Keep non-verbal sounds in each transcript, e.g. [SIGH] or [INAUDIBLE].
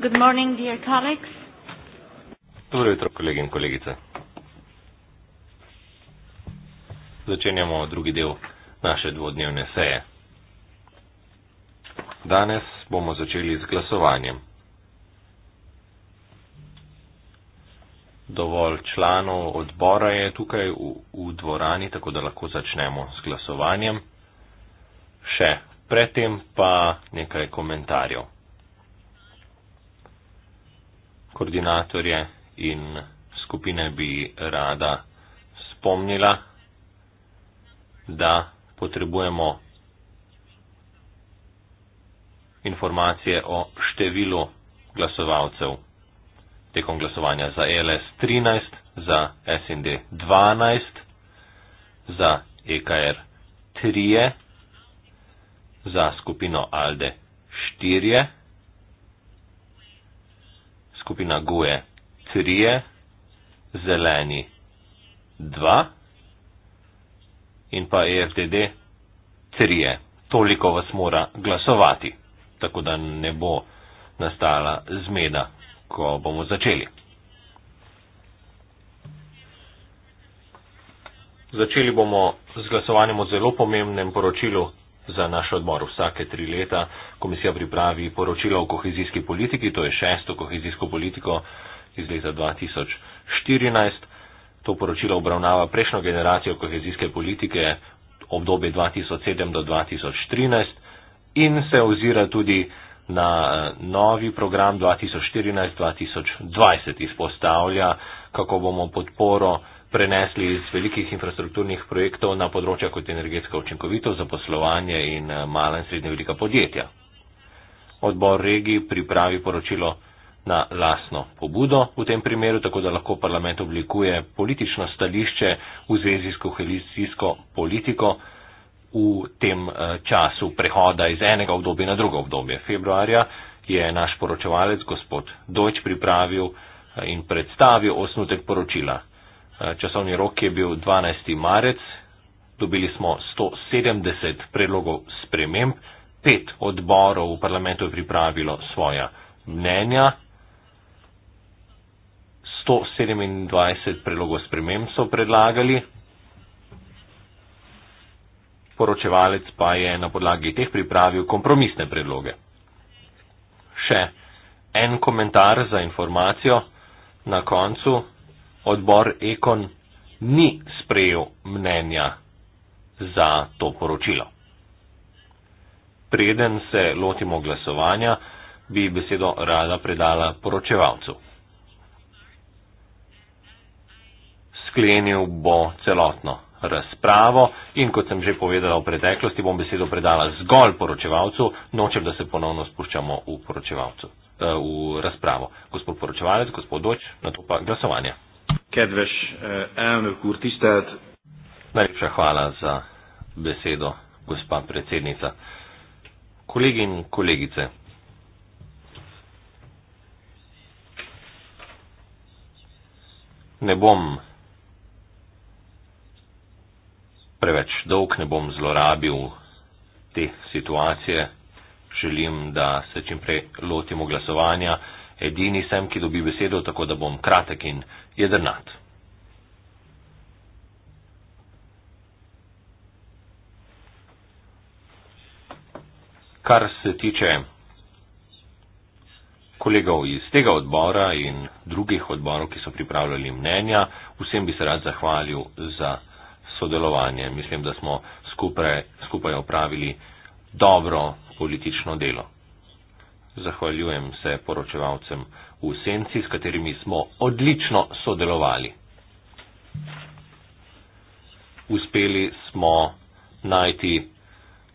Good morning, dear colleagues. Dobro jutro, kolegi in kolegice. Začenjamo drugi del naše dvodnevne seje. Danes bomo začeli z glasovanjem. Dovolj članov odbora je tukaj v, v dvorani, tako da lahko začnemo z glasovanjem. Še predtem pa nekaj komentarjev koordinatorje in skupine bi rada spomnila, da potrebujemo informacije o številu glasovalcev tekom glasovanja za e LS 13, za SND 12, za EKR 3, za skupino ALDE 4 skupina guje. Trije, zeleni, dva in pa EFDD, trije. Toliko vas mora glasovati, tako da ne bo nastala zmeda, ko bomo začeli. Začeli bomo z glasovanjem o zelo pomembnem poročilu Za naš odmor vsake tri leta komisija pripravi poročilo o kohezijski politiki, to je šesto kohezijsko politiko iz leta 2014. To poročilo obravnava prejšnjo generacijo kohezijske politike obdobje 2007 do 2013 in se ozira tudi na eh, novi program 2014-2020. Izpostavlja, kako bomo podporo prenesli iz velikih infrastrukturnih projektov na področja kot energetska učinkovitost, zaposlovanje in eh, mala in srednje velika podjetja. Odbor regij pripravi poročilo na lasno pobudo v tem primeru, tako da lahko parlament oblikuje politično stališče v zvezi s kohezijsko politiko v tem eh, času prehoda iz enega obdobja na drugo obdobje. Februarja je naš poročevalec gospod Dojč pripravil eh, in predstavil osnutek poročila. Eh, časovni rok je bil 12. marec, dobili smo 170 predlogov sprememb, pet odborov v parlamentu je pripravilo svoja mnenja, 127 predlogov sprememb so predlagali, poročevalec pa je na podlagi teh pripravil kompromisne predloge. Še en komentar za informacijo na koncu odbor Ekon ni sprejel mnenja za to poročilo. Preden se lotimo glasovanja, bi besedo rada predala poročevalcu. Sklenil bo celotno razpravo in kot sem že povedala v preteklosti, bom besedo predala zgolj poročevalcu, nočem, da se ponovno spuščamo v, eh, v razpravo. Gospod poročevalec, gospod Doč, na to pa glasovanje. Kedves eh, elnök úr, tisztelt! Najlepša hvala za besedo, gospa predsednica. Kolegi in kolegice, ne bom preveč dolg, ne bom zlorabil te situacije. Želim, da se čimprej lotimo glasovanja. Edini sem, ki dobi besedo, tako da bom kratek in kratek jedrnat. Kar se tiče kolegov iz tega odbora in drugih odborov, ki so pripravljali mnenja, vsem bi se rad zahvalil za sodelovanje. Mislim, da smo skupaj, skupaj opravili dobro politično delo. Zahvaljujem se poročevalcem v senci, s katerimi smo odlično sodelovali. Uspeli smo najti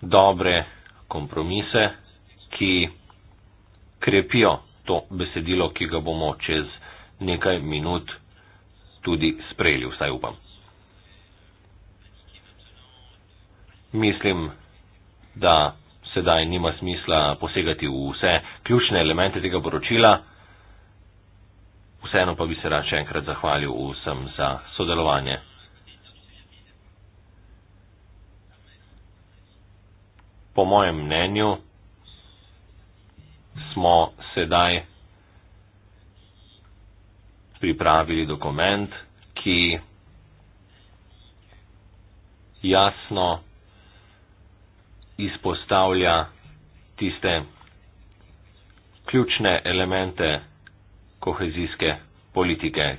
dobre kompromise, ki krepijo to besedilo, ki ga bomo čez nekaj minut tudi sprejeli, vsaj upam. Mislim, da sedaj nima smisla posegati v vse ključne elemente tega poročila. Vseeno pa bi se rad še enkrat zahvalil vsem za sodelovanje. Po mojem mnenju smo sedaj pripravili dokument, ki jasno izpostavlja tiste ključne elemente kohezijske politike,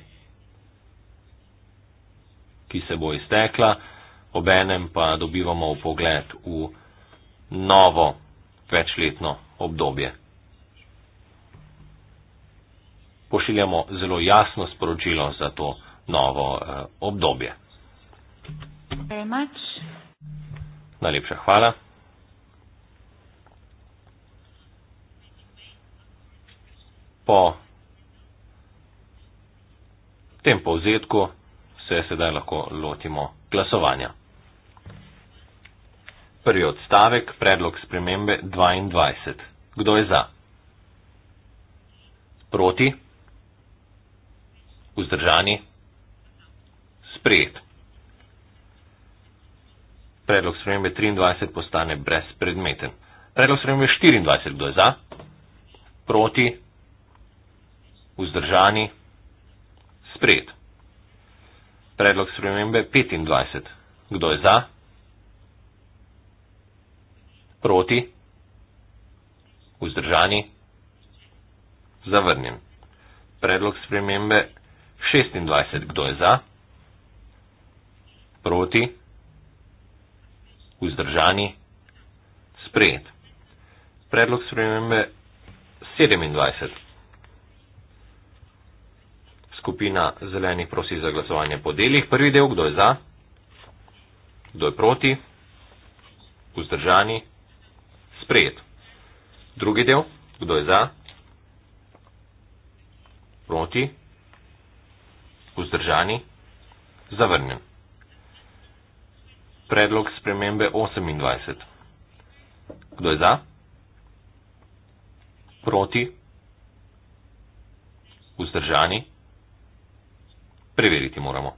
ki se bo iztekla, obenem pa dobivamo v pogled v novo večletno obdobje. Pošiljamo zelo jasno sporočilo za to novo eh, obdobje. Najlepša hvala. po tem povzetku se sedaj lahko lotimo glasovanja. Prvi odstavek, predlog spremembe 22. Kdo je za? Proti? Vzdržani? Sprejet. Predlog spremembe 23 postane brezpredmeten. Predlog spremembe 24. Kdo je za? Proti? vzdržani, spred. Predlog spremembe 25. Kdo je za? Proti? Vzdržani? Zavrnjen. Predlog spremembe 26. Kdo je za? Proti? Vzdržani? Sprejet. Predlog spremembe 27 skupina zelenih prosi za glasovanje po delih. Prvi del, kdo je za, kdo je proti, vzdržani, sprejet. Drugi del, kdo je za, proti, vzdržani, zavrnjen. Predlog spremembe 28. Kdo je za? Proti? Vzdržani? preveriti moramo.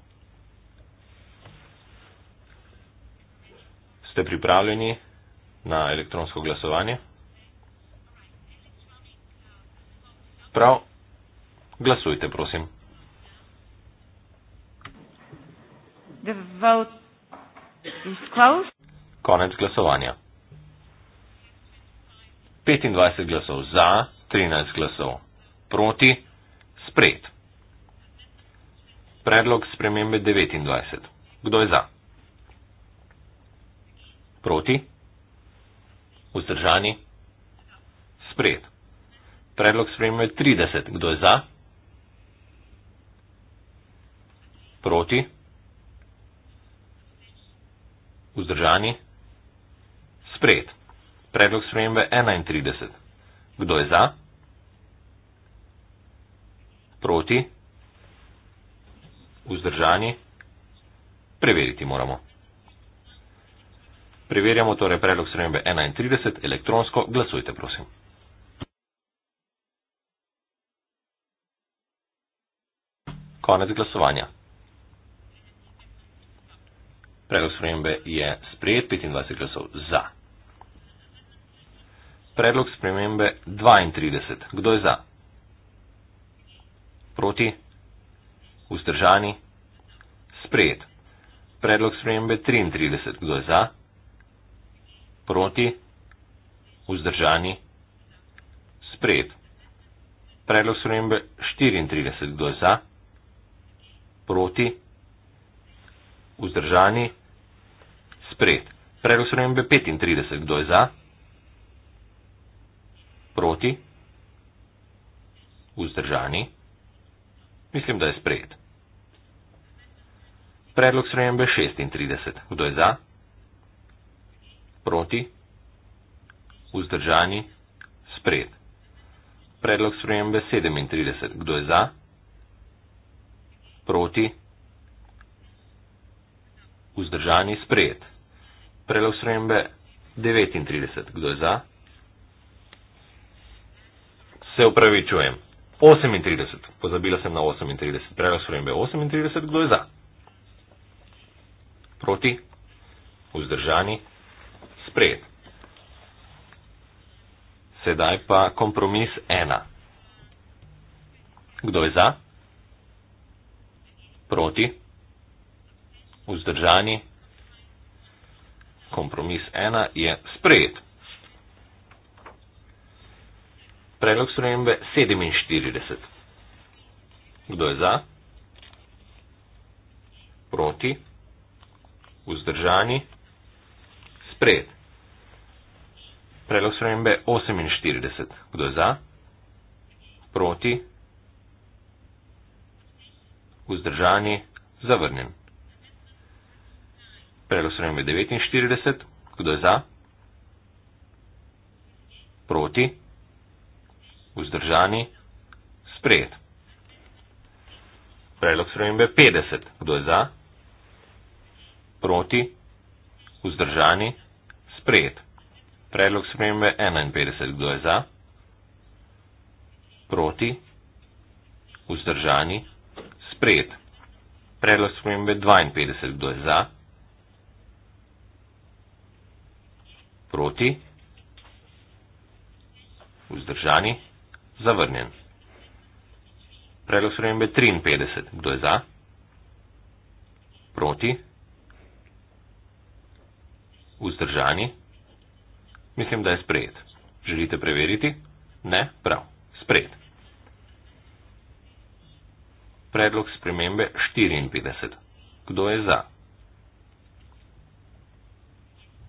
Ste pripravljeni na elektronsko glasovanje? Prav, glasujte, prosim. The vote is closed. Konec glasovanja. 25 glasov za, 13 glasov proti, sprejet predlog spremembe 29. Kdo je za? Proti? Vzdržani? Sprejet. Predlog spremembe 30. Kdo je za? Proti? Vzdržani? Sprejet. Predlog spremembe 31. Kdo je za? Proti? vzdržani? Preveriti moramo. Preverjamo torej predlog spremembe 31 elektronsko. Glasujte, prosim. Konec glasovanja. Predlog spremembe je sprejet 25 glasov za. Predlog spremembe 32. Kdo je za? Proti? Vzdržani? Sprejet. Predlog spremembe 33. Kdo je za? Proti? Vzdržani? Sprejet. Predlog spremembe 34. Kdo je za? Proti? Vzdržani? Sprejet. Predlog spremembe 35. Kdo je za? Proti? Vzdržani? Mislim, da je sprejet. Predlog sprejembe 36. Kdo je za? Proti? Vzdržani? Spred. Predlog sprejembe 37. Kdo je za? Proti? Vzdržani? Spred. Predlog sprejembe 39. Kdo je za? Se upravičujem. 38. Pozabila sem na 38. Predlog sprejembe 38. Kdo je za? Proti? Vzdržani? Sprejet. Sedaj pa kompromis ena. Kdo je za? Proti? Vzdržani? Kompromis ena je sprejet. Predlog spremembe 47. Kdo je za? Proti? vzdržani, sprejet. Predlog spremembe 48. Kdo je za? Proti? Vzdržani? Zavrnjen. Predlog spremembe 49. Kdo je za? Proti? Vzdržani? Sprejet. Predlog spremembe 50. Kdo je za? Proti? proti, vzdržani, sprejet. Predlog spremembe 51. Kdo je za? Proti, vzdržani, sprejet. Predlog spremembe 52. Kdo je za? Proti, vzdržani, zavrnjen. Predlog spremembe 53. Kdo je za? Proti, vzdržani, zavrnjen. Vzdržani? Mislim, da je sprejet. Želite preveriti? Ne? Prav. Sprejet. Predlog spremembe 54. Kdo je za?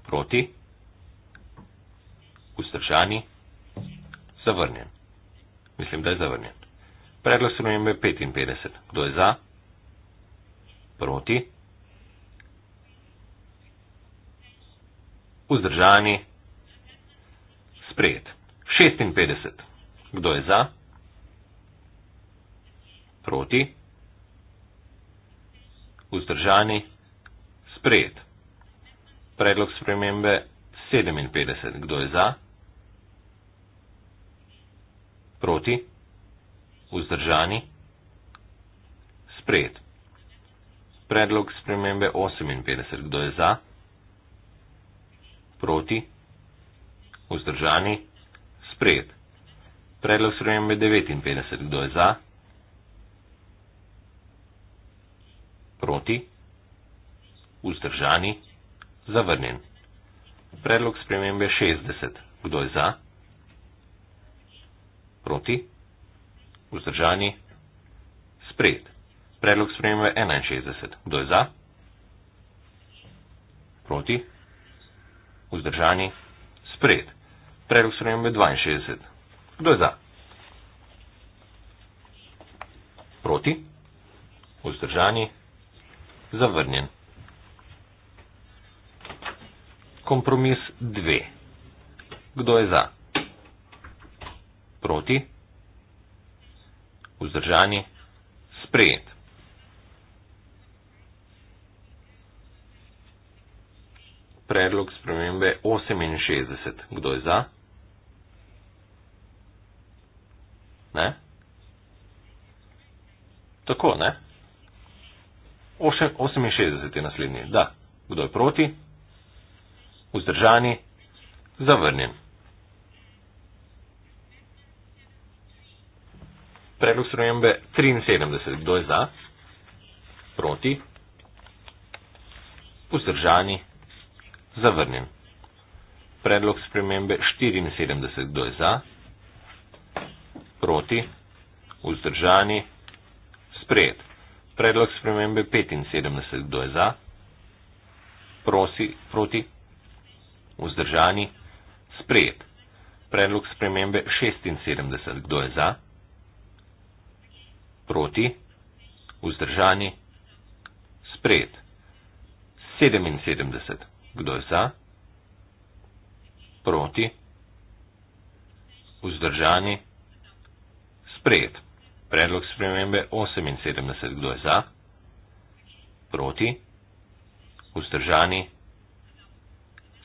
Proti? Vzdržani? Zavrnjen. Mislim, da je zavrnjen. Predlog spremembe 55. Kdo je za? Proti? vzdržani, sprejet. 56. Kdo je za? Proti? Vzdržani, sprejet. Predlog spremembe 57. Kdo je za? Proti? Vzdržani, sprejet. Predlog spremembe 58. Kdo je za? proti, vzdržani, sprejet. Predlog spremembe 59. Kdo je za? Proti, vzdržani, zavrnjen. Predlog spremembe 60. Kdo je za? Proti, vzdržani, sprejet. Predlog spremembe 61. Kdo je za? Proti. Vzdržani? Spred. Predlog spremembe 62. Kdo je za? Proti? Vzdržani? Zavrnjen. Kompromis 2. Kdo je za? Proti? Vzdržani? Sprejet. predlog spremembe 68. Kdo je za? Ne? Tako, ne? Oše, 68 je naslednji. Da. Kdo je proti? Vzdržani? Zavrnjen. Predlog spremembe 73. Kdo je za? Proti? Vzdržani? Zavrnjen. Zavrnjen. Predlog spremembe 74. Kdo je za? Proti? Vzdržani? Sprejet. Predlog spremembe 75. Kdo je za? Prosi? Proti? Vzdržani? Sprejet. Predlog spremembe 76. Kdo je za? Proti? Vzdržani? Sprejet. 77. Kdo je za? Proti? Vzdržani? Sprejet. Predlog spremembe 78. Kdo je za? Proti? Vzdržani?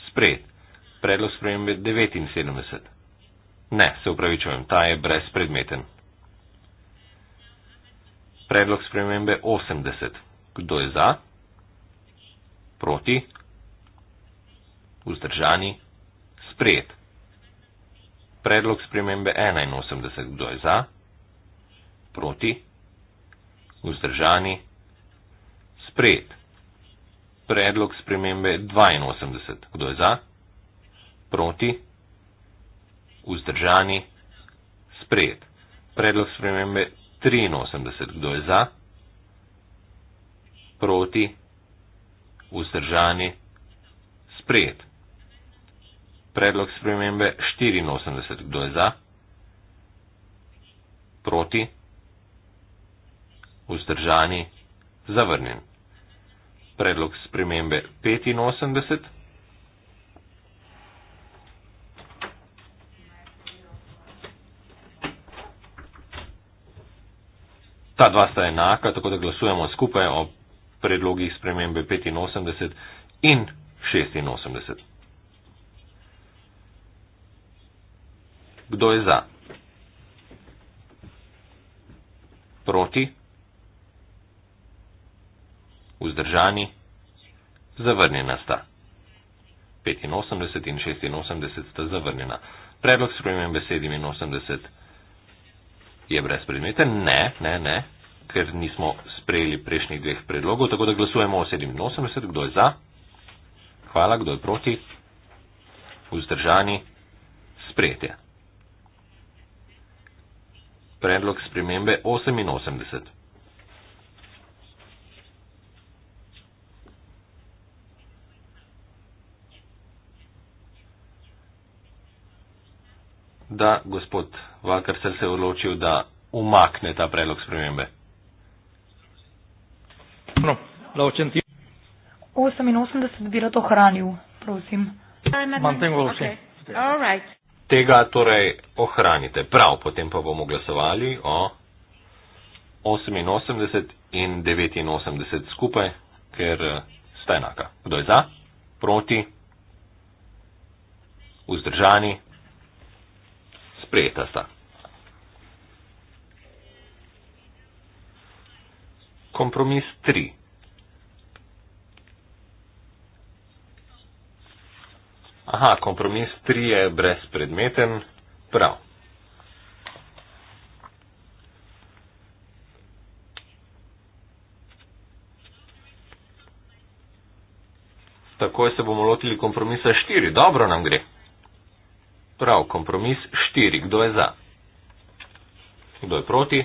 Sprejet. Predlog spremembe 79. Ne, se upravičujem, ta je brezpredmeten. Predlog spremembe 80. Kdo je za? Proti? vzdržani, sprejet. Predlog spremembe 81, kdo je za, proti, vzdržani, sprejet. Predlog spremembe 82, kdo je za, proti, vzdržani, sprejet. Predlog spremembe 83, kdo je za, proti, vzdržani, sprejet predlog spremembe 84. Kdo je za? Proti? Vzdržani? Zavrnjen. Predlog spremembe 85. Ta dva sta enaka, tako da glasujemo skupaj o predlogih spremembe 85 in 86. Kdo je za? Proti? Vzdržani? Zavrnjena sta. 85 in 86 sta zavrnjena. Predlog s premem besedim in 80 je brezpredmeten. Ne, ne, ne, ker nismo sprejeli prejšnjih dveh predlogov, tako da glasujemo o 87. Kdo je za? Hvala, kdo je proti? Vzdržani? Sprejetje predlog spremembe 88. Da, gospod Valkarsel se je odločil, da umakne ta predlog spremembe. No, 88 bi rad ohranil, prosim. Imam tem v oči tega torej ohranite. Prav, potem pa bomo glasovali o 88 in 89 skupaj, ker eh, sta enaka. Kdo je za? Proti? Vzdržani? Sprejeta sta. Kompromis 3. Aha, kompromis 3 je brezpredmeten. Prav. Takoj se bomo lotili kompromisa 4. Dobro nam gre. Prav, kompromis 4. Kdo je za? Kdo je proti?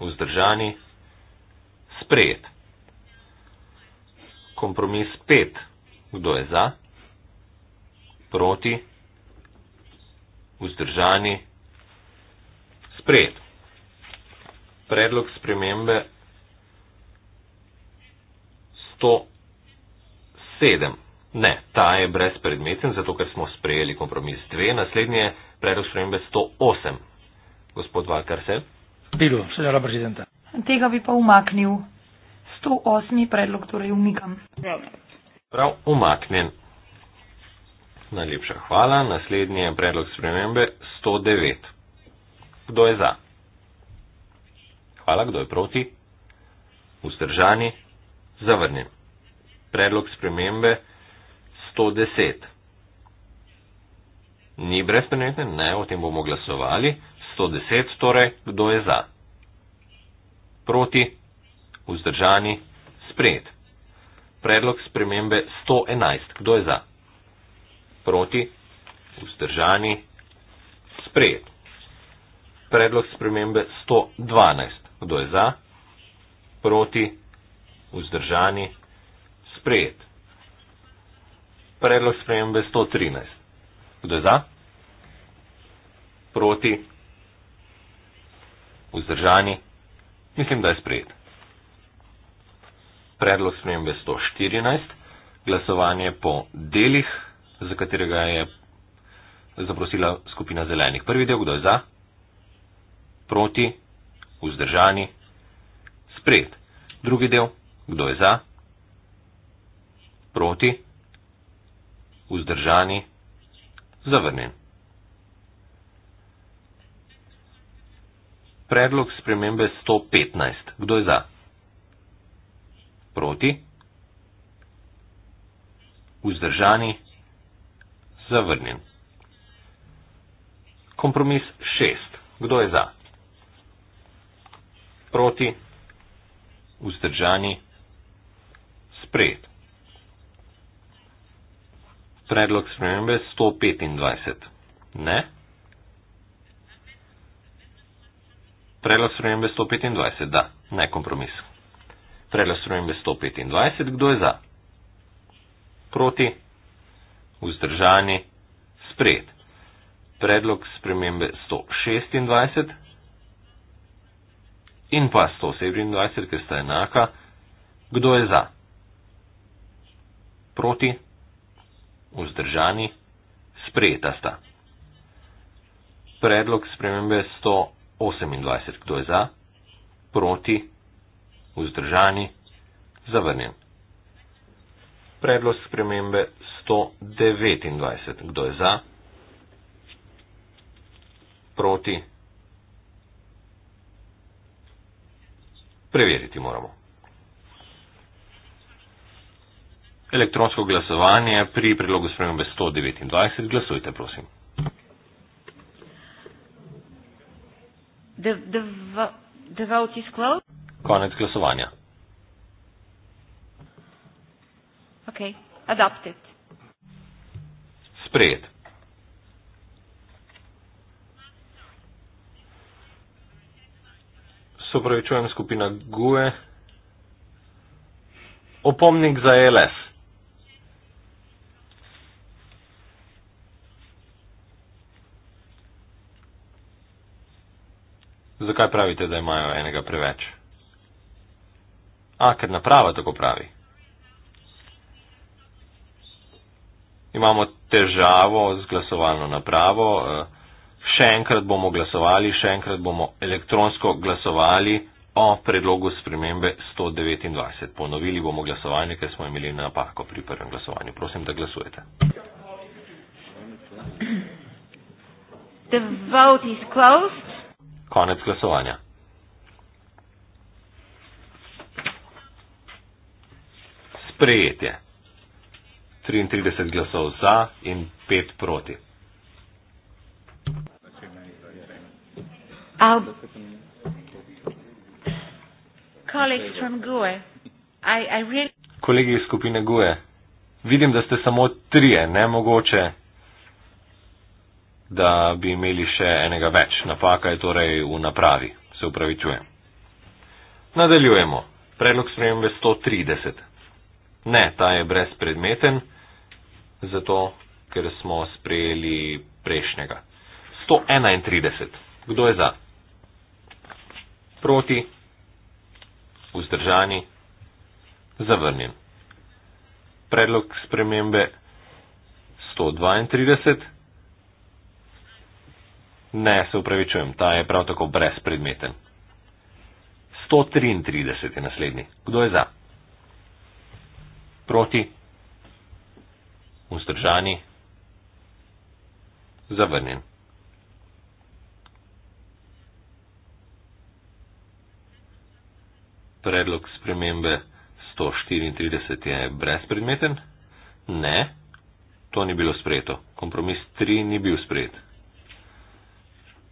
Vzdržani. Sprejet. Kompromis 5. Kdo je za? proti, vzdržani, sprejet. Predlog spremembe 107. Ne, ta je brezpredmeten, zato ker smo sprejeli kompromis 2. Naslednji je predlog spremembe 108. Gospod Valkar se. Bilo, sedela prezidenta. Tega bi pa umaknil. 108. predlog torej umikam. Prav, umaknjen. Najlepša hvala. Naslednji je predlog spremembe 109. Kdo je za? Hvala, kdo je proti? Vzdržani? Zavrnjen. Predlog spremembe 110. Ni brezpredmeten? Ne, o tem bomo glasovali. 110 torej, kdo je za? Proti? Vzdržani? Sprejet. Predlog spremembe 111. Kdo je za? proti, vzdržani, sprejet. Predlog spremembe 112. Kdo je za, proti, vzdržani, sprejet. Predlog spremembe 113. Kdo je za, proti, vzdržani, mislim, da je sprejet. Predlog spremembe 114. Glasovanje po delih za katerega je zaprosila skupina zelenih. Prvi del, kdo je za, proti, vzdržani, sprejet. Drugi del, kdo je za, proti, vzdržani, zavrnjen. Predlog spremembe 115. Kdo je za? Proti. Vzdržani zavrnjen. Kompromis 6. Kdo je za? Proti, vzdržani, sprejet. Predlog spremembe 125. Ne. Predlog spremembe 125. Da, ne kompromis. Predlog spremembe 125. Kdo je za? Proti vzdržani, sprejet. Predlog spremembe 126 in pa 127, ker sta enaka. Kdo je za? Proti, vzdržani, sprejeta sta. Predlog spremembe 128. Kdo je za? Proti, vzdržani, zavrnjen. Predlog spremembe 129. Kdo je za? Proti? Preveriti moramo. Elektronsko glasovanje pri predlogu spremembe 129. Glasujte, prosim. The, the, the vote is Konec glasovanja. Okay, adopted. Sprejet. Sopravičujem skupina GUE. Opomnik za LS. Zakaj pravite, da imajo enega preveč? A, ker naprava tako pravi. imamo težavo z glasovalno napravo. Eh, še enkrat bomo glasovali, še enkrat bomo elektronsko glasovali o predlogu spremembe 129. Ponovili bomo glasovanje, ker smo imeli napako pri prvem glasovanju. Prosim, da glasujete. Konec glasovanja. Sprejetje. 33 glasov za in 5 proti. Um, GUE, I, I really... Kolegi iz skupine GUE, vidim, da ste samo trije, ne mogoče, da bi imeli še enega več. Napaka je torej v napravi, se upravičujem. Nadaljujemo. Predlog spremembe 130. Ne, ta je brezpredmeten zato, ker smo sprejeli prejšnjega. 131. Kdo je za? Proti, vzdržani, zavrnjen. Predlog spremembe 132. Ne, se upravičujem, ta je prav tako brezpredmeten. 133 je naslednji. Kdo je za? Proti, vzdržani, zavrnjen. Predlog spremembe 134 je brezpredmeten? Ne, to ni bilo sprejeto. Kompromis 3 ni bil sprejet.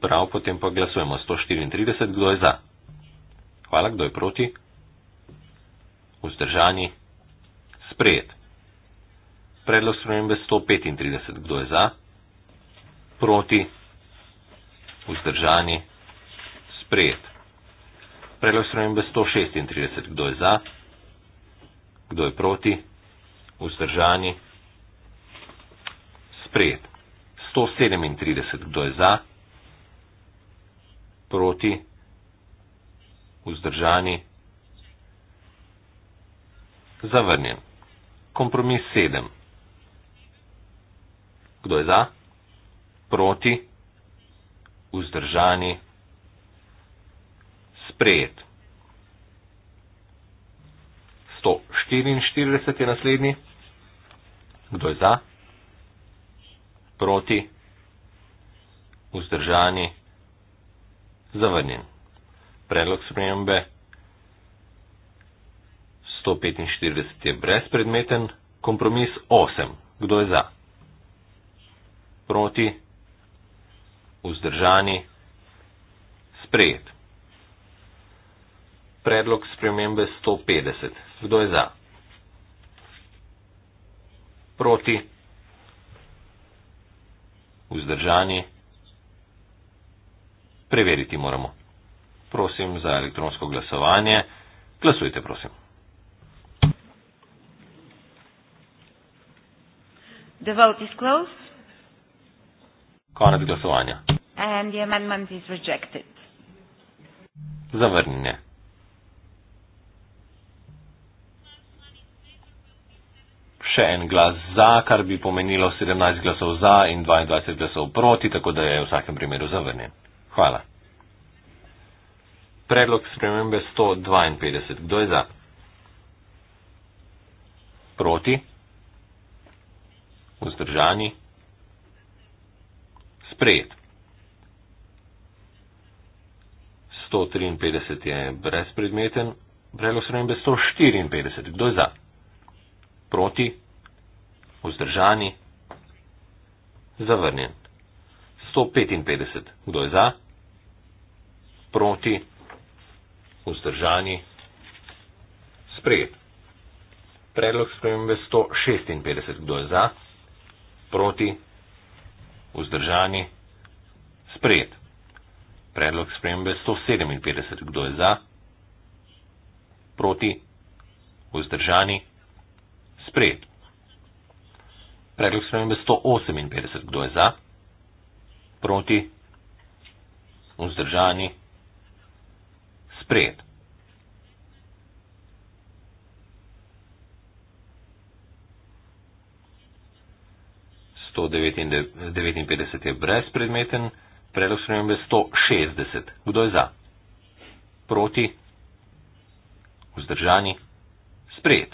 Prav, potem pa glasujemo 134, kdo je za. Hvala, kdo je proti. Vzdržani. Sprejet predlog spremembe 135. Kdo je za? Proti? Vzdržani? Sprejet. Predlog spremembe 136. Kdo je za? Kdo je proti? Vzdržani? Sprejet. 137. Kdo je za? Proti? Vzdržani? Zavrnjen. Kompromis 7. Kdo je za? Proti? Vzdržani? Sprejet. 144 je naslednji. Kdo je za? Proti? Vzdržani? Zavrnjen. Predlog spremembe 145 je brezpredmeten. Kompromis 8. Kdo je za? proti, vzdržani, sprejet. Predlog spremembe 150. Kdo je za? Proti, vzdržani, preveriti moramo. Prosim za elektronsko glasovanje. Glasujte, prosim. Konec glasovanja. And the amendment is rejected. Zavrnjen je. Še en glas za, kar bi pomenilo 17 glasov za in 22 glasov proti, tako da je v vsakem primeru zavrnjen. Hvala. Predlog spremembe 152. Kdo je za? Proti? Vzdržani? sprejet. 153 je brezpredmeten, predlog spremembe 154. Kdo je za? Proti? Vzdržani? Zavrnjen. 155. Kdo je za? Proti? Vzdržani? Sprejet. Predlog spremembe 156. Kdo je za? Proti? vzdržani, sprejet. Predlog spremembe 157. Kdo je za? Proti? Vzdržani? Sprejet. Predlog spremembe 158. Kdo je za? Proti? Vzdržani? Sprejet. 159 je brezpredmeten, predlog spremembe 160. Kdo je za? Proti? Vzdržani? Sprejet.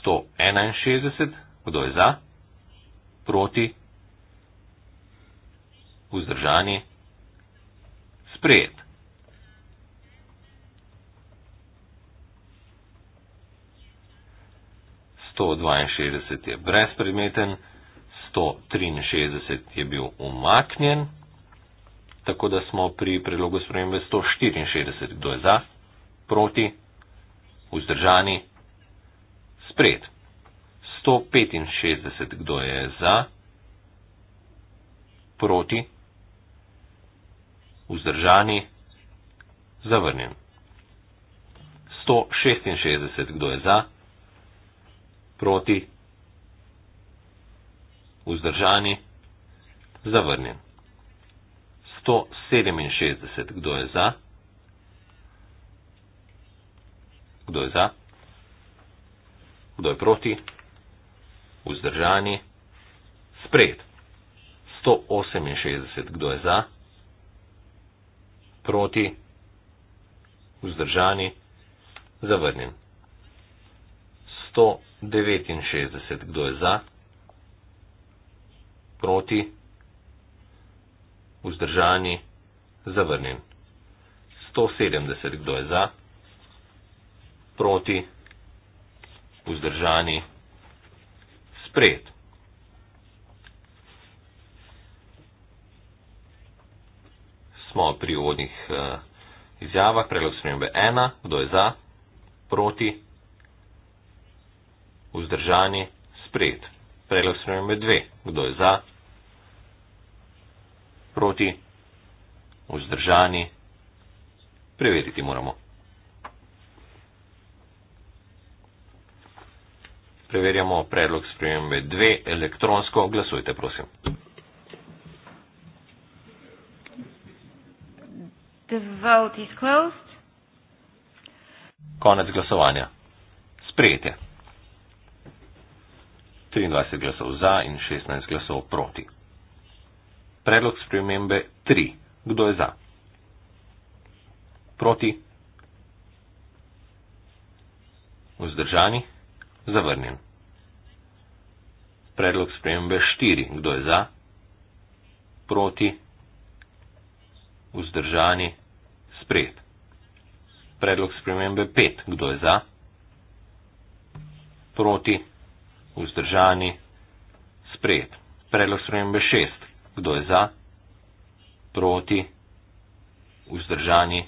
161. Kdo je za? Proti? Vzdržani? Sprejet. 162 je brezpredmeten, 163 je bil umaknjen, tako da smo pri predlogu spremembe 164. Kdo je za, proti, vzdržani, spred. 165. Kdo je za, proti, vzdržani, zavrnjen. 166. Kdo je za? proti, vzdržani, zavrnjen. 167, kdo je za? Kdo je za? Kdo je proti? Vzdržani, sprejet. 168, kdo je za? Proti, vzdržani, zavrnjen. 69. Kdo je za? Proti? Vzdržani? Zavrnjen. 170. Kdo je za? Proti? Vzdržani? Sprejet. Smo pri uvodnih uh, izjavah. Predlog spremembe 1. Kdo je za? Proti? vzdržani, sprejet. Predlog smo imeli dve. Kdo je za? Proti? Vzdržani? Preveriti moramo. Preverjamo predlog spremembe 2 elektronsko. Glasujte, prosim. 2 vote is closed. Konec glasovanja. Sprejete. 23 glasov za in 16 glasov proti. Predlog spremembe 3. Kdo je za? Proti? Vzdržani? Zavrnjen. Predlog spremembe 4. Kdo je za? Proti? Vzdržani? Sprejet. Predlog spremembe 5. Kdo je za? Proti? vzdržani, sprejet. Predlog spremembe šest. Kdo je za, proti, vzdržani,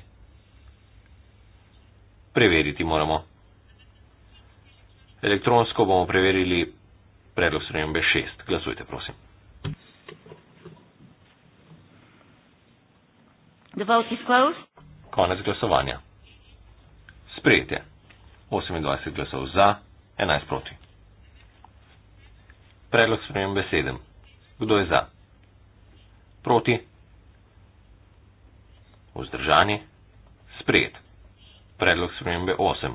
preveriti moramo. Elektronsko bomo preverili predlog spremembe šest. Glasujte, prosim. Konec glasovanja. Sprejete. 28 glasov za, 11 proti. Predlog sprejem besedem. Kdo je za? Proti? Vzdržani? Sprejet. Predlog sprejem B8.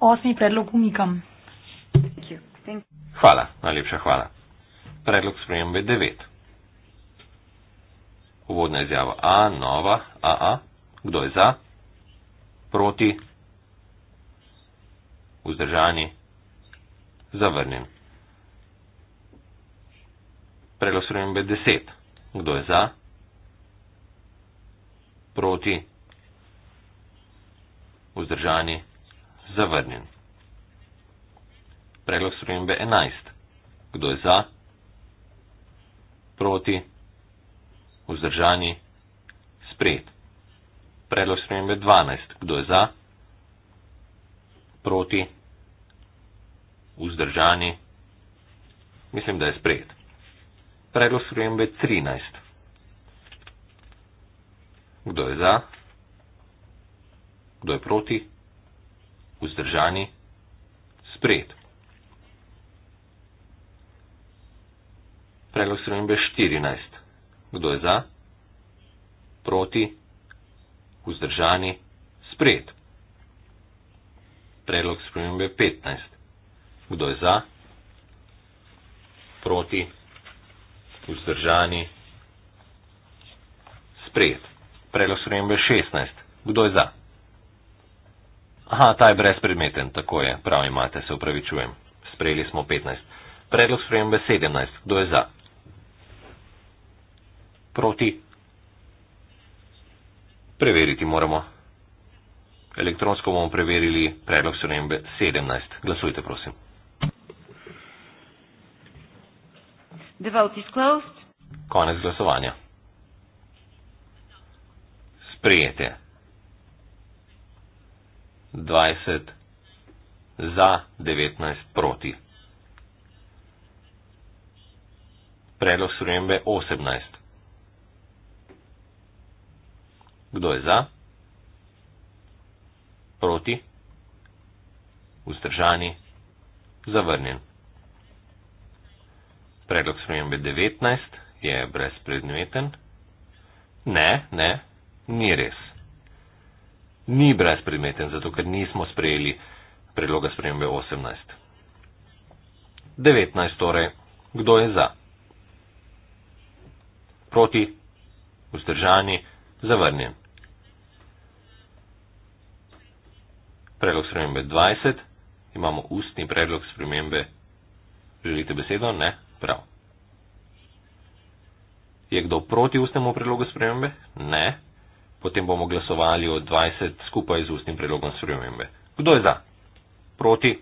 Osmi predlog umikam. Hvala, najlepša hvala. Predlog sprejem B9. Uvodna izjava A, nova AA. Kdo je za? Proti? Vzdržani? zavrnjen. Preglasujem B10. Kdo je za? Proti? Vzdržani? Zavrnjen. Preglasujem B11. Kdo je za? Proti? Vzdržani? Sprejet. Predlog spremembe 12. Kdo je za? Proti? vzdržani, mislim, da je sprejet. Predlog sprejembe 13. Kdo je za? Kdo je proti? Vzdržani? Sprejet. Predlog sprejembe 14. Kdo je za? Proti? Vzdržani? Sprejet. Predlog sprejembe 15 kdo je za, proti, vzdržani, sprejet. Predlog spremembe 16. Kdo je za? Aha, ta je brezpredmeten, tako je, prav imate, se upravičujem. Sprejeli smo 15. Predlog spremembe 17. Kdo je za? Proti. Preveriti moramo. Elektronsko bomo preverili predlog spremembe 17. Glasujte, prosim. The vote is closed. Konec glasovanja. Sprijete. 20 za, 19 proti. Predlog sprejembe 18. Kdo je za? Proti? Vzdržani? Zavrnjen predlog spremembe 19 je brezpredmeten? Ne, ne, ni res. Ni brezpredmeten, zato ker nismo sprejeli predloga spremembe 18. 19 torej, kdo je za? Proti, vzdržani, zavrnjen. Predlog spremembe 20, imamo ustni predlog spremembe. Želite besedo? Ne. Prav. Je kdo proti ustnemu predlogu spremembe? Ne. Potem bomo glasovali o 20 skupaj z ustnim predlogom spremembe. Kdo je za? Proti?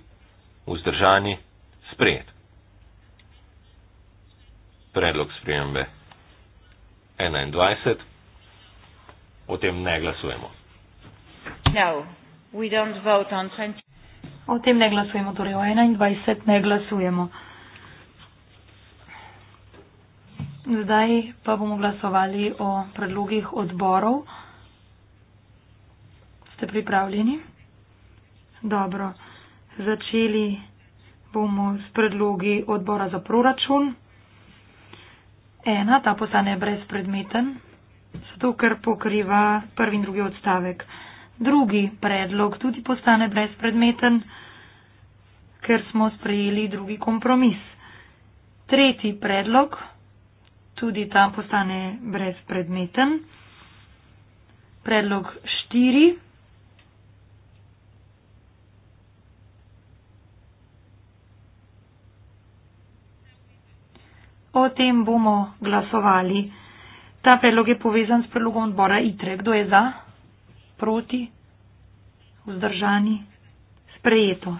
Vzdržani? Sprejet. Predlog spremembe 21. O tem ne glasujemo. No, we don't vote on 20. O tem ne glasujemo, torej o 21 ne glasujemo. Zdaj pa bomo glasovali o predlogih odborov. Ste pripravljeni? Dobro. Začeli bomo s predlogi odbora za proračun. Ena, ta postane brezpredmeten, zato ker pokriva prvi in drugi odstavek. Drugi predlog tudi postane brezpredmeten, ker smo sprejeli drugi kompromis. Tretji predlog tudi ta postane brezpredmeten. Predlog štiri. O tem bomo glasovali. Ta predlog je povezan s predlogom odbora ITRE. Kdo je za? Proti? Vzdržani? Sprejeto.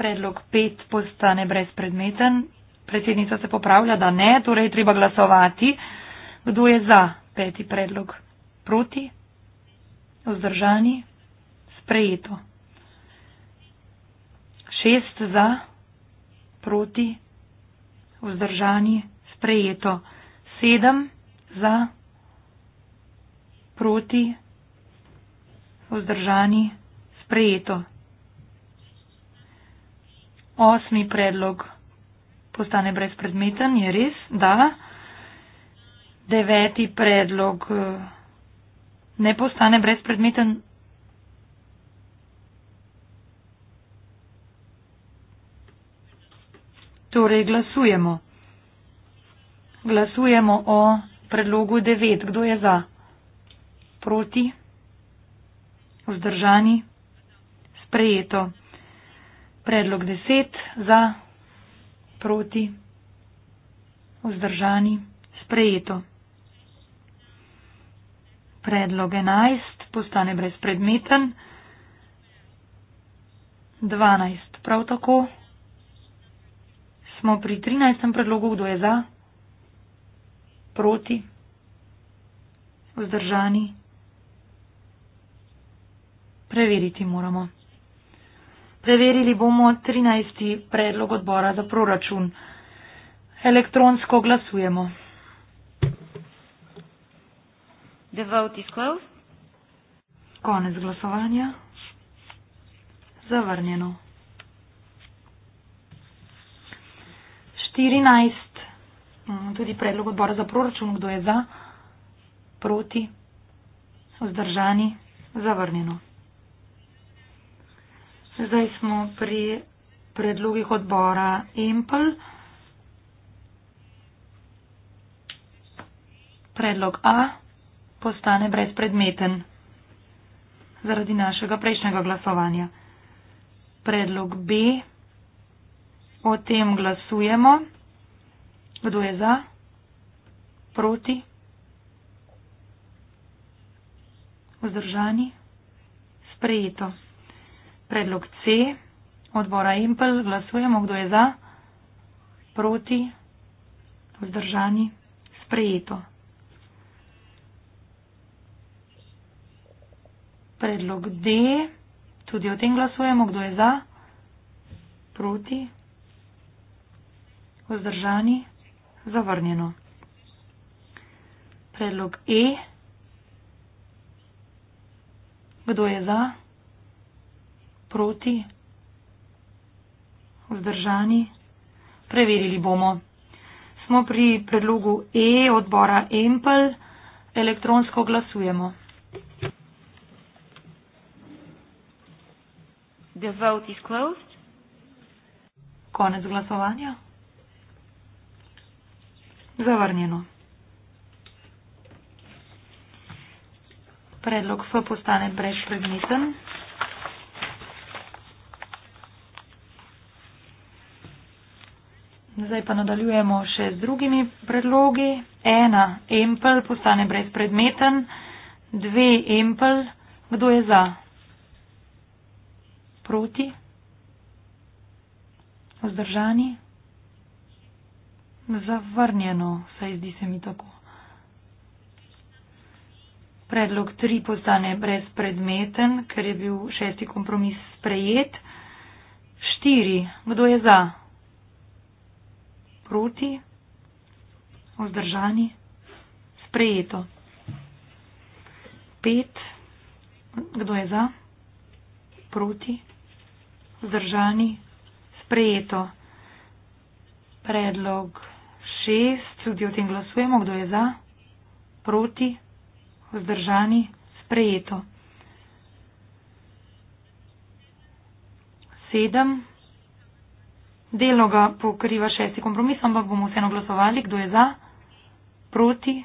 predlog pet postane brezpredmeten. Predsednica se popravlja, da ne, torej je treba glasovati. Kdo je za peti predlog? Proti? Vzdržani? Sprejeto. Šest za, proti, vzdržani, sprejeto. Sedem za, proti, vzdržani, sprejeto osmi predlog postane brezpredmeten, je res, da deveti predlog eh, ne postane brezpredmeten. Torej glasujemo. Glasujemo o predlogu 9. Kdo je za? Proti? Vzdržani? Sprejeto. Predlog deset za, proti, vzdržani, sprejeto. Predlog enajst postane brezpredmeten. Dvanajst prav tako. Smo pri trinajstem predlogu, kdo je za, proti, vzdržani. Preveriti moramo. Preverili bomo 13. predlog odbora za proračun. Elektronsko glasujemo. The vote is closed. Konec glasovanja. Zavrnjeno. 14. Mm, tudi predlog odbora za proračun. Kdo je za? Proti? Vzdržani? Zavrnjeno. Zdaj smo pri predlogih odbora EMPL. Predlog A postane brezpredmeten zaradi našega prejšnjega glasovanja. Predlog B. O tem glasujemo. Kdo je za? Proti? Vzdržani? Sprejeto. Predlog C odbora Impel. Glasujemo, kdo je za, proti, vzdržani, sprejeto. Predlog D. Tudi o tem glasujemo, kdo je za, proti, vzdržani, zavrnjeno. Predlog E. Kdo je za? proti, vzdržani. Preverili bomo. Smo pri predlogu E odbora Empel, elektronsko glasujemo. The vote is closed. Konec glasovanja. Zavrnjeno. Predlog F postane brezpredmeten. Zdaj pa nadaljujemo še z drugimi predlogi. Ena, empel postane brezpredmeten. Dve, empel. Kdo je za? Proti? Vzdržani? Zavrnjeno, saj zdi se mi tako. Predlog 3 postane brezpredmeten, ker je bil šesti kompromis sprejet. 4. Kdo je za? proti, vzdržani, sprejeto. Pet, kdo je za, proti, vzdržani, sprejeto. Predlog šest, tudi o tem glasujemo, kdo je za, proti, vzdržani, sprejeto. Sedem, Delno ga pokriva šesti kompromis, ampak bomo vseeno glasovali, kdo je za, proti,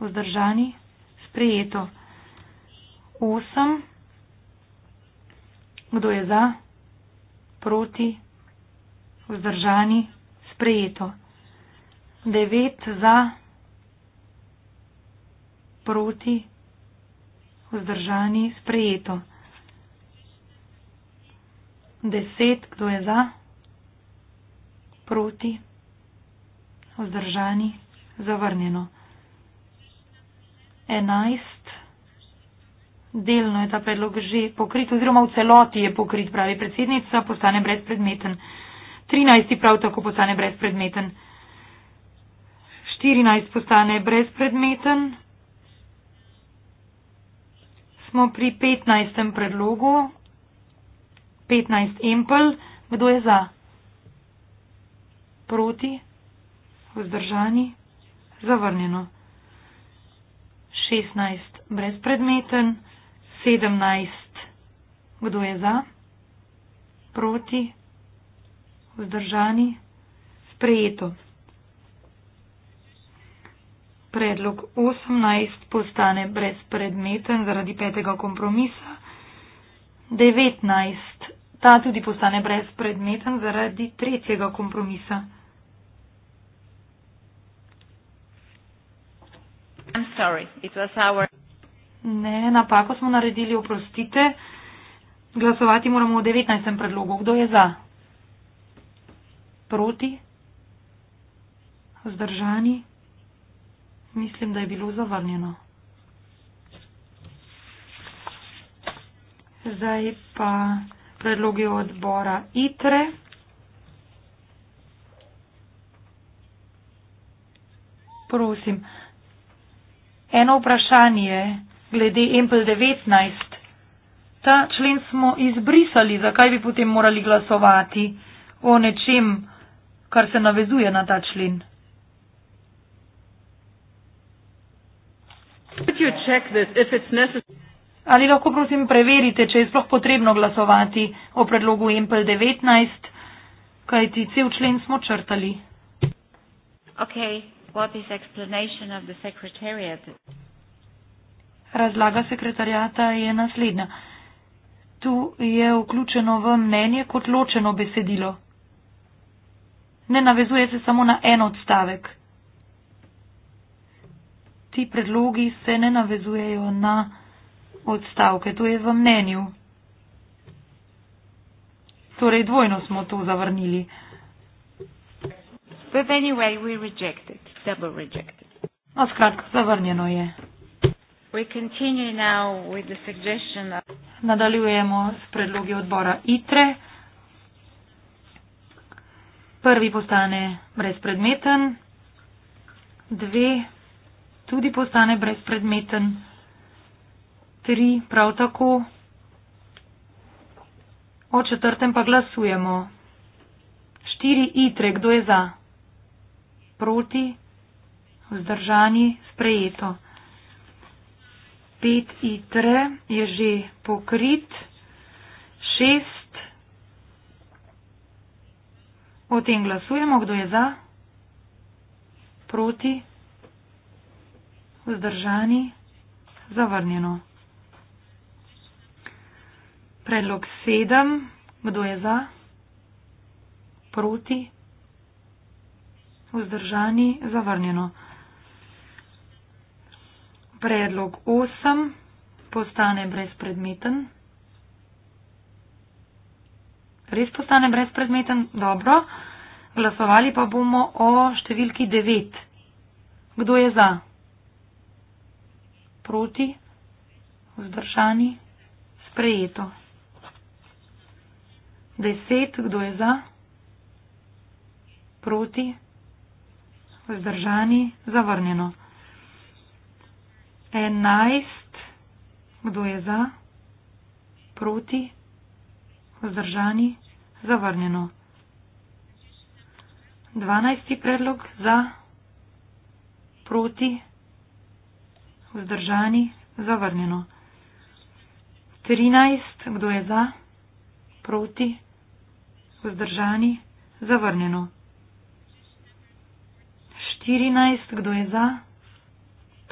vzdržani, sprejeto. Osem. Kdo je za, proti, vzdržani, sprejeto. Devet za, proti, vzdržani, sprejeto. Deset, kdo je za, proti proti, vzdržani, zavrnjeno. Enajst. Delno je ta predlog že pokrit oziroma v celoti je pokrit, pravi predsednica, postane brezpredmeten. Trinajsti prav tako postane brezpredmeten. Štirinajst postane brezpredmeten. Smo pri petnajstem predlogu. Petnajst empel. Kdo je za? proti, vzdržani, zavrnjeno. 16 brezpredmeten, 17 kdo je za, proti, vzdržani, sprejeto. Predlog 18 postane brezpredmeten zaradi petega kompromisa, 19 ta tudi postane brezpredmeten zaradi tretjega kompromisa. Our... Ne, napako smo naredili, oprostite. Glasovati moramo o 19. predlogu. Kdo je za? Proti? Zdržani? Mislim, da je bilo zavrnjeno. Zdaj pa predlogi odbora ITRE. Prosim, eno vprašanje glede MPL 19. Ta člen smo izbrisali, zakaj bi potem morali glasovati o nečem, kar se navezuje na ta člen. Would you check this if it's necessary? Ali lahko prosim preverite, če je sploh potrebno glasovati o predlogu MPL 19, kajti cel člen smo črtali. Okay. Razlaga sekretarjata je naslednja. Tu je vključeno v mnenje kot ločeno besedilo. Ne navezuje se samo na en odstavek. Ti predlogi se ne navezujejo na odstavke, to je v mnenju. Torej, dvojno smo to zavrnili. But anyway, we rejected, double rejected. No, skratka, zavrnjeno je. We continue now with the suggestion of... Nadaljujemo s predlogi odbora ITRE. Prvi postane brezpredmeten, dve tudi postane brezpredmeten. 3 prav tako. O četrtem pa glasujemo. 4 itre, kdo je za? Proti, vzdržani, sprejeto. 5 itre je že pokrit. 6. O tem glasujemo, kdo je za? Proti, vzdržani, zavrnjeno. Predlog sedem. Kdo je za? Proti? Vzdržani? Zavrnjeno. Predlog osem. Postane brezpredmeten. Res postane brezpredmeten? Dobro. Glasovali pa bomo o številki devet. Kdo je za? Proti? Vzdržani? Sprejeto deset, kdo je za, proti, vzdržani, zavrnjeno. Enajst, kdo je za, proti, vzdržani, zavrnjeno. Dvanajsti predlog za, proti, vzdržani, zavrnjeno. Trinajst, kdo je za, proti, vzdržani, zavrnjeno proti, vzdržani, zavrnjeno. 14, kdo je za,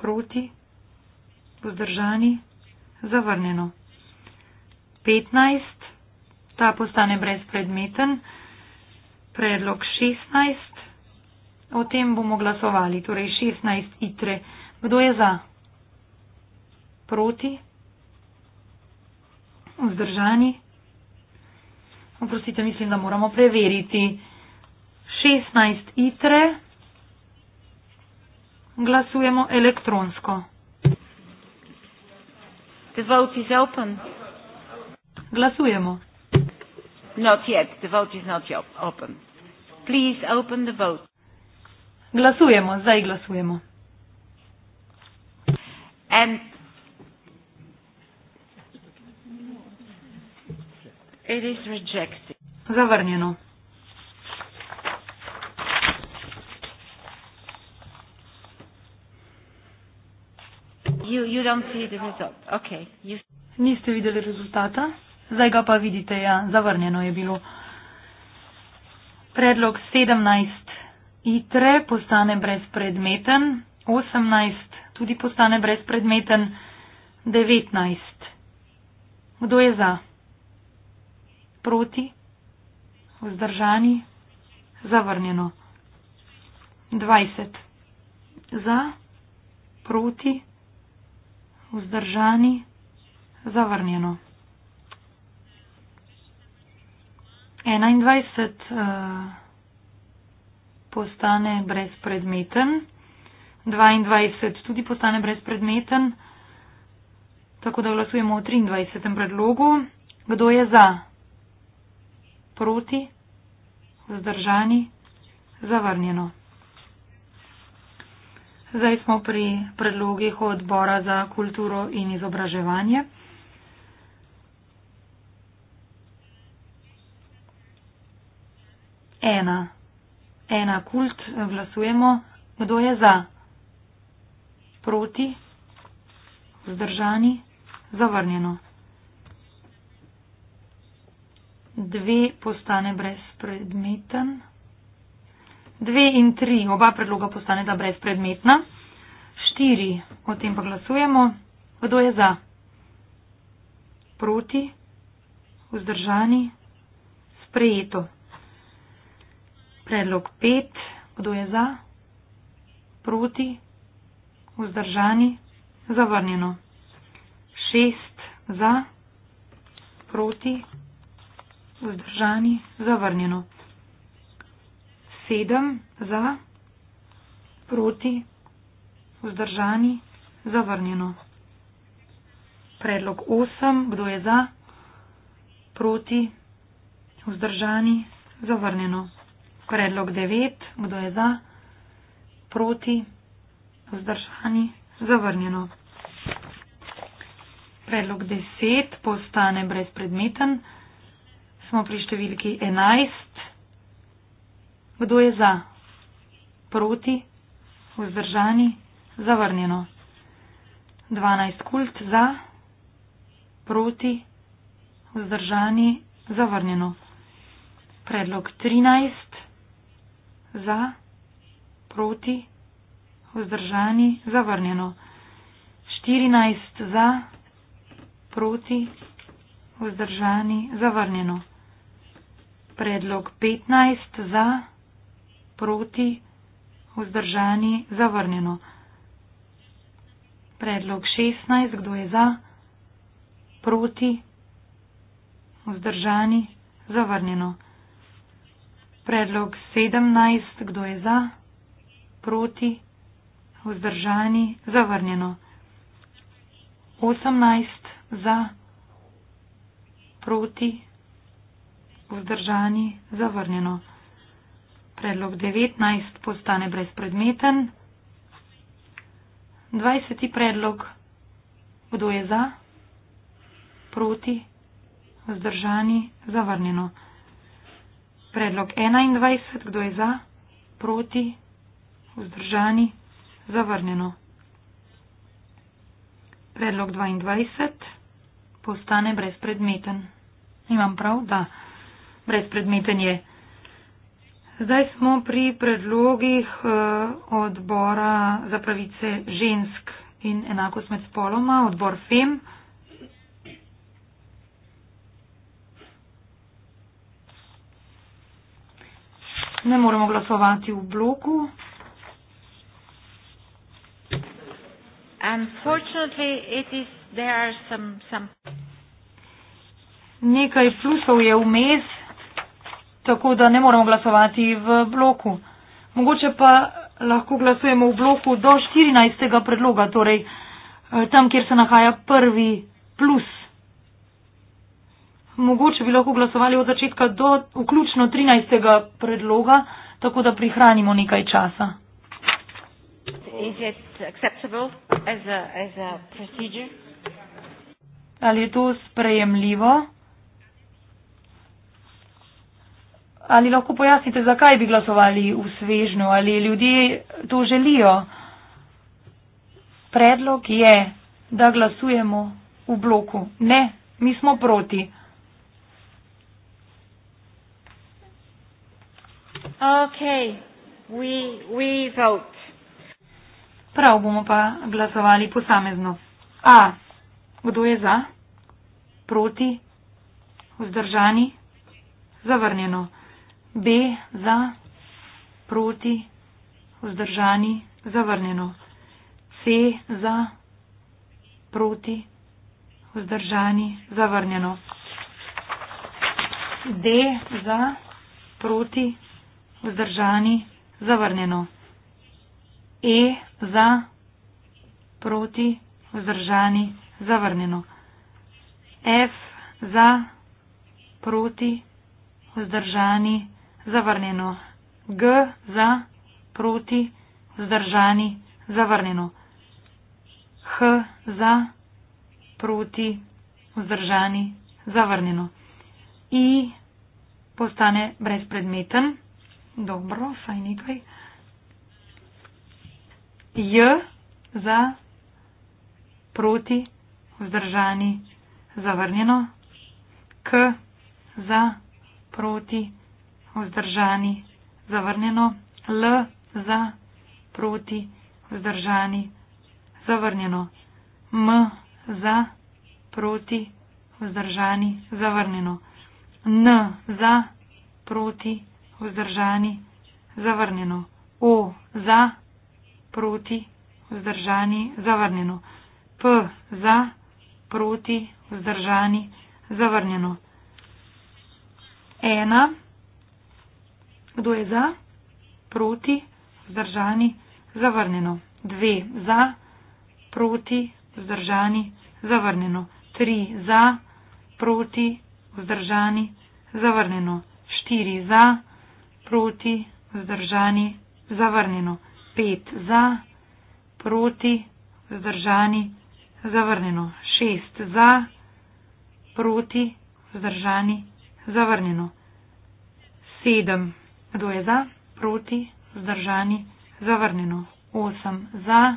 proti, vzdržani, zavrnjeno. 15, ta postane brezpredmeten, predlog 16, o tem bomo glasovali, torej 16 itre, kdo je za, proti, vzdržani, zavrnjeno. Oprostite, mislim, da moramo preveriti. 16 itre. Glasujemo elektronsko. The vote is open. Glasujemo. Not yet. The vote is not open. Please open the vote. Glasujemo. Zdaj glasujemo. And it is rejected. Zavrnjeno. You, you don't see the result. Okay. You... Niste videli rezultata, zdaj ga pa vidite, ja, zavrnjeno je bilo. Predlog 17 itre postane brezpredmeten, 18 tudi postane brezpredmeten, 19. Kdo je za? proti, vzdržani, zavrnjeno. 20. Za, proti, vzdržani, zavrnjeno. 21. Uh, eh, postane brezpredmeten. 22. Tudi postane brezpredmeten. Tako da glasujemo o 23. predlogu. Kdo je za? proti, zdržani, zavrnjeno. Zdaj smo pri predlogih odbora za kulturo in izobraževanje. Ena. Ena kult. Glasujemo. Kdo je za? Proti? Zdržani? Zavrnjeno. dve postane brezpredmeten. Dve in tri, oba predloga postaneta brezpredmetna. Štiri, o tem pa glasujemo. Kdo je za? Proti? Vzdržani? Sprejeto. Predlog pet, kdo je za? Proti? Vzdržani? Zavrnjeno. Šest za? Proti? vzdržani, zavrnjeno. Sedem za, proti, vzdržani, zavrnjeno. Predlog osem, kdo je za, proti, vzdržani, zavrnjeno. Predlog devet, kdo je za, proti, vzdržani, zavrnjeno. Predlog deset postane brezpredmeten smo pri številki 11. Kdo je za? Proti? Vzdržani? Zavrnjeno. 12. Kult za? Proti? Vzdržani? Zavrnjeno. Predlog 13. Za? Proti? Vzdržani? Zavrnjeno. 14. Za? Proti? Vzdržani? Zavrnjeno. Predlog 15 za, proti, vzdržani, zavrnjeno. Predlog 16, kdo je za, proti, vzdržani, zavrnjeno. Predlog 17, kdo je za, proti, vzdržani, zavrnjeno. 18 za, proti, vzdržani vzdržani, zavrnjeno. Predlog 19 postane brezpredmeten. 20. predlog. Kdo je za? Proti? Vzdržani? Zavrnjeno. Predlog 21. Kdo je za? Proti? Vzdržani? Zavrnjeno. Predlog 22 postane brezpredmeten. Imam prav, da brezpredmeten je. Zdaj smo pri predlogih eh, odbora za pravice žensk in enakost med spoloma, odbor FEM. Ne moremo glasovati v bloku. Some, some... Nekaj plusov je vmes, tako da ne moramo glasovati v bloku. Mogoče pa lahko glasujemo v bloku do 14. predloga, torej eh, tam, kjer se nahaja prvi plus. Mogoče bi lahko glasovali od začetka do vključno 13. predloga, tako da prihranimo nekaj časa. As a, as a Ali je to sprejemljivo? Ali lahko pojasnite, zakaj bi glasovali v svežnju? Ali ljudje to želijo? Predlog je, da glasujemo v bloku. Ne, mi smo proti. Okay. We, we vote. Prav bomo pa glasovali posamezno. A. Kdo je za? Proti? Vzdržani? Zavrnjeno. B za, proti, vzdržani, zavrnjeno. C za, proti, vzdržani, zavrnjeno. D za, proti, vzdržani, zavrnjeno. E za, proti, vzdržani, zavrnjeno. F za, proti, vzdržani, zavrnjeno zavrnjeno. G za, proti, zdržani, zavrnjeno. H za, proti, vzdržani, zavrnjeno. I postane brezpredmeten. Dobro, saj nekaj. J za, proti, vzdržani, zavrnjeno. K za, proti, zdržani vzdržani, zavrnjeno, L za, proti, vzdržani, zavrnjeno, M za, proti, vzdržani, zavrnjeno, N za, proti, vzdržani, zavrnjeno, O za, proti, vzdržani, zavrnjeno, P za, proti, vzdržani, zavrnjeno. 1. Kdo je za? Proti, vzdržani, zavrnjeno. Dve za, proti, vzdržani, zavrnjeno. Tri za, proti, vzdržani, zavrnjeno. Štiri za, proti, vzdržani, zavrnjeno. Pet za, proti, vzdržani, zavrnjeno. Šest za, proti, vzdržani, zavrnjeno. Sedem. Kdo je za, proti, vzdržani, zavrnjeno. 8 za,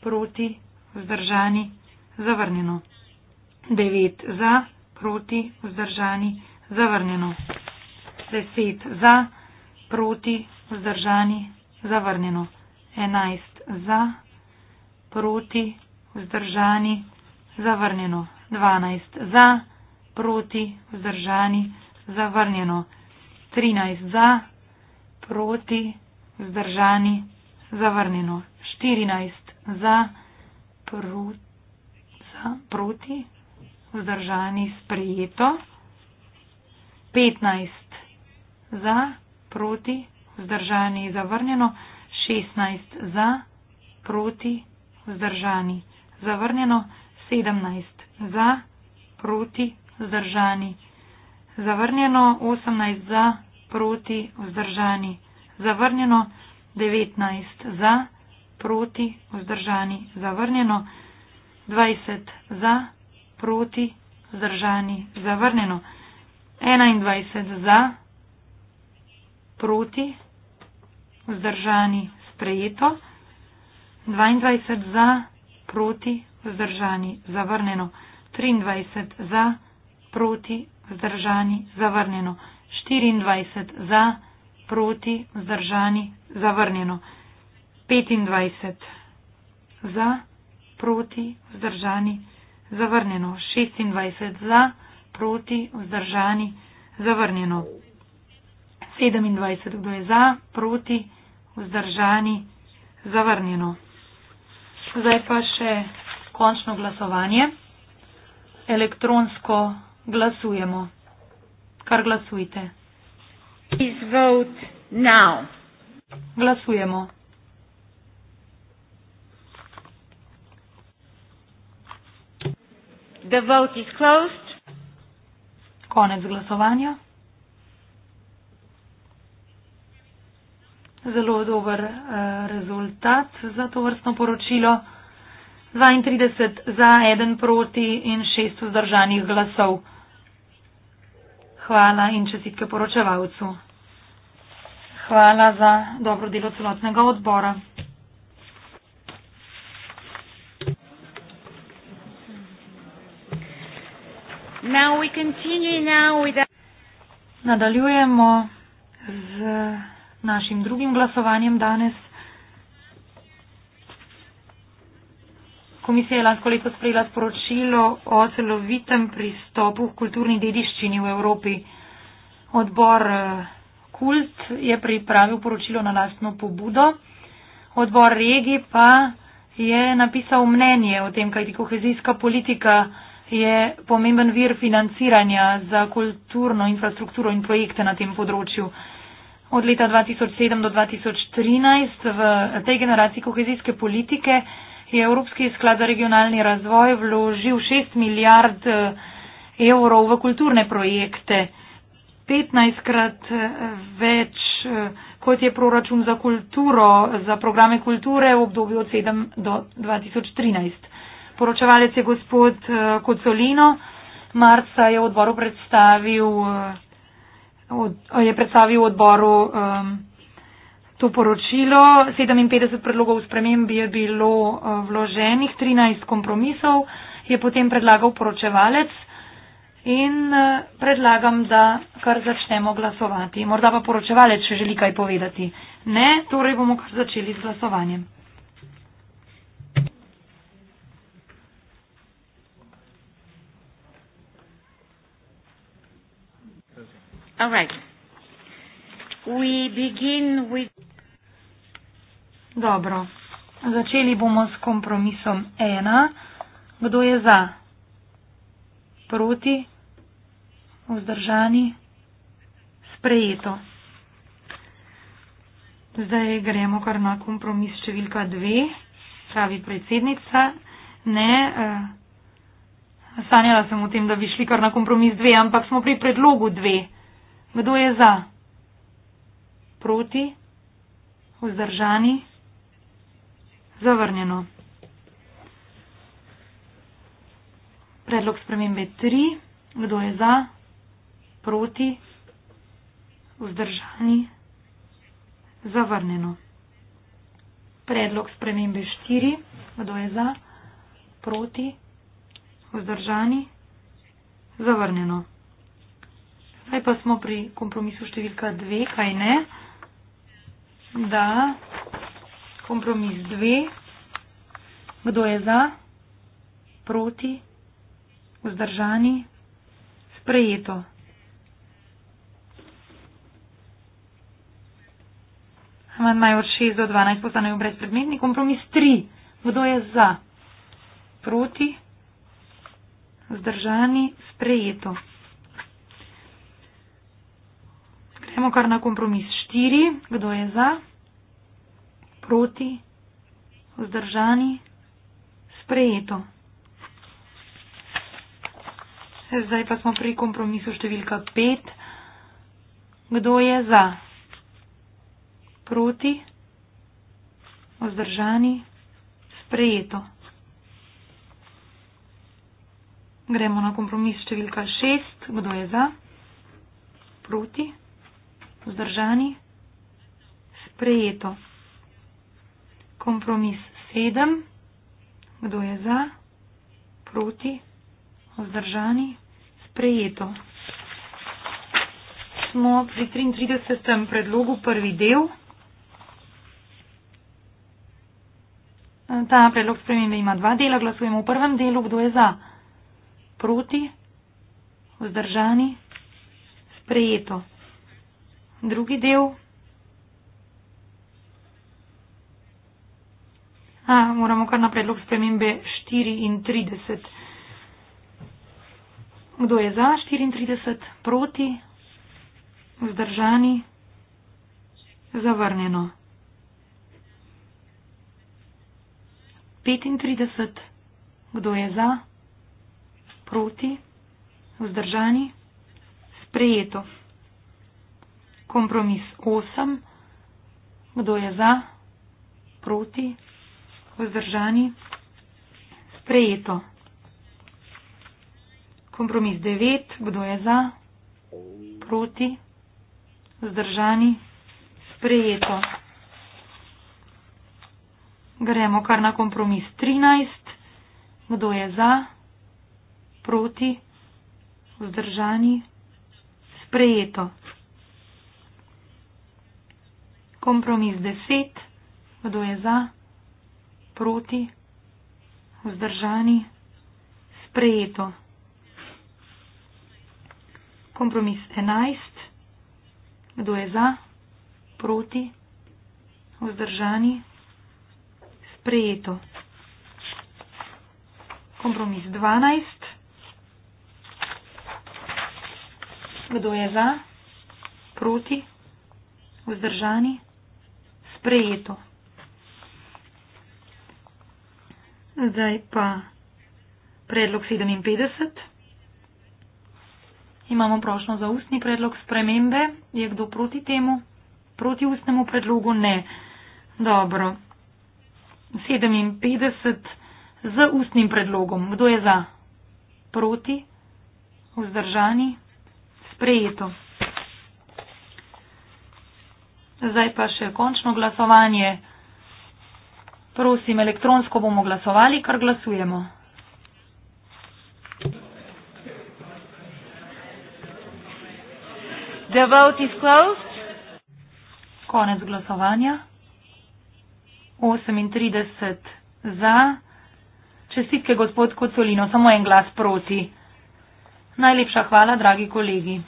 proti, vzdržani, zavrnjeno. 9 za, proti, vzdržani, zavrnjeno. 10 za, proti, vzdržani, zavrnjeno. 11 za, proti, vzdržani, zavrnjeno. 12 za, proti, vzdržani, zavrnjeno. 13 za, proti, vzdržani, zavrnjeno proti, vzdržani, zavrnjeno. 14 za, pru, za proti, vzdržani, sprejeto. 15 za, proti, vzdržani, zavrnjeno. 16 za, proti, vzdržani, zavrnjeno. 17 za, proti, vzdržani, zavrnjeno. 18 za, proti, vzdržani proti, vzdržani, zavrnjeno, 19 za, proti, vzdržani, zavrnjeno, 20 za, proti, vzdržani, zavrnjeno, 21 za, proti, vzdržani, sprejeto, 22 za, proti, vzdržani, zavrnjeno, 23 za, proti, vzdržani, zavrnjeno. 24 za, proti, vzdržani, zavrnjeno. 25 za, proti, vzdržani, zavrnjeno. 26 za, proti, vzdržani, zavrnjeno. 27 kdo je za, proti, vzdržani, zavrnjeno. Zdaj pa še končno glasovanje. Elektronsko glasujemo kar glasujte. Please vote now. Glasujemo. The vote is closed. Konec glasovanja. Zelo dober eh, rezultat za to vrstno poročilo. 32 za, 1 proti in 6 vzdržanih glasov. Hvala in čestitke poročevalcu. Hvala za dobro delo celotnega odbora. Nadaljujemo z našim drugim glasovanjem danes. Komisija je lansko leto sprejela sporočilo o celovitem pristopu k kulturni dediščini v Evropi. Odbor eh, Kult je pripravil poročilo na lastno pobudo, odbor Regi pa je napisal mnenje o tem, kajti kohezijska politika je pomemben vir financiranja za kulturno infrastrukturo in projekte na tem področju. Od leta 2007 do 2013 v tej generaciji kohezijske politike je Evropski sklad za regionalni razvoj vložil 6 milijard eh, evrov v kulturne projekte, 15 krat eh, več eh, kot je proračun za kulturo, za programe kulture v obdobju od 7 do 2013. Poročevalec je gospod Kocolino, marca je odboru predstavil, je predstavil odboru. Um, to poročilo. 57 predlogov sprememb je bilo eh, vloženih, 13 kompromisov je potem predlagal poročevalec in eh, predlagam, da kar začnemo glasovati. Morda pa poročevalec še želi kaj povedati. Ne, torej bomo kar začeli z glasovanjem. All right. We begin with Dobro. Začeli bomo s kompromisom 1. Kdo je za? Proti? Vzdržani? Sprejeto. Zdaj gremo kar na kompromis številka 2, pravi predsednica. Ne, eh, sanjala sem o tem, da bi šli kar na kompromis 2, ampak smo pri predlogu 2. Kdo je za? Proti? Vzdržani? Sprejeto. Zavrnjeno. Predlog spremembe 3. Kdo je za, proti, vzdržani? Zavrnjeno. Predlog spremembe 4. Kdo je za, proti, vzdržani? Zavrnjeno. Zdaj pa smo pri kompromisu številka 2, kaj ne? Da, kompromis 2. Kdo je za, proti, vzdržani, sprejeto. Amandmaj od 6 do 12 postanejo brezpredmetni. Kompromis 3. Kdo je za, proti, vzdržani, sprejeto. Gremo kar na kompromis 4. Kdo je za? proti, vzdržani, sprejeto. Zdaj pa smo pri kompromisu številka 5. Kdo je za? Proti, vzdržani, sprejeto. Gremo na kompromis številka 6. Kdo je za? Proti, vzdržani, sprejeto. Kompromis 7. Kdo je za? Proti? Vzdržani? Sprejeto. Smo pri 33. predlogu prvi del. Ta predlog spremembe ima dva dela. Glasujemo v prvem delu. Kdo je za? Proti? Vzdržani? Sprejeto. Drugi del. moramo kar na predlog spremembe 34. Kdo je za 34, proti, vzdržani, zavrnjeno. 35, kdo je za, proti, vzdržani, sprejeto. Kompromis 8, kdo je za, proti, vzdržani vzdržani. Sprejeto. Kompromis 9. Kdo je za? Proti. Vzdržani. Sprejeto. Gremo kar na kompromis 13. Kdo je za? Proti. Vzdržani. Sprejeto. Kompromis 10. Kdo je za? Proti proti, vzdržani, sprejeto. Kompromis 11. Kdo je za, proti, vzdržani, sprejeto. Kompromis 12. Kdo je za, proti, vzdržani, sprejeto. Zdaj pa predlog 57. Imamo prošlo za ustni predlog spremembe. Je kdo proti temu? Proti ustnemu predlogu? Ne. Dobro. 57 z ustnim predlogom. Kdo je za? Proti? Vzdržani? Sprejeto. Zdaj pa še končno glasovanje. Prosim, elektronsko bomo glasovali, kar glasujemo. The vote is closed. Konec glasovanja. 38 za. Čestitke, gospod Kocolino, samo en glas proti. Najlepša hvala, dragi kolegi.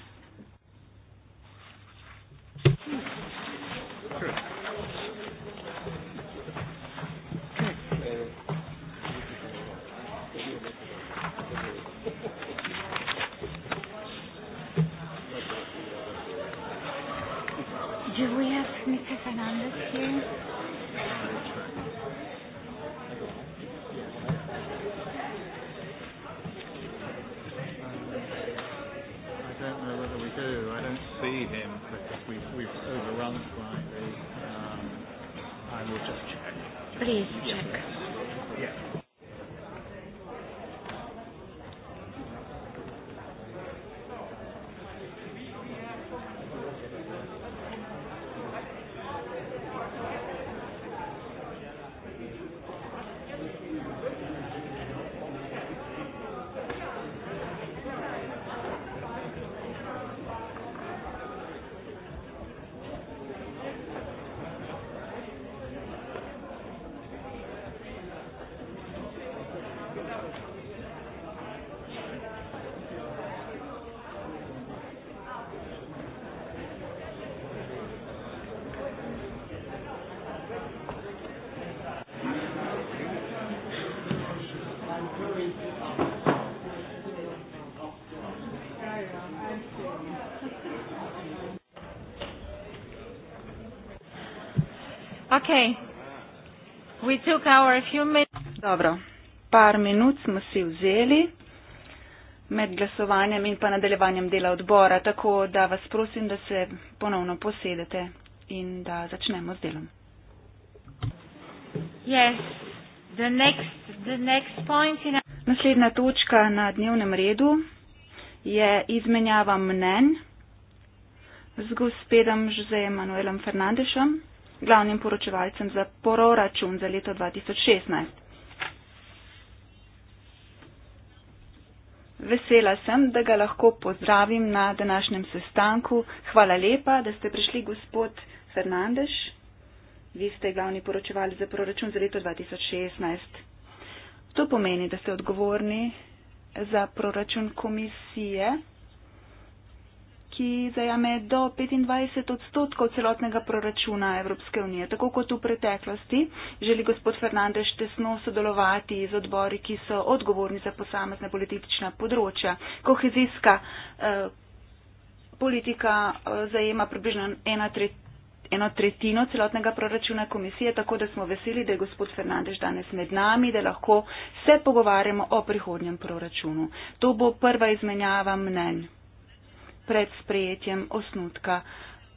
Okay. We took our few Dobro, par minut smo si vzeli med glasovanjem in pa nadaljevanjem dela odbora, tako da vas prosim, da se ponovno posedete in da začnemo z delom. Yes. The next, the next point in... Naslednja točka na dnevnem redu je izmenjava mnen z gospedom Žuzejem Manuelom Fernandešom glavnim poročevalcem za proračun za leto 2016. Vesela sem, da ga lahko pozdravim na današnjem sestanku. Hvala lepa, da ste prišli, gospod Fernandeš. Vi ste glavni poročevalec za proračun za leto 2016. To pomeni, da ste odgovorni za proračun komisije ki zajame do 25 odstotkov celotnega proračuna Evropske unije. Tako kot v preteklosti želi gospod Fernandez tesno sodelovati z odbori, ki so odgovorni za posamezne politična področja. Kohezijska eh, politika eh, zajema približno ena tretjina eno tretjino celotnega proračuna komisije, tako da smo veseli, da je gospod Fernandež danes med nami, da lahko se pogovarjamo o prihodnjem proračunu. To bo prva izmenjava mnenj pred sprejetjem osnutka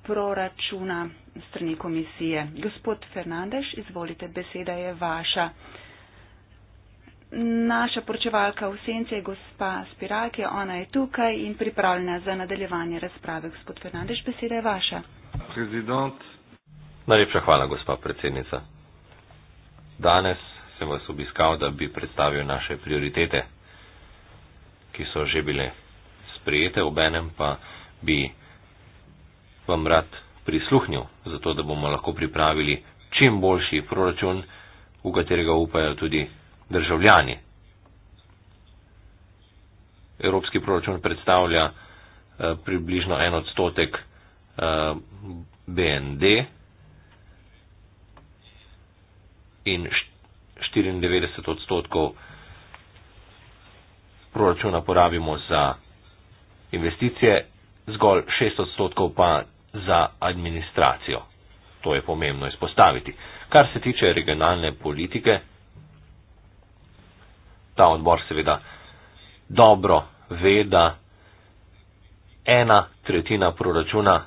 proračuna strani komisije. Gospod Fernandeš, izvolite, beseda je vaša. Naša poročevalka v senci je gospa Spirake, ona je tukaj in pripravljena za nadaljevanje razprave. Gospod Fernandeš, beseda je vaša. Prezident. Najlepša hvala, gospa predsednica. Danes sem vas obiskal, da bi predstavil naše prioritete, ki so že bile sprejete, obenem pa bi vam rad prisluhnil, zato da bomo lahko pripravili čim boljši proračun, v katerega upajo tudi državljani. Evropski proračun predstavlja eh, približno en odstotek eh, BND in 94 odstotkov proračuna porabimo za investicije, zgolj 6 odstotkov pa za administracijo. To je pomembno izpostaviti. Kar se tiče regionalne politike, ta odbor seveda dobro ve, da ena tretjina proračuna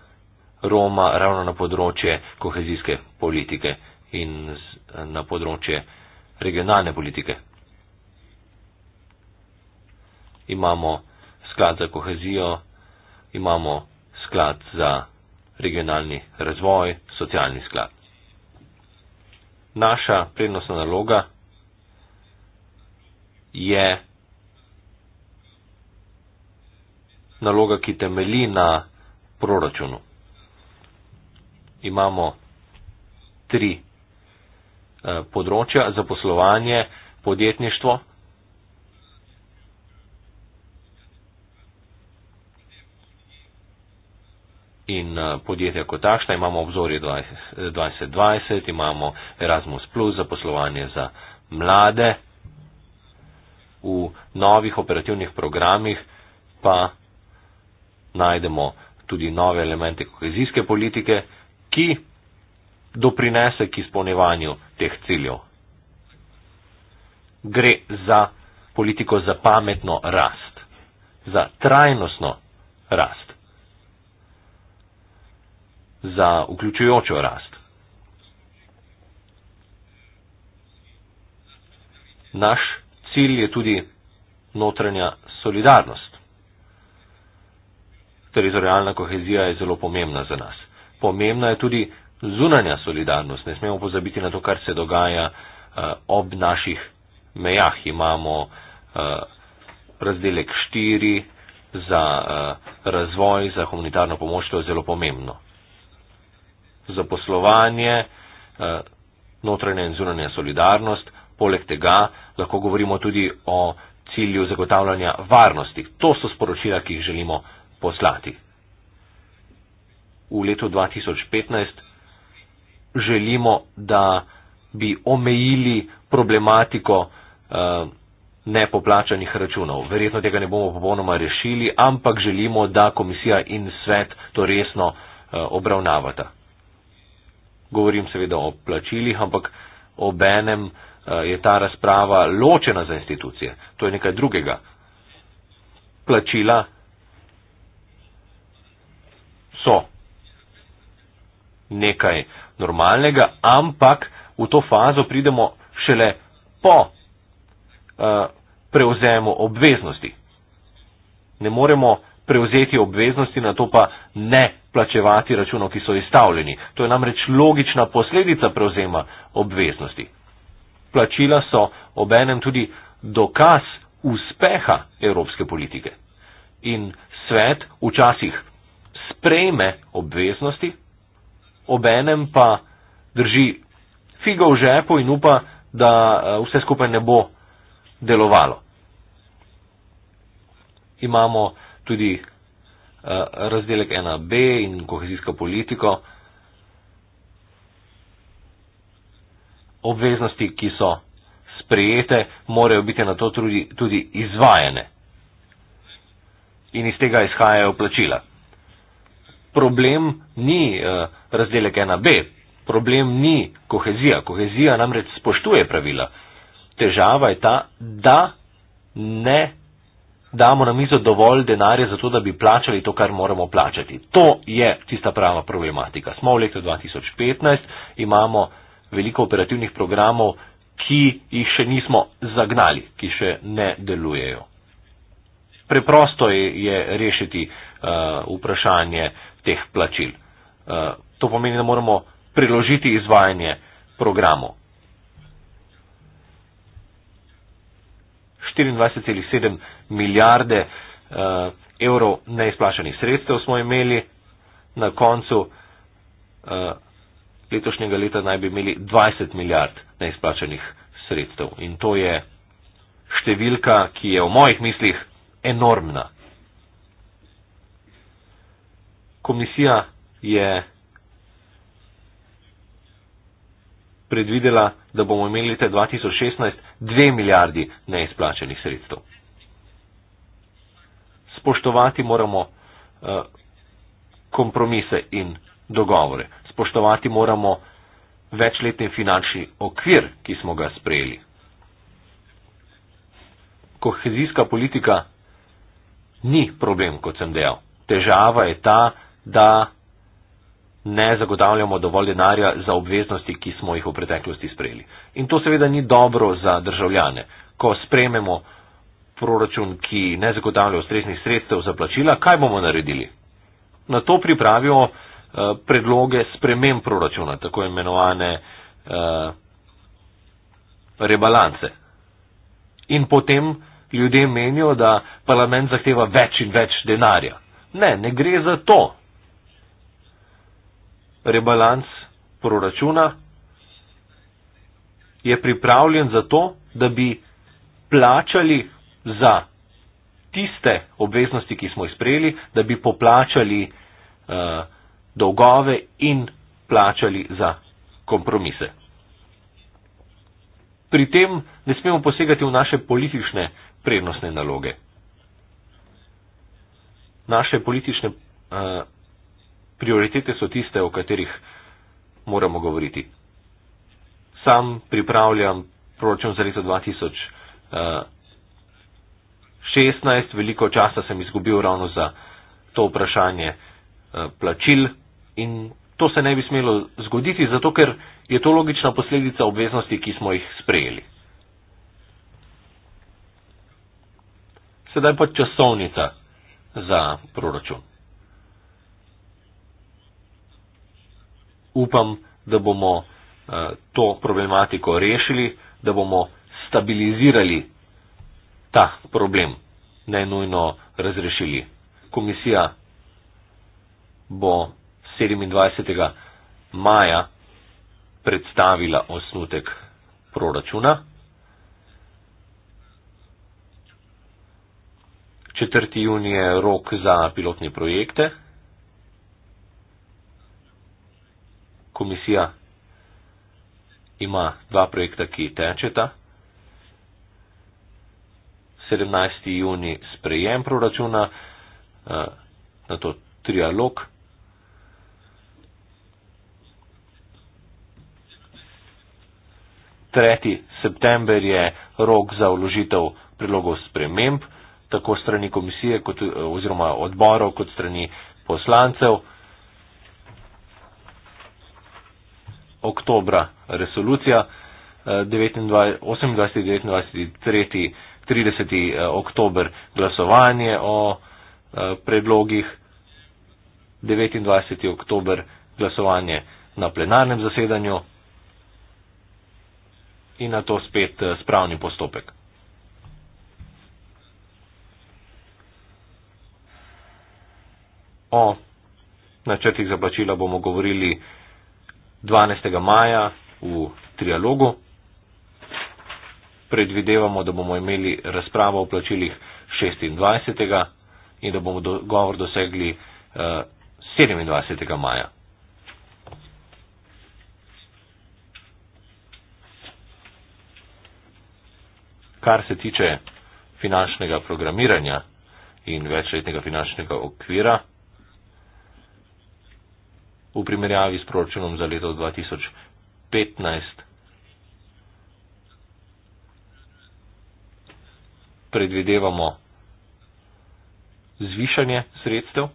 Roma ravno na področje kohezijske politike in na področje regionalne politike. Imamo sklad za kohezijo, imamo sklad za regionalni razvoj, socialni sklad. Naša prednostna naloga je naloga, ki temeli na proračunu. Imamo tri eh, področja za poslovanje, podjetništvo, in eh, podjetja kot takšna, imamo obzorje 2020, imamo Erasmus Plus za poslovanje za mlade, v novih operativnih programih pa najdemo tudi nove elemente kohezijske politike, ki doprinese k izpolnevanju teh ciljev. Gre za politiko za pametno rast, za trajnostno rast za vključujočo rast. Naš cilj je tudi notranja solidarnost. Teritorijalna kohezija je zelo pomembna za nas. Pomembna je tudi zunanja solidarnost. Ne smemo pozabiti na to, kar se dogaja uh, ob naših mejah. Imamo uh, razdelek 4 za uh, razvoj, za humanitarno pomoč, to je zelo pomembno zaposlovanje, eh, notranje in zunanje solidarnost. Poleg tega lahko govorimo tudi o cilju zagotavljanja varnosti. To so sporočila, ki jih želimo poslati. V letu 2015 želimo, da bi omejili problematiko eh, nepoplačanih računov. Verjetno tega ne bomo popolnoma rešili, ampak želimo, da komisija in svet to resno eh, obravnavata govorim seveda o plačilih, ampak ob enem eh, je ta razprava ločena za institucije. To je nekaj drugega. Plačila so nekaj normalnega, ampak v to fazo pridemo šele po eh, prevzemu obveznosti. Ne moremo prevzeti obveznosti, na to pa ne plačevati računov, ki so izstavljeni. To je namreč logična posledica prevzema obveznosti. Plačila so obenem tudi dokaz uspeha evropske politike. In svet včasih sprejme obveznosti, obenem pa drži figo v žepu in upa, da eh, vse skupaj ne bo delovalo. Imamo tudi razdelek 1b in kohezijsko politiko. Obveznosti, ki so sprejete, morajo biti na to tudi, tudi izvajene. In iz tega izhajajo plačila. Problem ni eh, razdelek 1b, problem ni kohezija. Kohezija namreč spoštuje pravila. Težava je ta, da ne damo na mizo dovolj denarja za to, da bi plačali to, kar moramo plačati. To je tista prava problematika. Smo v letu 2015, imamo veliko operativnih programov, ki jih še nismo zagnali, ki še ne delujejo. Preprosto je, je rešiti uh, vprašanje teh plačil. Uh, to pomeni, da moramo priložiti izvajanje programov. 24,7 milijarde uh, evrov neizplačanih sredstev smo imeli. Na koncu uh, letošnjega leta naj bi imeli 20 milijard neizplačanih sredstev. In to je številka, ki je v mojih mislih enormna. Komisija je predvidela, da bomo imeli leta 2016 2 milijardi neizplačenih sredstev spoštovati moramo eh, kompromise in dogovore. Spoštovati moramo večletni finančni okvir, ki smo ga sprejeli. Kohezijska politika ni problem, kot sem dejal. Težava je ta, da ne zagotavljamo dovolj denarja za obveznosti, ki smo jih v preteklosti sprejeli. In to seveda ni dobro za državljane. Ko sprejmemo proračun, ki ne zagotavlja ustreznih sredstev za plačila, kaj bomo naredili? Na to pripravijo eh, predloge spremem proračuna, tako imenovane eh, rebalance. In potem ljudje menijo, da parlament zahteva več in več denarja. Ne, ne gre za to. Rebalans proračuna je pripravljen za to, da bi plačali za tiste obveznosti, ki smo jih sprejeli, da bi poplačali uh, dolgove in plačali za kompromise. Pri tem ne smemo posegati v naše politične prednostne naloge. Naše politične uh, prioritete so tiste, o katerih moramo govoriti. Sam pripravljam proračun za leto 2000. Uh, 16, veliko časa sem izgubil ravno za to vprašanje eh, plačil in to se ne bi smelo zgoditi, zato ker je to logična posledica obveznosti, ki smo jih sprejeli. Sedaj pa časovnica za proračun. Upam, da bomo eh, to problematiko rešili, da bomo stabilizirali ta problem najnujno razrešili. Komisija bo 27. maja predstavila osnutek proračuna. 4. junij je rok za pilotne projekte. Komisija ima dva projekta, ki tečeta. 17. juni sprejem proračuna, eh, na to trialog. Tretji september je rok za uložitev prilogov sprememb, tako strani komisije kot, eh, oziroma odborov kot strani poslancev. Oktobra resolucija 28. 29. 3. 30. Eh, oktober glasovanje o eh, predlogih, 29. oktober glasovanje na plenarnem zasedanju in na to spet eh, spravni postopek. O načrtih za plačila bomo govorili 12. maja v trialogu predvidevamo, da bomo imeli razpravo o plačilih 26. in da bomo dogovor dosegli 27. Eh, maja. Kar se tiče finančnega programiranja in večletnega finančnega okvira, v primerjavi s proračunom za leto 2015, predvidevamo zvišanje sredstev,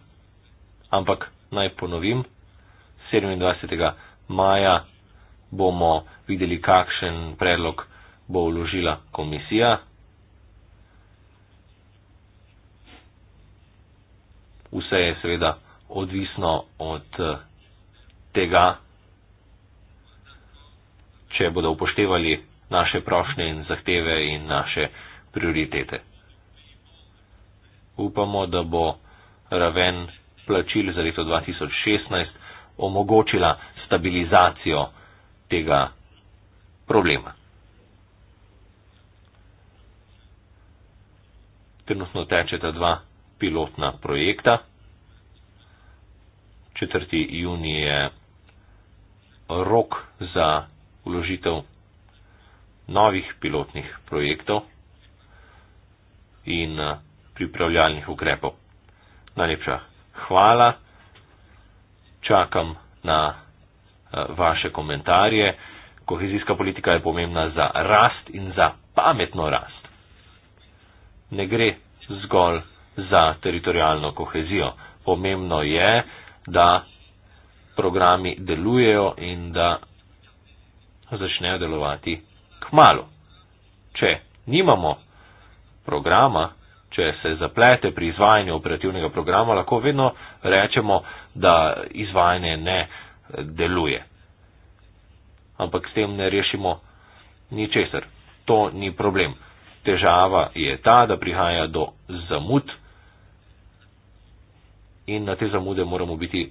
ampak naj ponovim, 27. maja bomo videli, kakšen predlog bo vložila komisija. Vse je seveda odvisno od tega, če bodo upoštevali naše prošnje in zahteve in naše prioritete. Upamo, da bo raven plačil za leto 2016 omogočila stabilizacijo tega problema. Trenutno tečeta dva pilotna projekta. 4. juni je rok za uložitev novih pilotnih projektov in eh, pripravljalnih ukrepov. Najlepša hvala. Čakam na eh, vaše komentarje. Kohezijska politika je pomembna za rast in za pametno rast. Ne gre zgolj za teritorijalno kohezijo. Pomembno je, da programi delujejo in da začnejo delovati k malu. Če nimamo programa, če se zaplete pri izvajanju operativnega programa, lahko vedno rečemo, da izvajanje ne deluje. Ampak s tem ne rešimo ničesar. To ni problem. Težava je ta, da prihaja do zamud in na te zamude moramo biti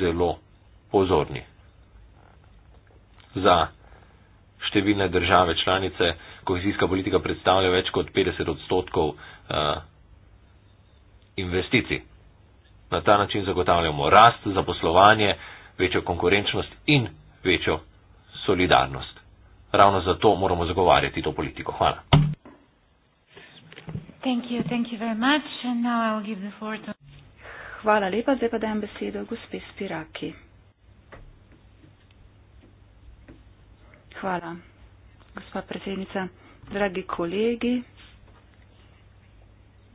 zelo pozorni. Za številne države članice kohezijska politika predstavlja več kot 50 odstotkov eh, investicij. Na ta način zagotavljamo rast, zaposlovanje, večjo konkurenčnost in večjo solidarnost. Ravno zato moramo zagovarjati to politiko. Hvala. Thank you, thank you to... Hvala lepa, zdaj pa dajem besedo gospe Spiraki. Hvala gospa predsednica, dragi kolegi.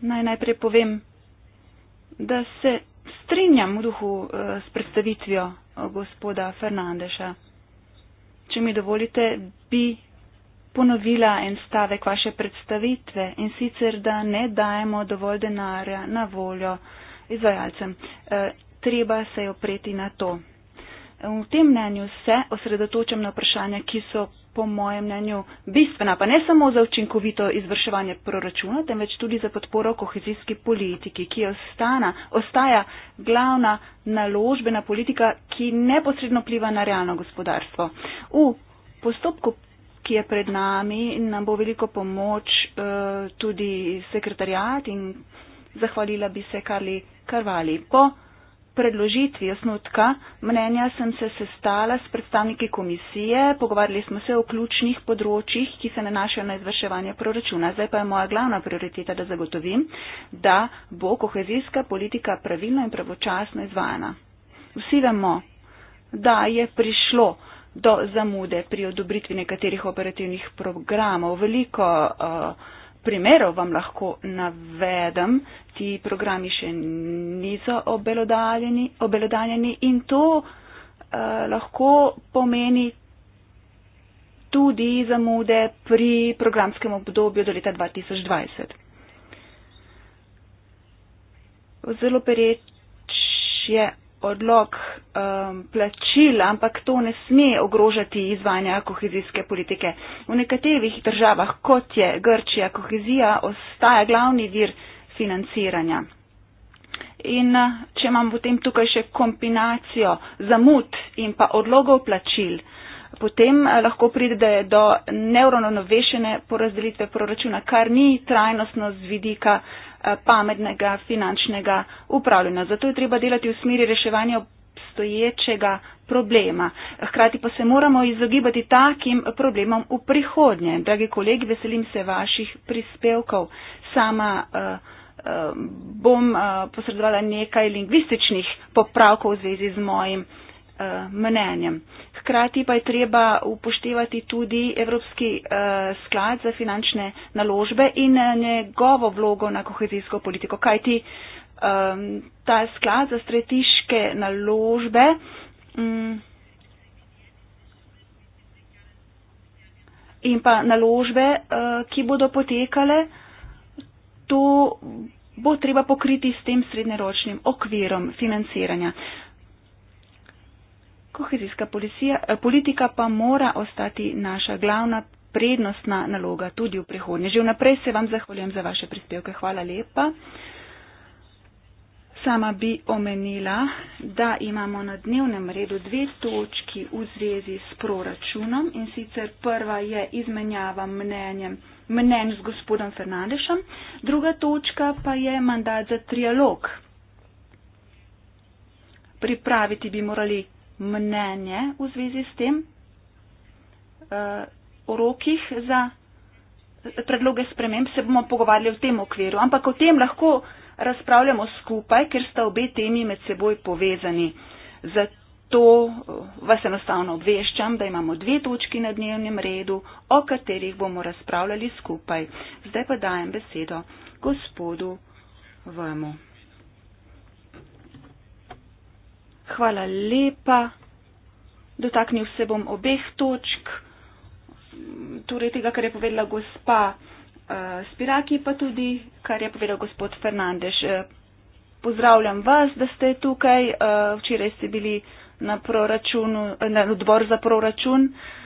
Naj najprej povem, da se strinjam v duhu eh, s predstavitvijo eh, gospoda Fernandeša. Če mi dovolite, bi ponovila en stavek vaše predstavitve in sicer, da ne dajemo dovolj denarja na voljo izvajalcem. Eh, treba se je opreti na to. V tem mnenju se osredotočam na vprašanja, ki so po mojem mnenju, bistvena, pa ne samo za učinkovito izvrševanje proračuna, temveč tudi za podporo kohezijski politiki, ki ostana, ostaja glavna naložbena politika, ki neposredno pliva na realno gospodarstvo. V postopku, ki je pred nami, nam bo veliko pomoč eh, tudi sekretarjat in zahvalila bi se Karli Karvali. Po predložitvi osnutka mnenja sem se sestala s predstavniki komisije, pogovarjali smo se o ključnih področjih, ki se nanašajo na izvrševanje proračuna. Zdaj pa je moja glavna prioriteta, da zagotovim, da bo kohezijska politika pravilno in pravočasno izvajana. Vsi vemo, da je prišlo do zamude pri odobritvi nekaterih operativnih programov. Veliko uh, primerov vam lahko navedem, ti programi še niso obelodaljeni, obelodaljeni in to uh, lahko pomeni tudi zamude pri programskem obdobju do leta 2020. Zelo pereč je odlog um, plačil, ampak to ne sme ogrožati izvanja kohezijske politike. V nekaterih državah, kot je Grčija, kohezija ostaja glavni vir financiranja. In uh, če imam potem tukaj še kombinacijo zamud in pa odlogov plačil, potem uh, lahko pride do neuronovešene porazdelitve proračuna, kar ni trajnostno z vidika Eh, pametnega finančnega upravljanja. Zato je treba delati v smeri reševanja obstoječega problema. Hkrati pa se moramo izogibati takim problemom v prihodnje. Dragi kolegi, veselim se vaših prispevkov. Sama eh, eh, bom posredovala nekaj lingvističnih popravkov v zvezi z mojim Eh, mnenjem. Hkrati pa je treba upoštevati tudi Evropski eh, sklad za finančne naložbe in eh, njegovo vlogo na kohezijsko politiko, kajti ta sklad za strateške naložbe mm, in pa naložbe, ki bodo potekale, to bo treba pokriti s tem srednjeročnim okvirom financiranja kohezijska policija, eh, politika pa mora ostati naša glavna prednostna naloga tudi v prihodnje. Že vnaprej se vam zahvaljujem za vaše prispevke. Hvala lepa. Sama bi omenila, da imamo na dnevnem redu dve točki v zvezi s proračunom in sicer prva je izmenjava mnenjem, mnen s gospodom Fernandešem, druga točka pa je mandat za trialog. Pripraviti bi morali mnenje v zvezi s tem, o eh, rokih za eh, predloge sprememb se bomo pogovarjali v tem okviru, ampak o tem lahko razpravljamo skupaj, ker sta obe temi med seboj povezani. Zato eh, vas enostavno obveščam, da imamo dve točki na dnevnem redu, o katerih bomo razpravljali skupaj. Zdaj pa dajem besedo gospodu Vemu. Hvala lepa. Dotaknil se bom obeh točk, torej tega, kar je povedala gospa uh, Spiraki, pa tudi, kar je povedal gospod Fernandež. Uh, pozdravljam vas, da ste tukaj. Uh, včeraj ste bili na, na odbor za proračun. Uh,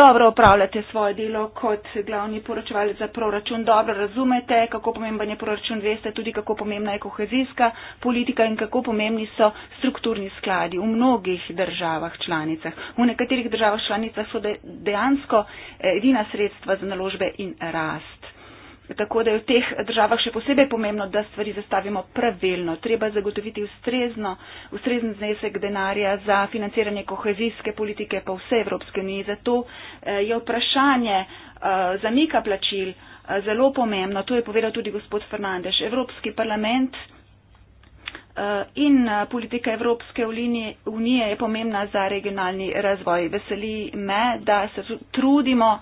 dobro opravljate svoje delo kot glavni poročevalec za proračun, dobro razumete, kako pomemben je proračun, veste tudi, kako pomembna je kohezijska politika in kako pomembni so strukturni skladi v mnogih državah članicah. V nekaterih državah članicah so dejansko eh, edina sredstva za naložbe in rast. Tako da je v teh državah še posebej pomembno, da stvari zastavimo pravilno. Treba zagotoviti ustrezno, ustrezen znesek denarja za financiranje kohezijske politike po vse Evropske unije. Zato eh, je vprašanje eh, zamika plačil eh, zelo pomembno. To je povedal tudi gospod Fernandeš. Evropski parlament in politika Evropske unije je pomembna za regionalni razvoj. Veseli me, da se trudimo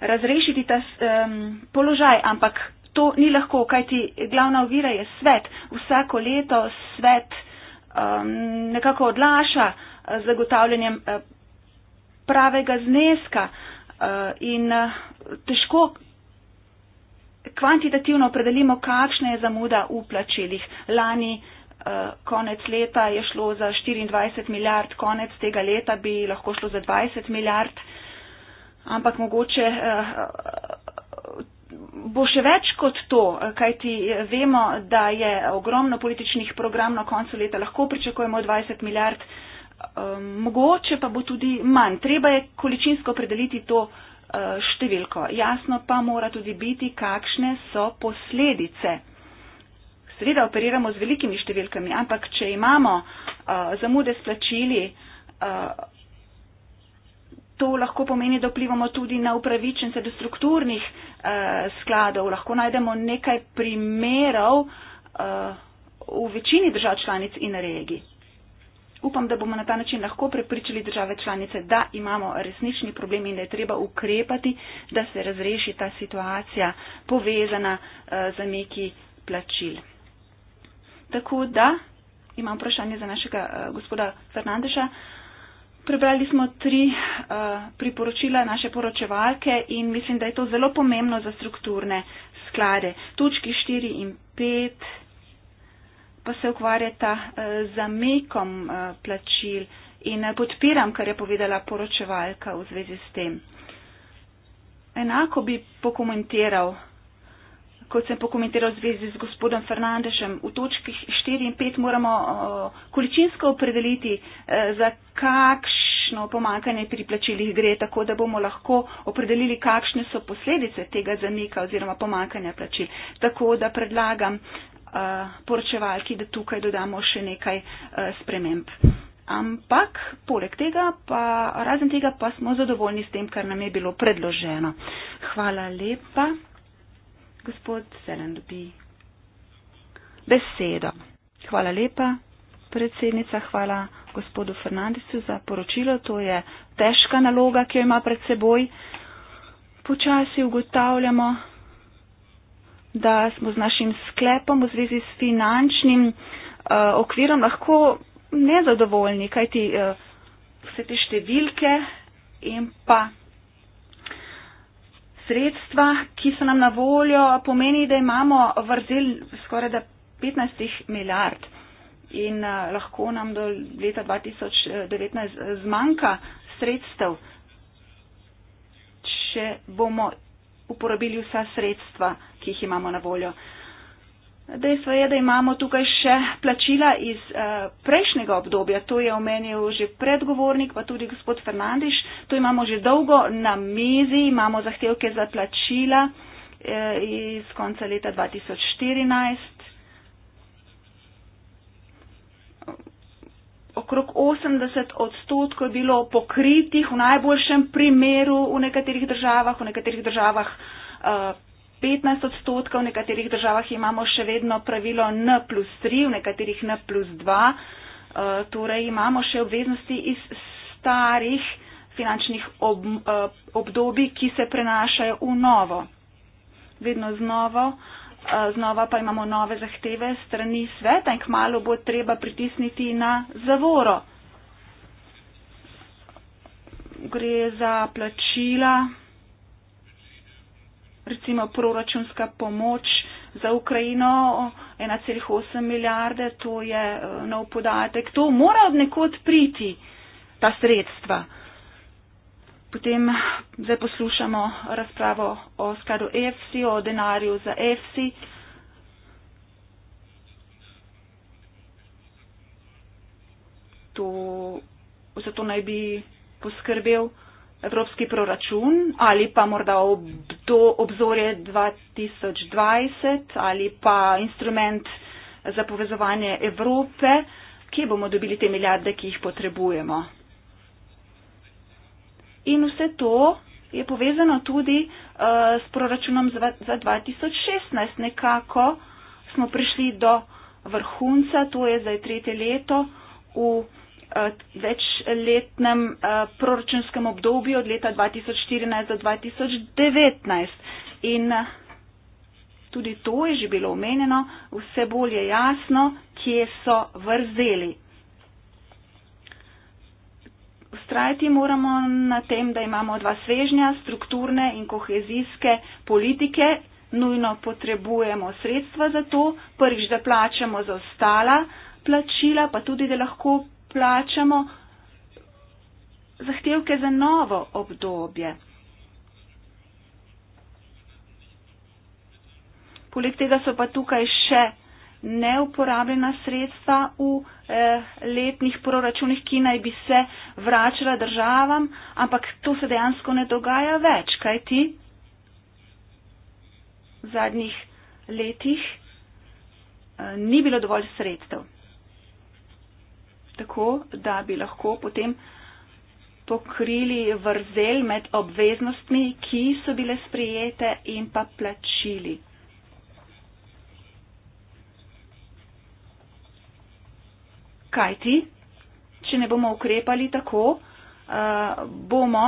razrešiti ta um, položaj, ampak to ni lahko, kajti glavna ovira je svet. Vsako leto svet um, nekako odlaša eh, z zagotavljanjem eh, pravega zneska uh, in uh, težko kvantitativno opredelimo, kakšna je zamuda v plačilih. Lani konec leta je šlo za 24 milijard, konec tega leta bi lahko šlo za 20 milijard. Uh, ampak mogoče eh, bo še več kot to, kajti vemo, da je ogromno političnih programov na koncu leta, lahko pričakujemo 20 milijard, ehm, mogoče pa bo tudi manj. Treba je količinsko predeliti to eh, številko. Jasno pa mora tudi biti, kakšne so posledice. Seveda operiramo z velikimi številkami, ampak če imamo uh, zamude s plačili, uh, to lahko pomeni, da vplivamo tudi na upravičence do strukturnih eh, skladov. Lahko najdemo nekaj primerov eh, v večini držav članic in regij. Upam, da bomo na ta način lahko prepričali države članice, da imamo resnični problem in da je treba ukrepati, da se razreši ta situacija povezana eh, za neki plačil. Tako da imam vprašanje za našega eh, gospoda Fernandeša. Eh, Prebrali smo tri uh, priporočila naše poročevalke in mislim, da je to zelo pomembno za strukturne sklade. Točki 4 in 5 pa se ukvarjata uh, z zamekom uh, plačil in uh, podpiram, kar je povedala poročevalka v zvezi s tem. Enako bi pokomentiral kot sem pokomentiral v zvezi z gospodom Fernandešem, v točki 4 in 5 moramo eh, količinsko opredeliti, eh, za kakšno pomankanje pri plačilih gre, tako da bomo lahko opredelili, kakšne so posledice tega zanika oziroma pomankanja plačil. Tako da predlagam eh, poročevalki, da tukaj dodamo še nekaj sprememb. Ampak, poleg tega, pa, razen tega, pa smo zadovoljni s tem, kar nam je bilo predloženo. Hvala lepa gospod, se nam dobi besedo. Hvala lepa, predsednica, hvala gospodu Fernandesu za poročilo. To je težka naloga, ki jo ima pred seboj. Počasi ugotavljamo, da smo z našim sklepom v zvezi s finančnim uh, okvirom lahko nezadovoljni, kajti uh, vse te številke in pa sredstva, ki so nam na voljo, pomeni, da imamo vrzel skoraj 15 milijard in uh, lahko nam do leta 2019 eh, eh, zmanjka sredstev, če bomo uporabili vsa sredstva, ki jih imamo na voljo. Uh, Dejstvo je, da imamo tukaj še plačila iz uh, prejšnjega obdobja, to je omenil že predgovornik, pa tudi gospod Fernandiš, to imamo že dolgo na mizi, imamo zahtevke za plačila eh, iz konca leta 2014. Okrog 80 odstotkov je bilo pokritih v najboljšem primeru v nekaterih državah, v nekaterih državah. Eh, 15 odstotkov, v nekaterih državah imamo še vedno pravilo N plus 3, v nekaterih N plus 2, eh, torej imamo še obveznosti iz starih finančnih ob, eh, obdobij, ki se prenašajo v novo. Vedno znova, eh, znova pa imamo nove zahteve strani sveta in kmalo bo treba pritisniti na zavoro. Gre za plačila recimo proračunska pomoč za Ukrajino 1,8 milijarde, to je eh, nov podatek, to mora od nekod priti, ta sredstva. Potem eh, zdaj poslušamo razpravo o skladu EFSI, o denarju za EFSI. To, zato naj bi poskrbel evropski proračun ali pa morda ob, do obzorje 2020 ali pa instrument za povezovanje Evrope, kje bomo dobili te milijarde, ki jih potrebujemo. In vse to je povezano tudi uh, s proračunom za, za 2016. Nekako smo prišli do vrhunca, to je zdaj tretje leto v Eh, večletnem eh, proračunskem obdobju od leta 2014 do 2019. In eh, tudi to je že bilo omenjeno, vse bolj je jasno, kje so vrzeli. Ustrajati moramo na tem, da imamo dva svežnja, strukturne in kohezijske politike. Nujno potrebujemo sredstva za to, prvič, da plačamo za ostala plačila, pa tudi, da lahko plačamo zahtevke za novo obdobje. Poleg tega so pa tukaj še neuporabljena sredstva v eh, letnih proračunih, ki naj bi se vračala državam, ampak to se dejansko ne dogaja več, kaj ti v zadnjih letih eh, ni bilo dovolj sredstev tako, da bi lahko potem pokrili vrzel med obveznostmi, ki so bile sprijete in pa plačili. Kaj ti, če ne bomo ukrepali tako, eh, bomo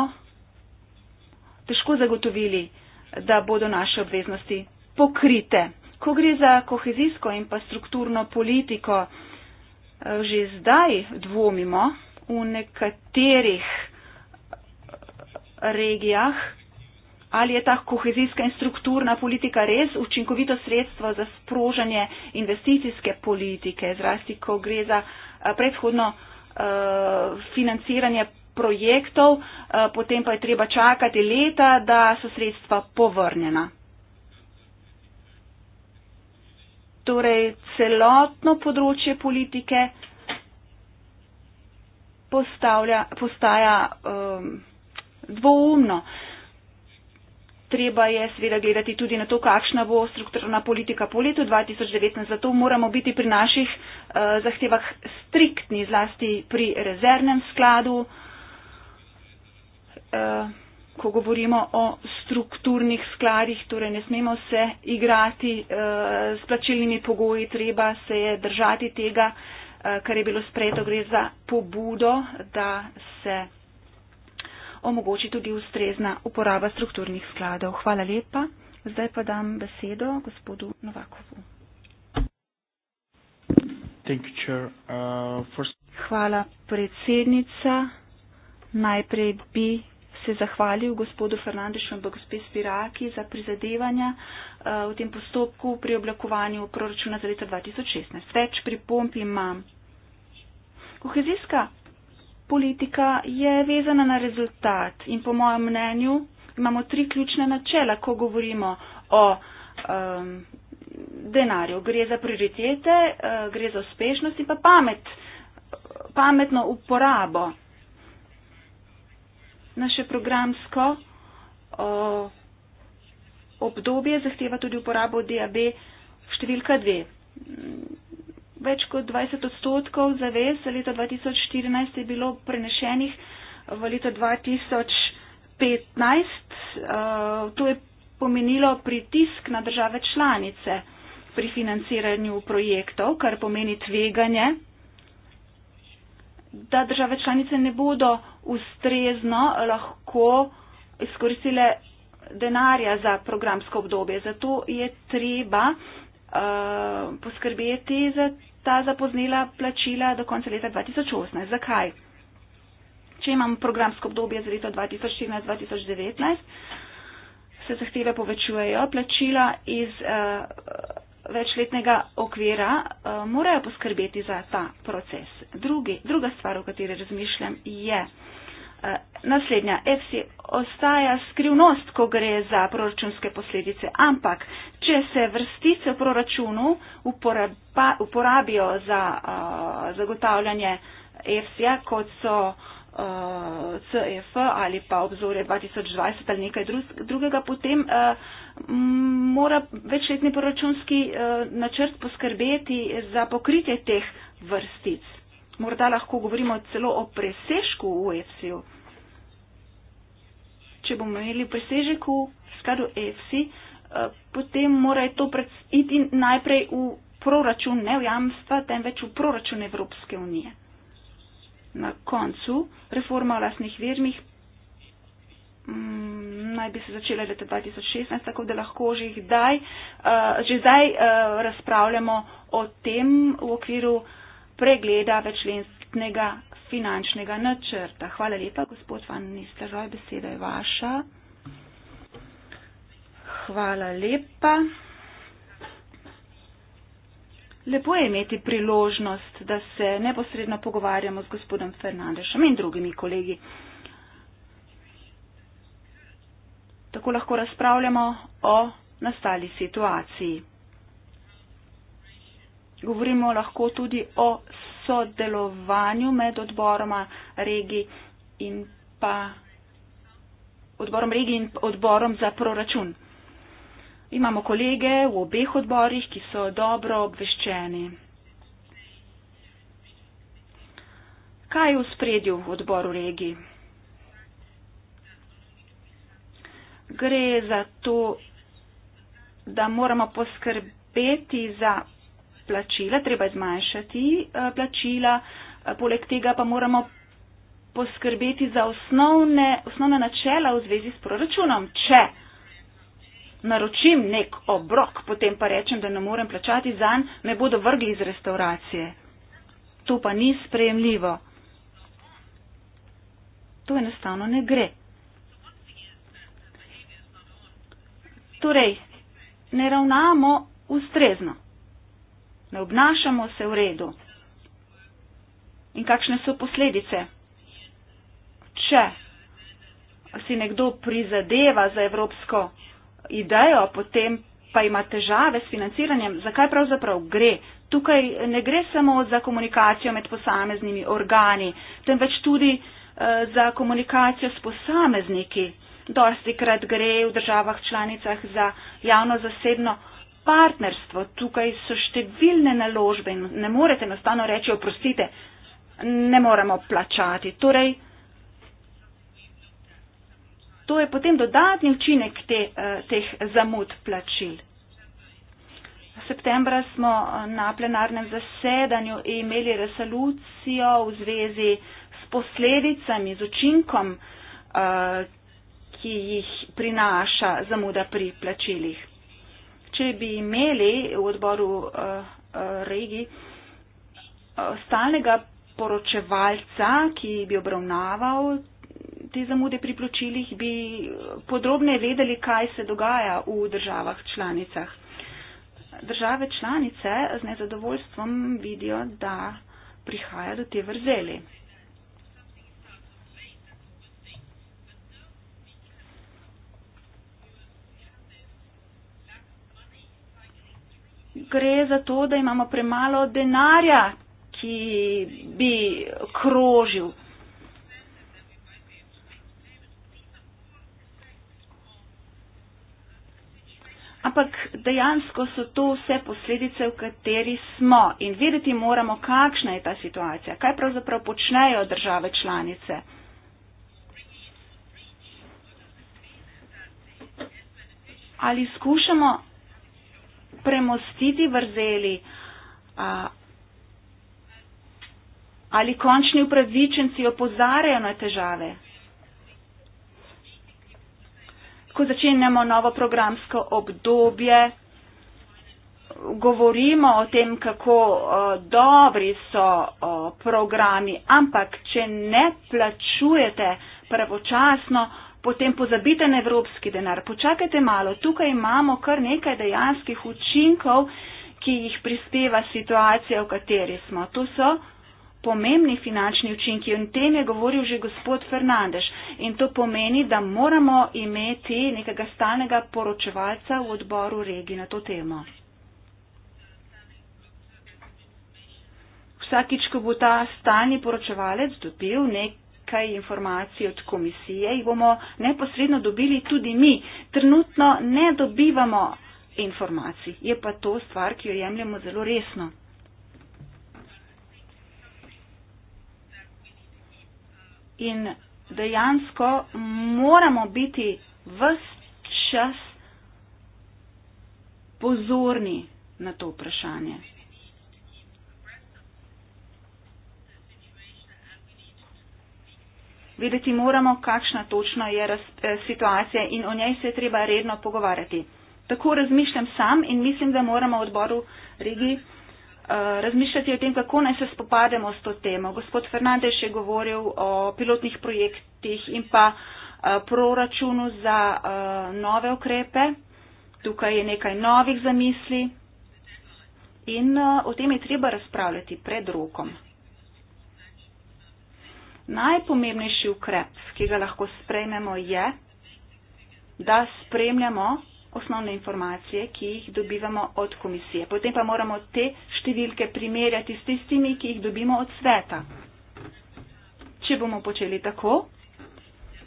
težko zagotovili, da bodo naše obveznosti pokrite. Ko gre za kohezijsko in pa strukturno politiko, Eh, že zdaj dvomimo v nekaterih eh, regijah, ali je ta kohezijska in strukturna politika res učinkovito sredstvo za sprožanje investicijske politike, zrasti, ko gre za eh, predhodno financiranje projektov, potem pa je treba čakati leta, da so sredstva povrnjena. torej celotno področje politike postaja um, dvoumno. Treba je seveda gledati tudi na to, kakšna bo strukturna politika po letu 2019. Zato moramo biti pri naših uh, zahtevah striktni, zlasti pri rezervnem skladu. Uh, ko govorimo o strukturnih skladih, torej ne smemo se igrati eh, s plačilnimi pogoji, treba se je držati tega, eh, kar je bilo sprejeto, gre za pobudo, da se omogoči tudi ustrezna uporaba strukturnih skladov. Hvala lepa. Zdaj pa dam besedo gospodu Novakovu. Uh, Hvala predsednica. Najprej bi se zahvalil gospodu Fernandešu in pa gospe Spiraki za prizadevanja eh, v tem postopku pri oblakovanju proračuna za leto 2016. Več pripomp imam. Kohezijska politika je vezana na rezultat in po mojem mnenju imamo tri ključne načela, ko govorimo o um, denarju. Gre za prioritete, uh, gre za uspešnost in pa pamet, pametno uporabo naše programsko o, obdobje zahteva tudi uporabo DAB številka 2. Več kot 20 odstotkov zavez za leto 2014 je bilo prenešenih v leto 2015. Uh, to je pomenilo pritisk na države članice pri financiranju projektov, kar pomeni tveganje da države članice ne bodo ustrezno lahko izkoristile denarja za programsko obdobje. Zato je treba uh, poskrbeti za ta zapoznela plačila do konca leta 2018. Zakaj? Če imamo programsko obdobje za leto 2014-2019, se zahteve povečujejo, plačila iz. Uh, večletnega okvira, eh, morajo poskrbeti za ta proces. Drugi, druga stvar, o kateri razmišljam, je eh, naslednja. EFSI ostaja skrivnost, ko gre za proračunske posledice, ampak če se vrstice v proračunu uporabijo za eh, zagotavljanje EFSI-ja, kot so CEF ali pa obzorje 2020 ali nekaj drugega, potem uh, mora večletni proračunski eh, načrt poskrbeti za pokritje teh vrstic. Morda lahko govorimo celo o presežku v EFSI-ju. Če bomo imeli presežek v skladu EFSI, eh, potem mora to iti najprej v proračun ne v jamstva, temveč v proračun Evropske unije. Na koncu reforma o lasnih vermih Mm, naj bi se začele leta 2016, tako da lahko že zdaj, uh, eh, že zdaj uh, razpravljamo o tem v okviru pregleda večlenskega finančnega načrta. Hvala lepa, gospod Van Nistelrooy, beseda je vaša. Hvala lepa. Lepo je imeti priložnost, da se neposredno pogovarjamo z gospodom Fernandešem in drugimi kolegi. Tako lahko razpravljamo o nastali situaciji. Govorimo lahko tudi o sodelovanju med odboroma regij in pa odborom regij in odborom za proračun. Imamo kolege v obeh odborih, ki so dobro obveščeni. Kaj je v spredju v odboru regij? gre za to, da moramo poskrbeti za plačila, treba je zmanjšati eh, plačila, eh, poleg tega pa moramo poskrbeti za osnovne, osnovne načela v zvezi s proračunom. Če naročim nek obrok, potem pa rečem, da ne morem plačati zanj, me bodo vrgli iz restauracije. To pa ni sprejemljivo. To enostavno ne gre. Torej, ne ravnamo ustrezno, ne obnašamo se v redu. In kakšne so posledice? Če si nekdo prizadeva za evropsko idejo, potem pa ima težave s financiranjem, zakaj pravzaprav gre? Tukaj ne gre samo za komunikacijo med posameznimi organi, temveč tudi eh, za komunikacijo s posamezniki, dosti krat gre v državah članicah za javno-zasebno partnerstvo. Tukaj so številne naložbe in ne morete enostavno reči, oprostite, ne moremo plačati. Torej, to je potem dodatni učinek te, eh, teh zamud plačil. Septembra smo eh, na plenarnem zasedanju imeli resolucijo v zvezi s posledicami, z učinkom eh, ki jih prinaša zamuda pri plačilih. Če bi imeli v odboru eh, eh, regi eh, stalnega poročevalca, ki bi obravnaval te zamude pri plačilih, bi podrobne vedeli, kaj se dogaja v državah članicah. Države članice z nezadovoljstvom vidijo, da prihaja do te vrzeli. gre za to, da imamo premalo denarja, ki bi krožil. Ampak dejansko so to vse posledice, v kateri smo in vedeti moramo, kakšna je ta situacija, kaj pravzaprav počnejo države članice. Ali skušamo premostiti vrzeli, a, ali končni upravičenci opozarjajo na težave. Ko začenjamo novo programsko obdobje, govorimo o tem, kako o, dobri so o, programi, ampak če ne plačujete pravočasno, potem pozabite na evropski denar, počakajte malo, tukaj imamo kar nekaj dejanskih učinkov, ki jih prispeva situacija, v kateri smo. To so pomembni finančni učinki in tem je govoril že gospod Fernandeš. In to pomeni, da moramo imeti nekega stalnega poročevalca v odboru regi na to temo. Vsakič, ko bo ta stalni poročevalec dobil nek nekaj informacij od komisije, jih bomo neposredno dobili tudi mi. Trenutno ne dobivamo informacij, je pa to stvar, ki jo jemljemo zelo resno. In dejansko moramo biti vse čas pozorni na to vprašanje. Vedeti moramo, kakšna točno je raz, eh, situacija in o njej se je treba redno pogovarjati. Tako razmišljam sam in mislim, da moramo v odboru regi eh, razmišljati o tem, kako naj se spopademo s to temo. Gospod Fernandez je govoril o pilotnih projektih in pa eh, proračunu za eh, nove ukrepe. Tukaj je nekaj novih zamisli in eh, o tem je treba razpravljati pred rokom najpomembnejši ukrep, ki ga lahko sprejmemo, je, da spremljamo osnovne informacije, ki jih dobivamo od komisije. Potem pa moramo te številke primerjati s tistimi, ki jih dobimo od sveta. Če bomo počeli tako,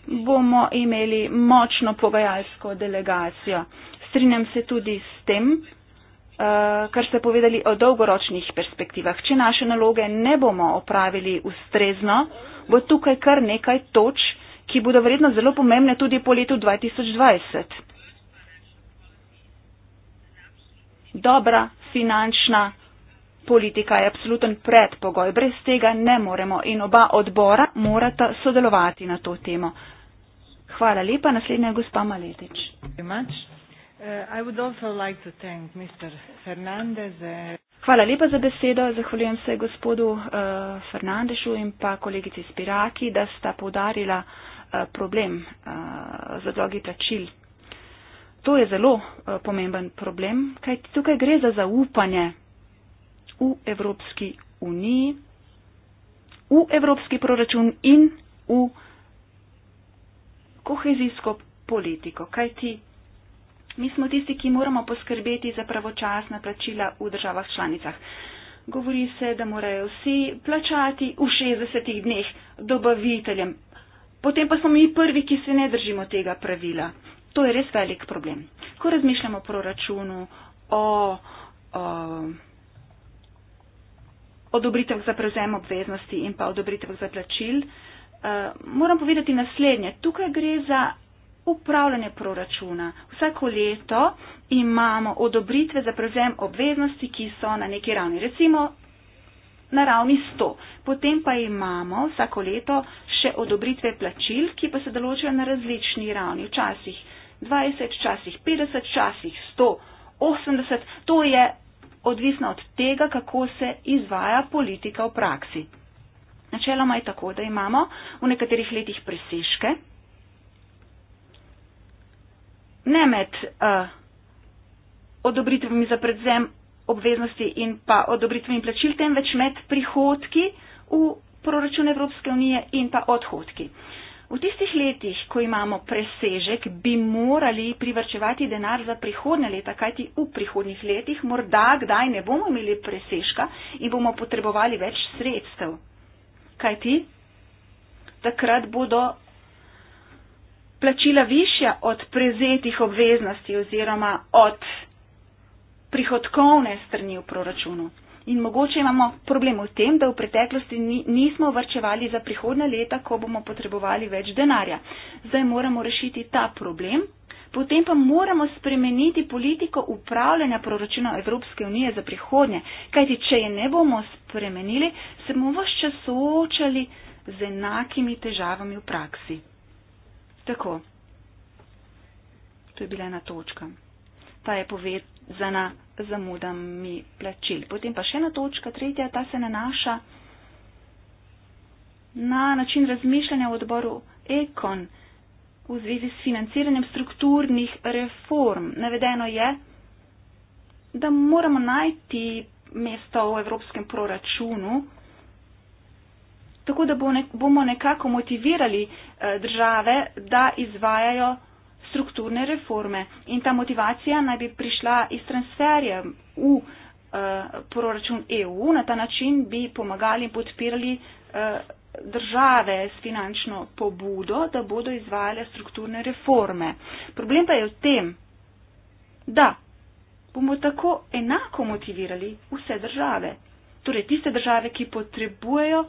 bomo imeli močno pogajalsko delegacijo. Strinjam se tudi s tem, eh, kar ste povedali o dolgoročnih perspektivah. Če naše naloge ne bomo opravili ustrezno, bo tukaj kar nekaj toč, ki bodo verjetno zelo pomembne tudi po letu 2020. Dobra finančna politika je absoluten predpogoj. Brez tega ne moremo in oba odbora morata sodelovati na to temo. Hvala lepa. Naslednja je gospa Maletič. Hvala lepa za besedo. Zahvaljujem se gospodu uh, Fernandešu in pa kolegici Spiraki, da sta podarila uh, eh, problem uh, eh, za dolgi tračil. To je zelo uh, pomemben problem, kaj tukaj gre za zaupanje v Evropski uniji, v Evropski proračun in v kohezijsko politiko. Kaj ti Mi smo tisti, ki moramo poskrbeti za pravočasna plačila v državah članicah. Govori se, da morajo vsi plačati v 60 dneh dobaviteljem. Potem pa smo mi prvi, ki se ne držimo tega pravila. To je res velik problem. Ko razmišljamo o proračunu, o, o odobritev za prevzem obveznosti in pa odobritev za plačil, uh, moram povedati naslednje. Tukaj gre za upravljanje proračuna. Vsako leto imamo odobritve za prevzem obveznosti, ki so na neki ravni, recimo na ravni 100. Potem pa imamo vsako leto še odobritve plačil, ki pa se določajo na različni ravni, včasih 20, včasih 50, včasih 180. To je odvisno od tega, kako se izvaja politika v praksi. Načeloma je tako, da imamo v nekaterih letih preseške, ne med uh, odobritvami za predzem obveznosti in pa odobritvami plačil, temveč med prihodki v proračun Evropske unije in pa odhodki. V tistih letih, ko imamo presežek, bi morali privrčevati denar za prihodne leta, kajti v prihodnih letih morda kdaj ne bomo imeli presežka in bomo potrebovali več sredstev. Kajti takrat bodo plačila višja od prezetih obveznosti oziroma od prihodkovne strani v proračunu. In mogoče imamo problem v tem, da v preteklosti nismo vrčevali za prihodne leta, ko bomo potrebovali več denarja. Zdaj moramo rešiti ta problem, potem pa moramo spremeniti politiko upravljanja proračuna Evropske unije za prihodnje. Kajti, če je ne bomo spremenili, se bomo vse čas soočali z enakimi težavami v praksi. Tako. To je bila ena točka. Ta je povezana z zamudami plačil. Potem pa še ena točka, tretja, ta se nanaša na način razmišljanja v odboru Ekon v zvezi s financiranjem strukturnih reform. Navedeno je, da moramo najti mesto v evropskem proračunu, tako da bomo nekako motivirali eh, države, da izvajajo strukturne reforme. In ta motivacija naj bi prišla iz transferja v eh, proračun EU, na ta način bi pomagali in podpirali eh, države s finančno pobudo, da bodo izvajale strukturne reforme. Problem pa je v tem, da bomo tako enako motivirali vse države, torej tiste države, ki potrebujejo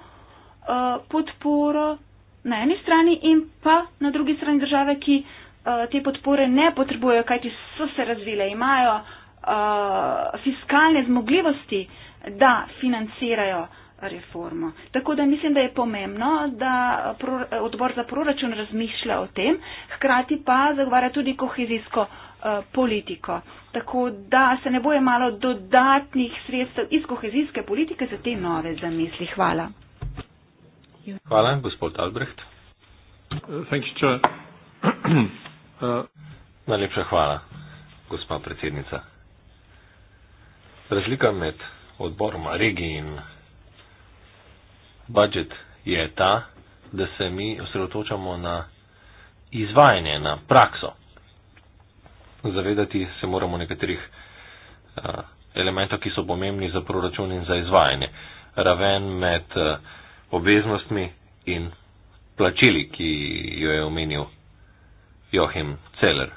uh, podporo na eni strani in pa na drugi strani države, ki uh, te podpore ne potrebujejo, kajti so se razvile, imajo uh, fiskalne zmogljivosti, da financirajo reformo. Tako da mislim, da je pomembno, da pro, odbor za proračun razmišlja o tem, hkrati pa zagovarja tudi kohezijsko politiko. Tako da se ne boje malo dodatnih sredstev iz kohezijske politike za te nove zamisli. Hvala. Hvala. Gospod Albrecht. [CLEARS THROAT] Uh, Najlepša hvala, gospa predsednica. Razlika med odborom regij in budžet je ta, da se mi osredotočamo na izvajanje, na prakso. Zavedati se moramo nekaterih uh, elementov, ki so pomembni za proračun in za izvajanje. Raven med uh, obveznostmi in plačili, ki jo je omenil Johim Celer.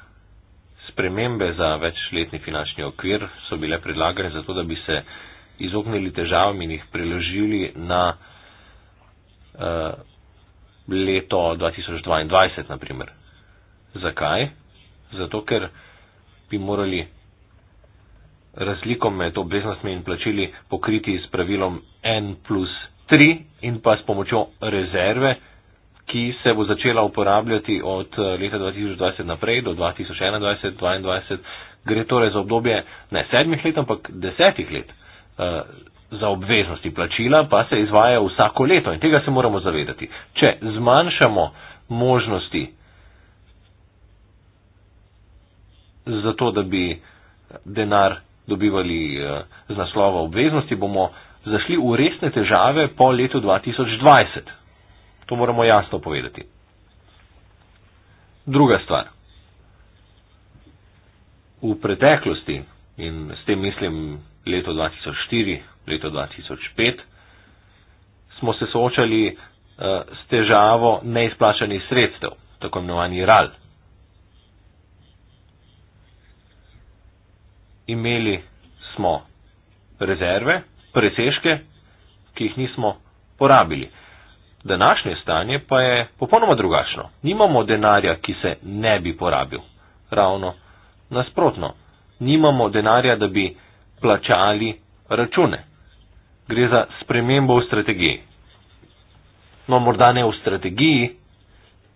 Spremembe za večletni finančni okvir so bile predlagane zato, da bi se izognili težavam in jih preložili na uh, leto 2022, naprimer. Zakaj? Zato, ker bi morali razliko med obveznostmi in plačili pokriti s pravilom N plus tri in pa s pomočjo rezerve, ki se bo začela uporabljati od eh, leta 2020 naprej do 2021, 2022. Gre torej za obdobje ne sedmih let, ampak desetih let. Eh, za obveznosti plačila pa se izvaja vsako leto in tega se moramo zavedati. Če zmanjšamo možnosti za to, da bi denar dobivali eh, z naslova obveznosti, bomo zašli v resne težave po letu 2020. To moramo jasno povedati. Druga stvar. V preteklosti, in s tem mislim leto 2004, leto 2005, smo se soočali eh, s težavo neizplačanih sredstev, tako imenovani RAL. Imeli smo rezerve, presežke, ki jih nismo porabili. Današnje stanje pa je popolnoma drugačno. Nimamo denarja, ki se ne bi porabil. Ravno nasprotno. Nimamo denarja, da bi plačali račune. Gre za spremembo v strategiji. No, morda ne v strategiji,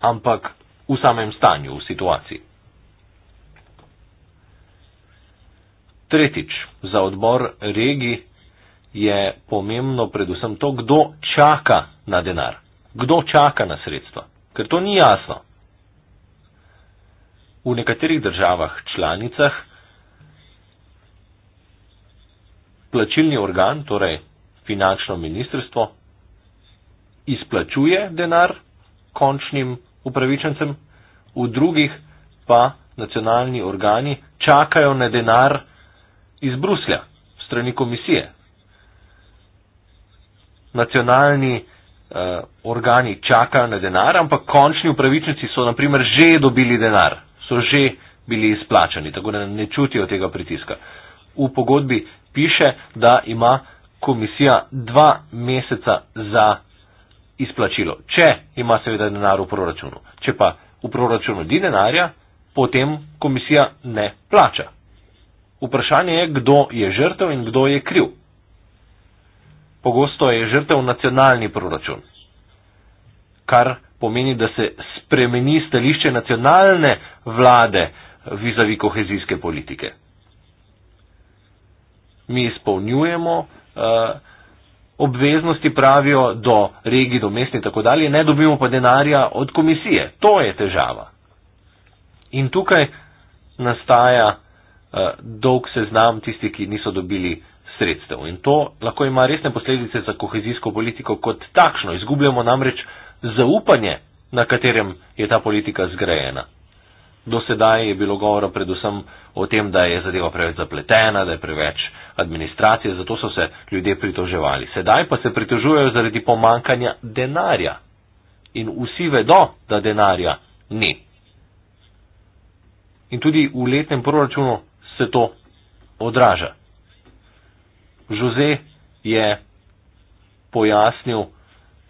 ampak v samem stanju, v situaciji. Tretjič, za odbor regij je pomembno predvsem to, kdo čaka na denar, kdo čaka na sredstva, ker to ni jasno. V nekaterih državah članicah plačilni organ, torej finančno ministrstvo, izplačuje denar končnim upravičencem, v drugih pa nacionalni organi čakajo na denar iz Bruslja, strani komisije, nacionalni uh, organi čakajo na denar, ampak končni upravičenci so naprimer že dobili denar, so že bili izplačani, tako da ne čutijo tega pritiska. V pogodbi piše, da ima komisija dva meseca za izplačilo, če ima seveda denar v proračunu. Če pa v proračunu di denarja, potem komisija ne plača. Vprašanje je, kdo je žrtev in kdo je kriv pogosto je žrtev nacionalni proračun, kar pomeni, da se spremeni stališče nacionalne vlade vizavi kohezijske politike. Mi izpolnjujemo uh, obveznosti, pravijo, do regij, do mest in tako dalje, ne dobimo pa denarja od komisije. To je težava. In tukaj nastaja uh, dolg seznam tistih, ki niso dobili uh, sredstev. In to lahko ima resne posledice za kohezijsko politiko kot takšno. Izgubljamo namreč zaupanje, na katerem je ta politika zgrajena. Do sedaj je bilo govora predvsem o tem, da je zadeva preveč zapletena, da je preveč administracije, zato so se ljudje pritoževali. Sedaj pa se pritožujejo zaradi pomankanja denarja. In vsi vedo, da denarja ni. In tudi v letnem proračunu se to odraža. Žuze je pojasnil,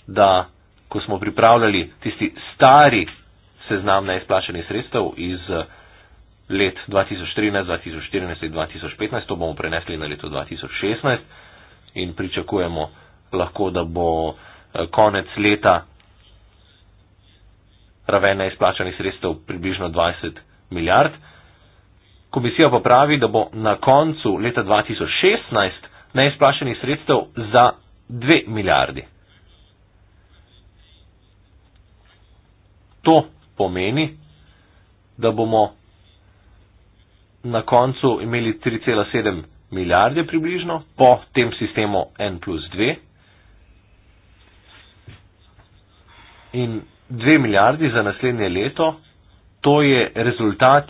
da ko smo pripravljali tisti stari seznam neizplačenih sredstev iz eh, let 2013, 2014 in 2015, to bomo prenesli na leto 2016 in pričakujemo lahko, da bo eh, konec leta raven neizplačenih sredstev približno 20 milijard. Komisija pa pravi, da bo na koncu leta 2016 neizplašenih sredstev za 2 milijardi. To pomeni, da bomo na koncu imeli 3,7 milijarde približno po tem sistemu N plus 2 in 2 milijardi za naslednje leto, to je rezultat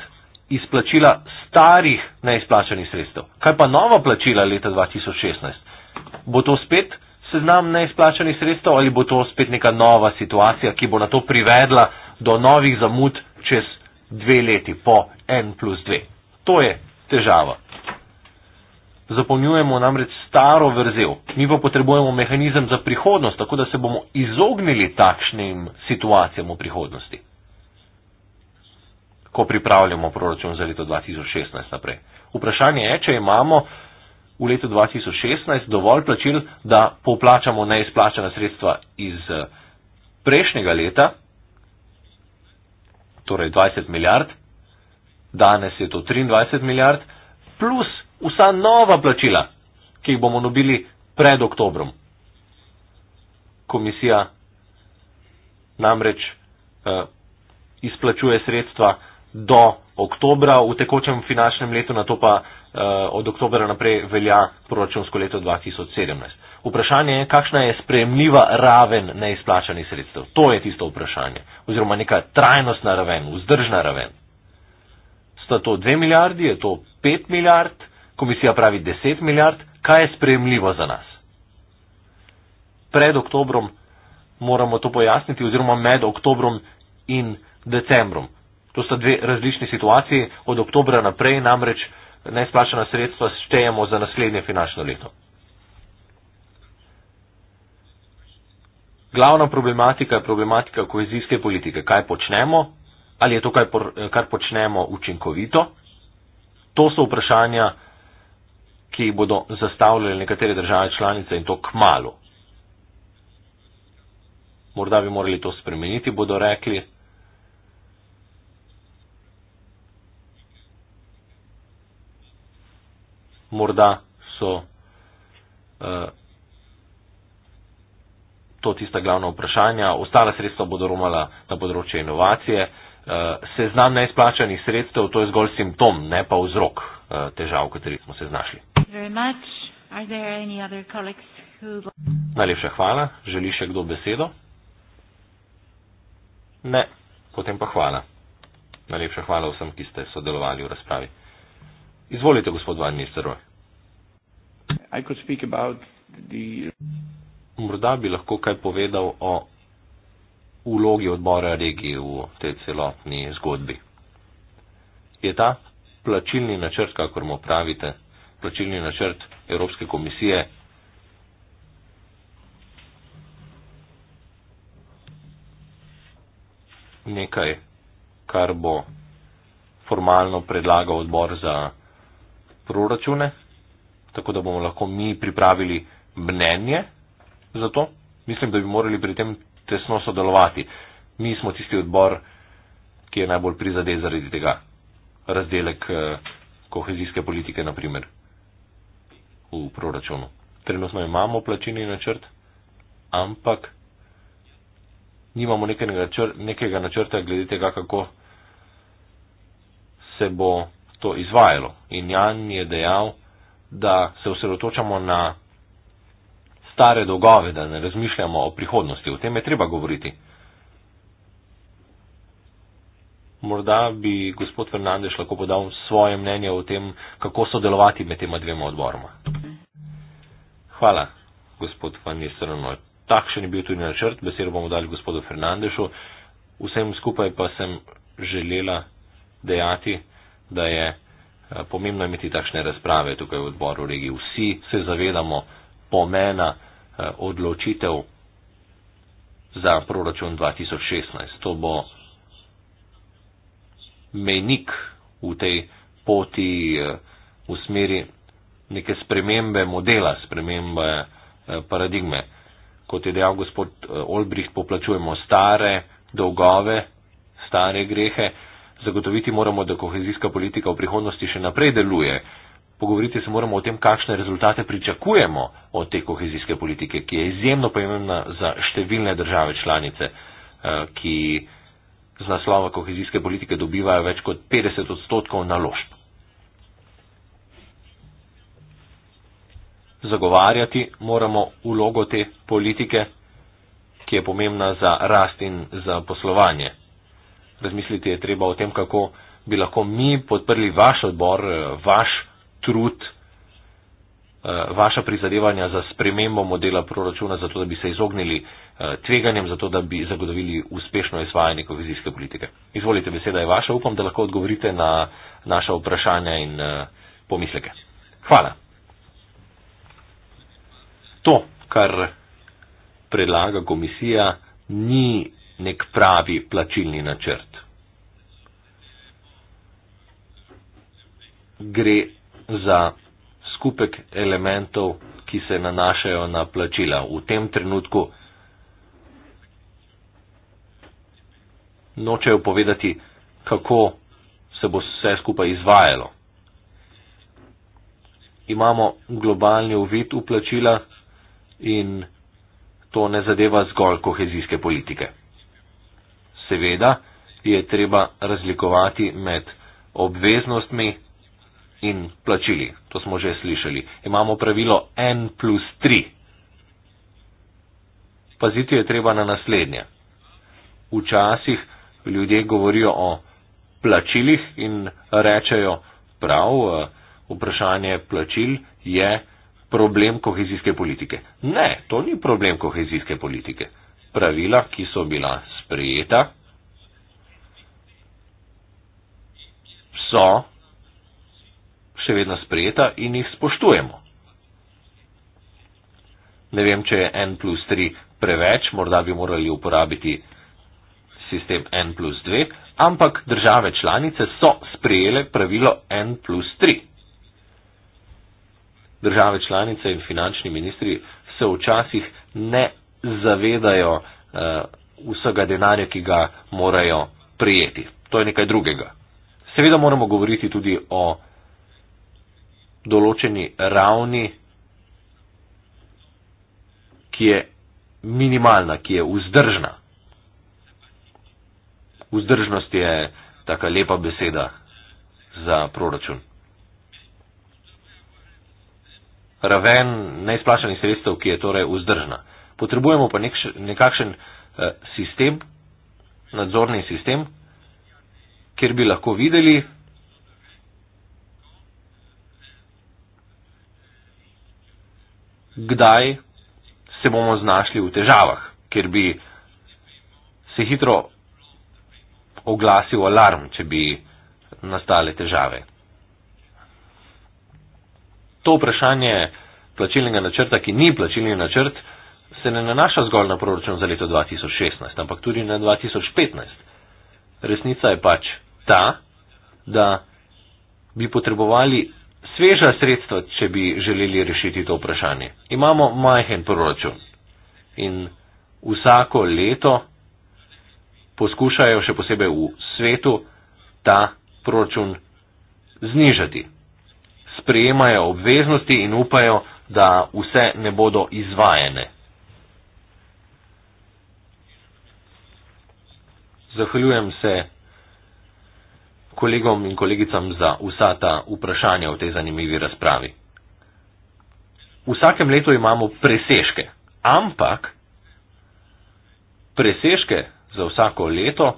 izplačila starih neizplačanih sredstev. Kaj pa nova plačila leta 2016? Bo to spet seznam neizplačanih sredstev ali bo to spet neka nova situacija, ki bo na to privedla do novih zamud čez dve leti po en plus dve? To je težava. Zapolnjujemo namreč staro vrzel. Mi pa potrebujemo mehanizem za prihodnost, tako da se bomo izognili takšnim situacijam v prihodnosti ko pripravljamo proračun za leto 2016 naprej. Vprašanje je, če imamo v letu 2016 dovolj plačil, da poplačamo neizplačena sredstva iz eh, prejšnjega leta, torej 20 milijard, danes je to 23 milijard, plus vsa nova plačila, ki jih bomo dobili pred oktobrom. Komisija namreč eh, izplačuje sredstva, do oktobra v tekočem finančnem letu, na to pa uh, od oktobra naprej velja proračunsko leto 2017. Vprašanje je, kakšna je sprejemljiva raven neizplačanih sredstev. To je tisto vprašanje. Oziroma neka trajnostna raven, vzdržna raven. Sta to 2 milijardi, je to 5 milijard, komisija pravi 10 milijard, kaj je sprejemljivo za nas? Pred oktobrom moramo to pojasniti, oziroma med oktobrom in decembrom. To sta dve različni situaciji. Od oktobra naprej namreč neizplačena sredstva štejemo za naslednje finančno leto. Glavna problematika je problematika kohezijske politike. Kaj počnemo? Ali je to, kar počnemo, učinkovito? To so vprašanja, ki jih bodo zastavljali nekatere države članice in to k malu. Morda bi morali to spremeniti, bodo rekli, morda so uh, to tista glavna vprašanja. Ostala sredstva bodo romala na področje inovacije. Uh, seznam neizplačanih sredstev, to je zgolj simptom, ne pa vzrok uh, težav, v kateri smo se znašli. Najlepša hvala. Želi še kdo besedo? Ne. Potem pa hvala. Najlepša hvala vsem, ki ste sodelovali v razpravi. Izvolite, gospod Van Nistelrooy. The... Morda bi lahko kaj povedal o vlogi odbora regije v tej celotni zgodbi. Je ta plačilni načrt, kako mu pravite, plačilni načrt Evropske komisije? Nekaj, kar bo formalno predlagal odbor za proračune, tako da bomo lahko mi pripravili mnenje za to. Mislim, da bi morali pri tem tesno sodelovati. Mi smo tisti odbor, ki je najbolj prizadej zaradi tega razdelek eh, kohezijske politike, naprimer, v proračunu. Trenutno imamo plačini načrt, ampak nimamo nekega načrta glede tega, kako se bo to izvajalo. In Jan je dejal, da se osredotočamo na stare dolgove, da ne razmišljamo o prihodnosti. O tem je treba govoriti. Morda bi gospod Fernandez lahko podal svoje mnenje o tem, kako sodelovati med tema dvema odboroma. Hvala, gospod Fernandez. Takšen je bil tudi načrt, besedo bomo dali gospodu Fernandešu. Vsem skupaj pa sem želela dejati, da je eh, pomembno imeti takšne razprave tukaj v odboru regije. Vsi se zavedamo pomena eh, odločitev za proračun 2016. To bo menik v tej poti eh, v smeri neke spremembe modela, spremembe paradigme. Kot je dejal gospod Olbricht, poplačujemo stare dolgove, stare grehe. Zagotoviti moramo, da kohezijska politika v prihodnosti še naprej deluje. Pogovoriti se moramo o tem, kakšne rezultate pričakujemo od te kohezijske politike, ki je izjemno pomembna za številne države članice, eh, ki z naslova kohezijske politike dobivajo več kot 50 odstotkov naložb. Zagovarjati moramo vlogo te politike, ki je pomembna za rast in za poslovanje razmisliti je treba o tem, kako bi lahko mi podprli vaš odbor, eh, vaš trud, eh, vaša prizadevanja za spremembo modela proračuna, zato da bi se izognili eh, tveganjem, zato da bi zagotovili uspešno izvajanje kohezijske politike. Izvolite, beseda je vaša, upam, da lahko odgovorite na naše vprašanja in pomisleke. Hvala. To, kar predlaga komisija, ni nek pravi plačilni načrt. Gre za skupek elementov, ki se nanašajo na plačila. V tem trenutku nočejo povedati, kako se bo vse skupaj izvajalo. Imamo globalni uvid v plačila in to ne zadeva zgolj kohezijske politike. Seveda je treba razlikovati med obveznostmi in plačili. To smo že slišali. Imamo pravilo N plus 3. Paziti je treba na naslednje. Včasih ljudje govorijo o plačilih in rečejo prav, eh, vprašanje plačil je problem kohezijske politike. Ne, to ni problem kohezijske politike pravila, ki so bila sprejeta, so še vedno sprejeta in jih spoštujemo. Ne vem, če je n plus 3 preveč, morda bi morali uporabiti sistem n plus 2, ampak države članice so sprejele pravilo n plus 3. Države članice in finančni ministri se včasih ne zavedajo uh, vsega denarja, ki ga morajo prijeti. To je nekaj drugega. Seveda moramo govoriti tudi o določeni ravni, ki je minimalna, ki je vzdržna. Vzdržnost je taka lepa beseda za proračun. Raven neizplačanih sredstev, ki je torej vzdržna potrebujemo pa nek, nekakšen eh, sistem, nadzorni sistem, kjer bi lahko videli, kdaj se bomo znašli v težavah, kjer bi se hitro oglasil alarm, če bi nastale težave. To vprašanje plačilnega načrta, ki ni plačilni načrt, se ne nanaša zgolj na proračun za leto 2016, ampak tudi na 2015. Resnica je pač ta, da bi potrebovali sveža sredstva, če bi želeli rešiti to vprašanje. Imamo majhen proračun in vsako leto poskušajo, še posebej v svetu, ta proračun znižati. Sprejemajo obveznosti in upajo, da vse ne bodo izvajene. Zahvaljujem se kolegom in kolegicam za vsa ta vprašanja v tej zanimivi razpravi. Vsakem letu imamo presežke, ampak presežke za vsako leto,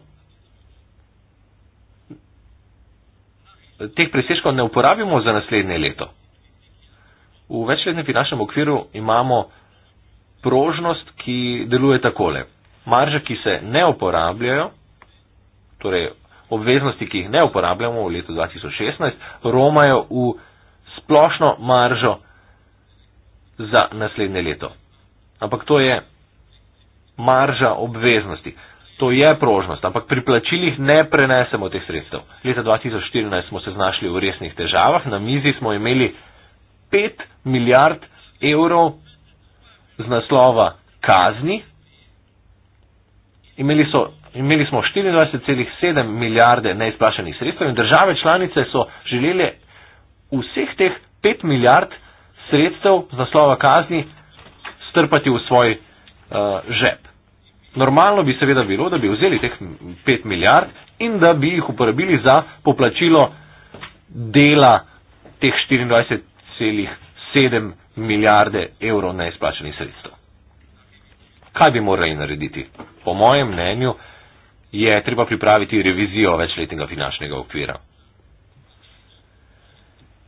teh presežkov ne uporabimo za naslednje leto. V večletnem finančnem okviru imamo prožnost, ki deluje takole. Marže, ki se ne uporabljajo, torej obveznosti, ki jih ne uporabljamo v letu 2016, romajo v splošno maržo za naslednje leto. Ampak to je marža obveznosti. To je prožnost, ampak pri plačilih ne prenesemo teh sredstev. Leta 2014 smo se znašli v resnih težavah, na mizi smo imeli 5 milijard evrov z naslova kazni, Imeli, so, imeli smo 24,7 milijarde neizplačanih sredstev in države članice so želeli vseh teh 5 milijard sredstev z naslova kazni strpati v svoj uh, žep. Normalno bi seveda bilo, da bi vzeli teh 5 milijard in da bi jih uporabili za poplačilo dela teh 24,7 milijarde evrov neizplačanih sredstev. Kaj bi morali narediti? Po mojem mnenju je treba pripraviti revizijo večletnega finančnega okvira.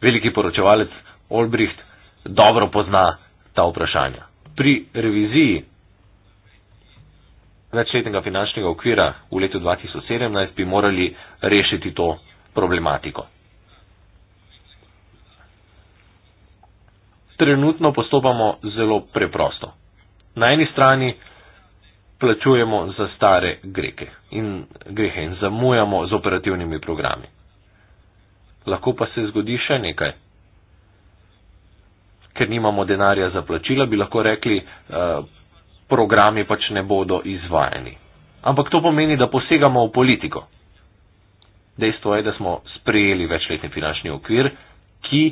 Veliki poročevalec Olbricht dobro pozna ta vprašanja. Pri reviziji večletnega finančnega okvira v letu 2017 bi morali rešiti to problematiko. Trenutno postopamo zelo preprosto na eni strani plačujemo za stare greke in grehe in zamujamo z operativnimi programi. Lahko pa se zgodi še nekaj. Ker nimamo denarja za plačila, bi lahko rekli, eh, programi pač ne bodo izvajani. Ampak to pomeni, da posegamo v politiko. Dejstvo je, da smo sprejeli večletni finančni okvir, ki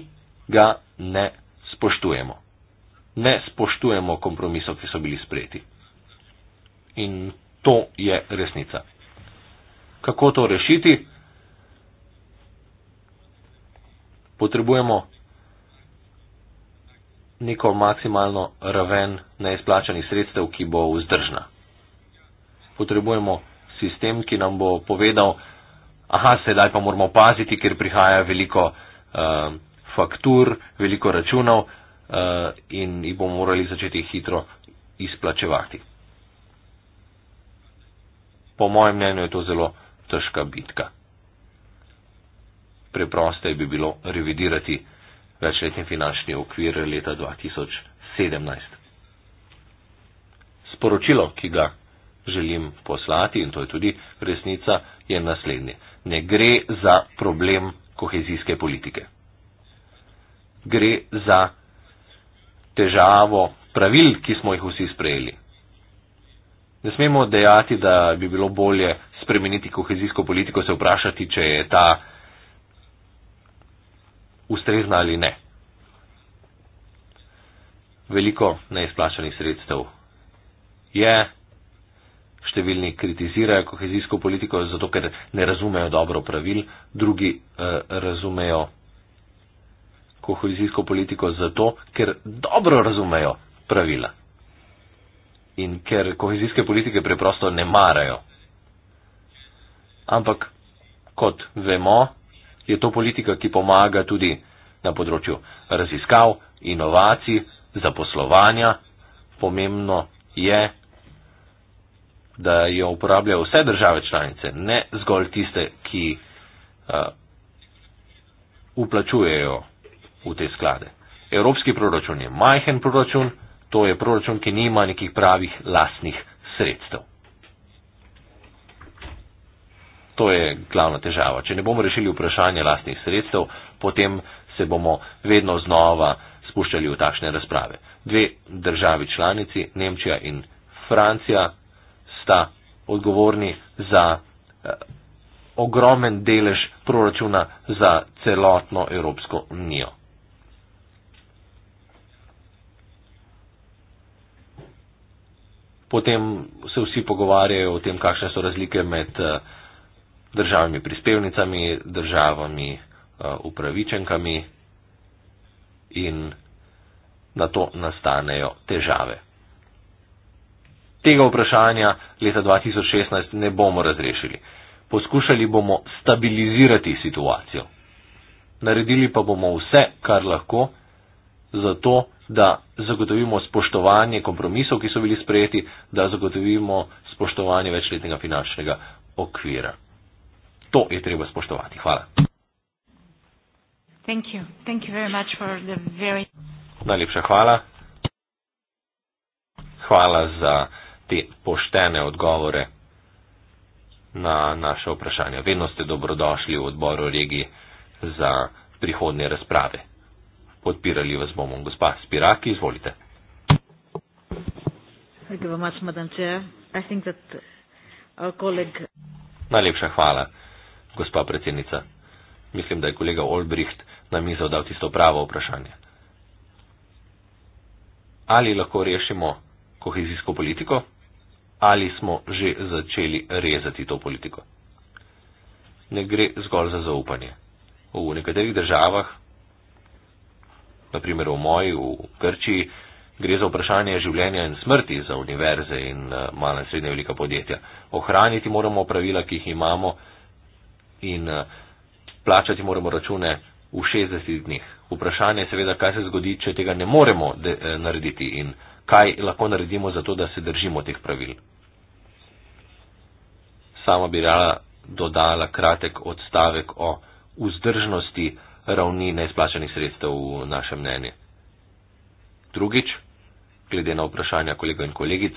ga ne spoštujemo ne spoštujemo kompromisov, ki so bili sprejeti. In to je resnica. Kako to rešiti? Potrebujemo neko maksimalno raven neizplačanih sredstev, ki bo vzdržna. Potrebujemo sistem, ki nam bo povedal, aha, sedaj pa moramo paziti, ker prihaja veliko uh, faktur, veliko računov, Eh, in jih bomo morali začeti hitro izplačevati. Po mojem mnenju je to zelo težka bitka. Preproste bi bilo revidirati večletni finančni okvir leta 2017. Sporočilo, ki ga želim poslati, in to je tudi resnica, je naslednje. Ne gre za problem kohezijske politike. Gre za težavo pravil, ki smo jih vsi sprejeli. Ne smemo dejati, da bi bilo bolje spremeniti kohezijsko politiko, se vprašati, če je ta ustrezna ali ne. Veliko neizplačanih sredstev je, številni kritizirajo kohezijsko politiko, zato ker ne razumejo dobro pravil, drugi eh, razumejo kohezijsko politiko zato, ker dobro razumejo pravila in ker kohezijske politike preprosto ne marajo. Ampak, kot vemo, je to politika, ki pomaga tudi na področju raziskav, inovacij, zaposlovanja. Pomembno je, da jo uporabljajo vse države članice, ne zgolj tiste, ki uh, eh, uplačujejo v te sklade. Evropski proračun je majhen proračun, to je proračun, ki nima nekih pravih lastnih sredstev. To je glavna težava. Če ne bomo rešili vprašanje lastnih sredstev, potem se bomo vedno znova spuščali v takšne razprave. Dve državi članici, Nemčija in Francija, sta odgovorni za eh, ogromen delež proračuna za celotno Evropsko unijo. potem se vsi pogovarjajo o tem, kakšne so razlike med eh, državami prispevnicami, državami eh, upravičenkami in na to nastanejo težave. Tega vprašanja leta 2016 ne bomo razrešili. Poskušali bomo stabilizirati situacijo. Naredili pa bomo vse, kar lahko, za to, da zagotovimo spoštovanje kompromisov, ki so bili sprejeti, da zagotovimo spoštovanje večletnega finančnega okvira. To je treba spoštovati. Hvala. Thank you. Thank you very much for the very... Najlepša hvala. Hvala za te poštene odgovore na naše vprašanje. Vedno ste dobrodošli v odboru regiji za prihodne razprave podpirali vas bomo. Gospa Spirak, izvolite. Najlepša hvala, gospa predsednica. Mislim, da je kolega Olbricht na mizo dal tisto pravo vprašanje. Ali lahko rešimo kohezijsko politiko, ali smo že začeli rezati to politiko? Ne gre zgolj za zaupanje. V nekaterih državah na primer v moji v Grčiji, gre za vprašanje življenja in smrti za univerze in eh, mala in srednja velika podjetja. Ohraniti moramo pravila, ki jih imamo in eh, plačati moramo račune v 60 dneh. Vprašanje je seveda, kaj se zgodi, če tega ne moremo eh, narediti in kaj lahko naredimo za to, da se držimo teh pravil. Sama bi rada dodala kratek odstavek o vzdržnosti ravni neizplačanih sredstev v našem mnenju. Drugič, glede na vprašanja kolega in kolegic,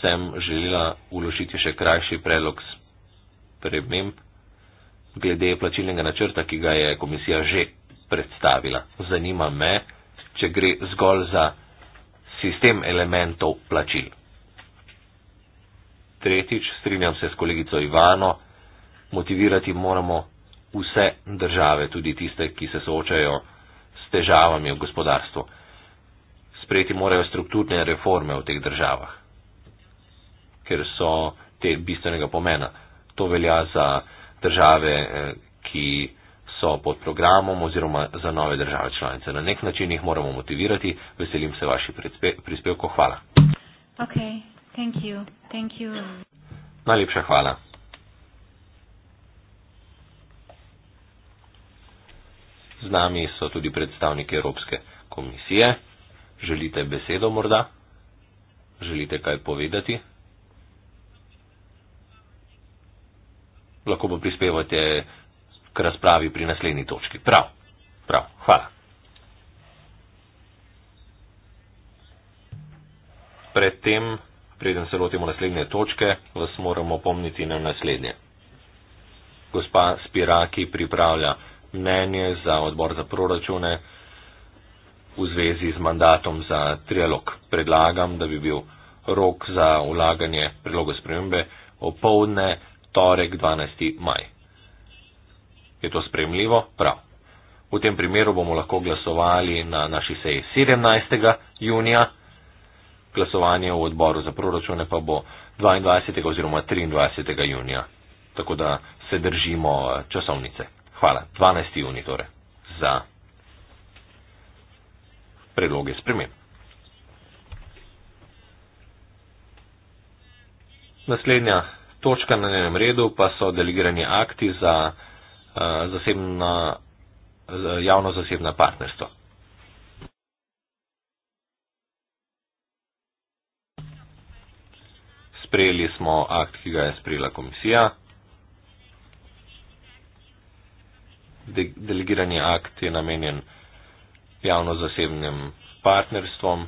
sem želela uložiti še krajši predlog sprememb glede plačilnega načrta, ki ga je komisija že predstavila. Zanima me, če gre zgolj za sistem elementov plačil. Tretjič, strinjam se s kolegico Ivano, motivirati moramo vse države, tudi tiste, ki se soočajo s težavami v gospodarstvu. Sprejeti morajo strukturne reforme v teh državah, ker so te bistvenega pomena. To velja za države, eh, ki so pod programom oziroma za nove države članice. Na nek način jih moramo motivirati. Veselim se vaših prispevkov. Hvala. Okay. Thank you. Thank you. Najlepša hvala. Z nami so tudi predstavniki Evropske komisije. Želite besedo morda? Želite kaj povedati? Lahko pa prispevate k razpravi pri naslednji točki. Prav, prav, hvala. Predtem, preden se lotimo naslednje točke, vas moramo pomniti na naslednje. Gospa Spiraki pripravlja mnenje za odbor za proračune v zvezi z mandatom za trialog. Predlagam, da bi bil rok za ulaganje predloga spremembe opovdne torek 12. maj. Je to spremljivo? Prav. V tem primeru bomo lahko glasovali na naši seji 17. junija. Glasovanje v odboru za proračune pa bo 22. oziroma 23. junija. Tako da se držimo eh, časovnice. Hvala. 12. juni torej za predloge sprememb. Naslednja točka na njenem redu pa so delegirani akti za eh, zasebna, javno zasebna partnerstva. Sprejeli smo akt, ki ga je sprejela komisija. de delegirani akt je namenjen javno-zasebnim partnerstvom,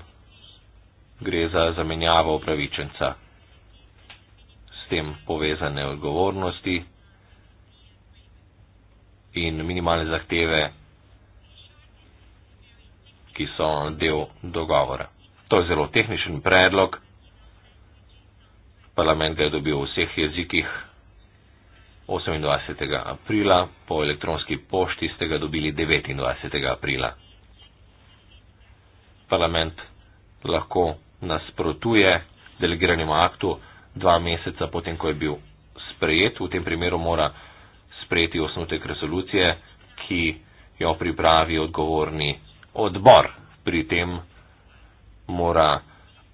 gre za zamenjavo upravičenca s tem povezane odgovornosti in minimalne zahteve, ki so del dogovora. To je zelo tehničen predlog. Parlament ga je dobil v vseh jezikih, 28. aprila, po elektronski pošti ste ga dobili 29. aprila. Parlament lahko nasprotuje delegiranemu aktu dva meseca potem, ko je bil sprejet. V tem primeru mora sprejeti osnutek resolucije, ki jo pripravi odgovorni odbor. Pri tem mora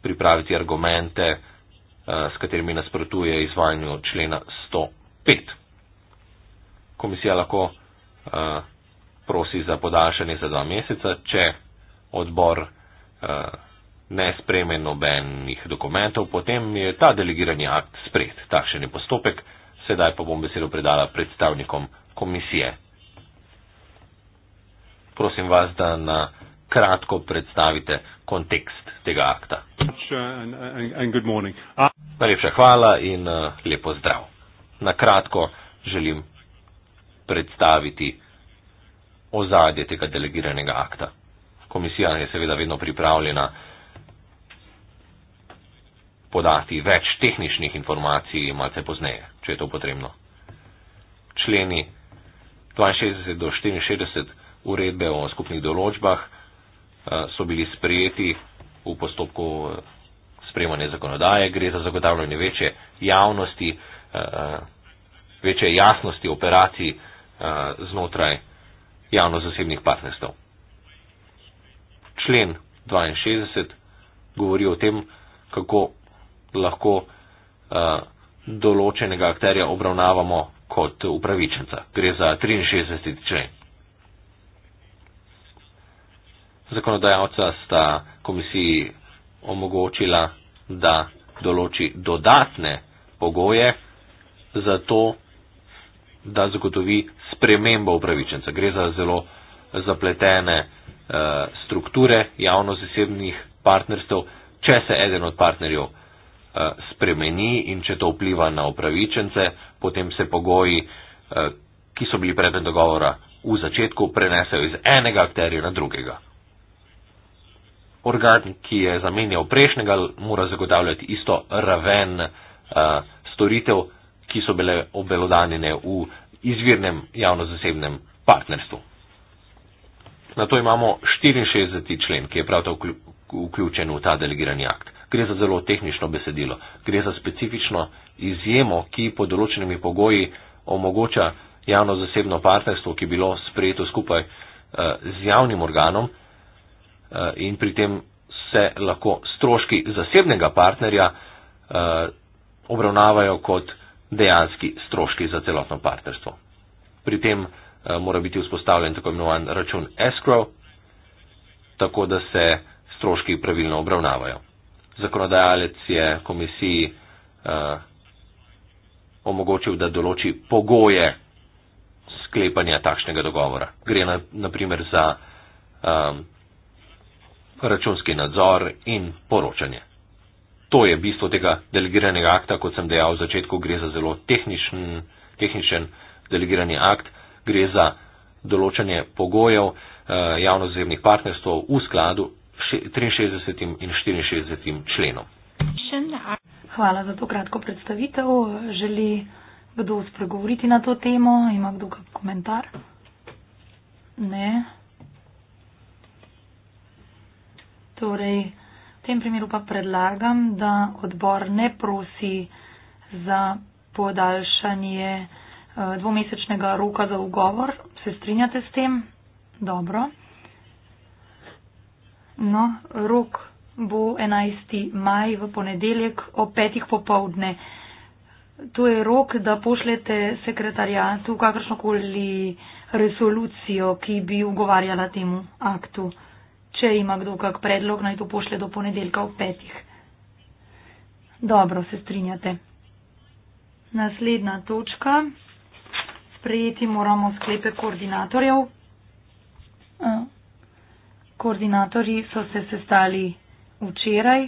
pripraviti argumente, eh, s katerimi nasprotuje izvajanju člena 105 komisija lahko uh, prosi za podaljšanje za dva meseca, če odbor uh, ne spreme nobenih dokumentov, potem je ta delegirani akt spred. Takšen je postopek. Sedaj pa bom besedo predala predstavnikom komisije. Prosim vas, da na kratko predstavite kontekst tega akta. Ah. Najlepša hvala in eh, lepo zdrav. Na kratko želim predstaviti ozadje tega delegiranega akta. Komisija je seveda vedno pripravljena podati več tehničnih informacij malce pozneje, če je to potrebno. Členi 62 do 64 uredbe o skupnih določbah eh, so bili sprejeti v postopku eh, spremanja zakonodaje. Gre za zagotavljanje večje javnosti, eh, večje jasnosti operacij Eh, znotraj javno-zasebnih partnerstv. Člen 62 govori o tem, kako lahko eh, določenega akterja obravnavamo kot upravičenca. Gre za 63. člen. Zakonodajalca sta komisiji omogočila, da določi dodatne pogoje za to, da zagotovi spremembo upravičenca. Gre za zelo zapletene uh, strukture javno-zasebnih partnerstv, če se eden od partnerjev uh, spremeni in če to vpliva na upravičence, potem se pogoji, uh, ki so bili predmet dogovora v začetku, prenesejo iz enega akterja na drugega. Organ, ki je zamenjal prejšnjega, mora zagotavljati isto raven uh, storitev, ki so bile obelodanjene v izvirnem javno-zasebnem partnerstvu. Na to imamo 64. člen, ki je prav tako vključen v ta delegirani akt. Gre za zelo tehnično besedilo, gre za specifično izjemo, ki pod določenimi pogoji omogoča javno-zasebno partnerstvo, ki je bilo sprejeto skupaj eh, z javnim organom eh, in pri tem se lahko stroški zasebnega partnerja eh, obravnavajo kot dejanski stroški za celotno partnerstvo. Pri tem eh, mora biti vzpostavljen tako imenovan račun escrow, tako da se stroški pravilno obravnavajo. Zakonodajalec je komisiji eh, omogočil, da določi pogoje sklepanja takšnega dogovora. Gre na, naprimer za eh, računski nadzor in poročanje to je bistvo tega delegiranega akta, kot sem dejal v začetku, gre za zelo tehničen, tehničen delegirani akt, gre za določanje pogojev eh, javnozemnih partnerstv v skladu s 63. in 64. členom. Hvala za to kratko predstavitev. Želi kdo spregovoriti na to temo? Ima kdo kak komentar? Ne. Torej, tem primeru pa predlagam, da odbor ne prosi za podaljšanje eh, dvomesečnega roka za ugovor. Se strinjate s tem? Dobro. No, rok bo 11. maj v ponedeljek o petih popovdne. To je rok, da pošljete sekretarjatu kakršnokoli resolucijo, ki bi ugovarjala temu aktu. Če ima kdo kak predlog, naj to pošlje do ponedeljka ob petih. Dobro, se strinjate. Naslednja točka. Sprejeti moramo sklepe koordinatorjev. Eh, koordinatorji so se sestali včeraj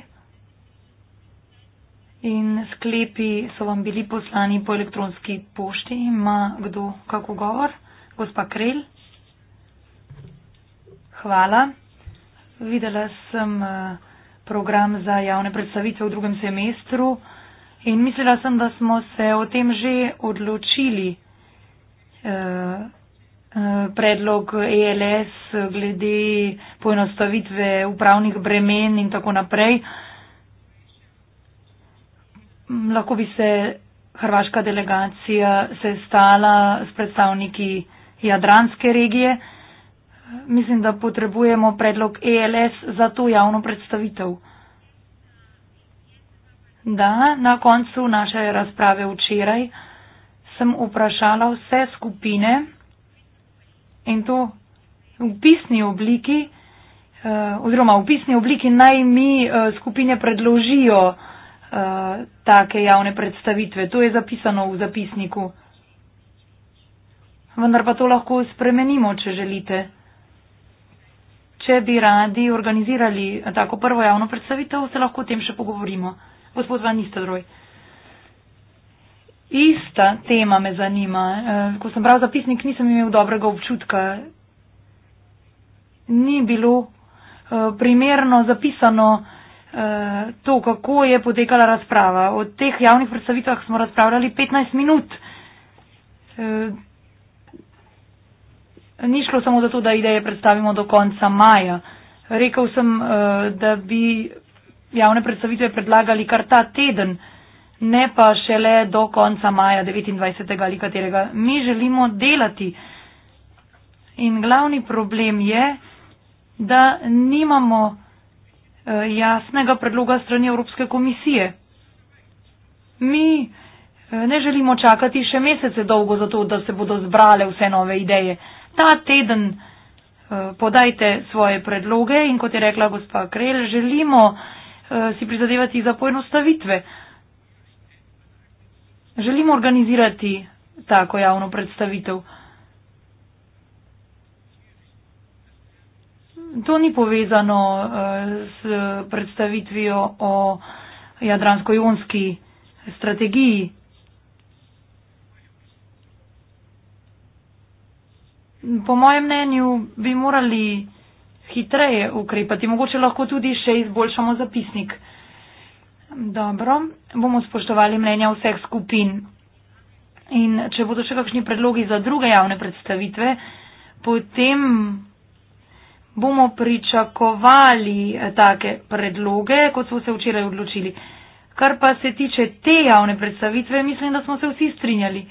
in sklepi so vam bili poslani po elektronski pošti. Ima kdo kako govor? Gospa Krel. Hvala videla sem eh, program za javne predstavitve v drugem semestru in mislila sem, da smo se o tem že odločili. Eh, eh, predlog ELS glede poenostavitve upravnih bremen in tako naprej. Mm, lahko bi se hrvaška delegacija sestala s predstavniki Jadranske regije. Mislim, da potrebujemo predlog ELS za to javno predstavitev. Da, na koncu naše razprave včeraj sem vprašala vse skupine in to v pisni obliki, eh, oziroma v pisni obliki naj mi eh, skupine predložijo eh, take javne predstavitve. To je zapisano v zapisniku. Vendar pa to lahko spremenimo, če želite če bi radi organizirali tako prvo javno predstavitev, se lahko o tem še pogovorimo. Gospod Van Nistelrooy. Ista tema me zanima. E, ko sem bral zapisnik, nisem imel dobrega občutka. Ni bilo e, primerno zapisano e, to, kako je potekala razprava. O teh javnih predstavitvah smo razpravljali 15 minut ni šlo samo za to, da ideje predstavimo do konca maja. Rekel sem, eh, da bi javne predstavitve predlagali kar ta teden, ne pa šele do konca maja 29. ali katerega. Mi želimo delati. In glavni problem je, da nimamo eh, jasnega predloga strani Evropske komisije. Mi eh, ne želimo čakati še mesece dolgo za to, da se bodo zbrale vse nove ideje. Ta teden eh, podajte svoje predloge in kot je rekla gospa Krel, želimo eh, si prizadevati za poenostavitve. Želimo organizirati tako javno predstavitev. To ni povezano eh, s predstavitvijo o Jadransko-Jonski strategiji, po mojem mnenju, bi morali hitreje ukrepati. Mogoče lahko tudi še izboljšamo zapisnik. Dobro, bomo spoštovali mnenja vseh skupin. In če bodo še kakšni predlogi za druge javne predstavitve, potem bomo pričakovali eh, take predloge, kot so se včeraj odločili. Kar pa se tiče te javne predstavitve, mislim, da smo se vsi strinjali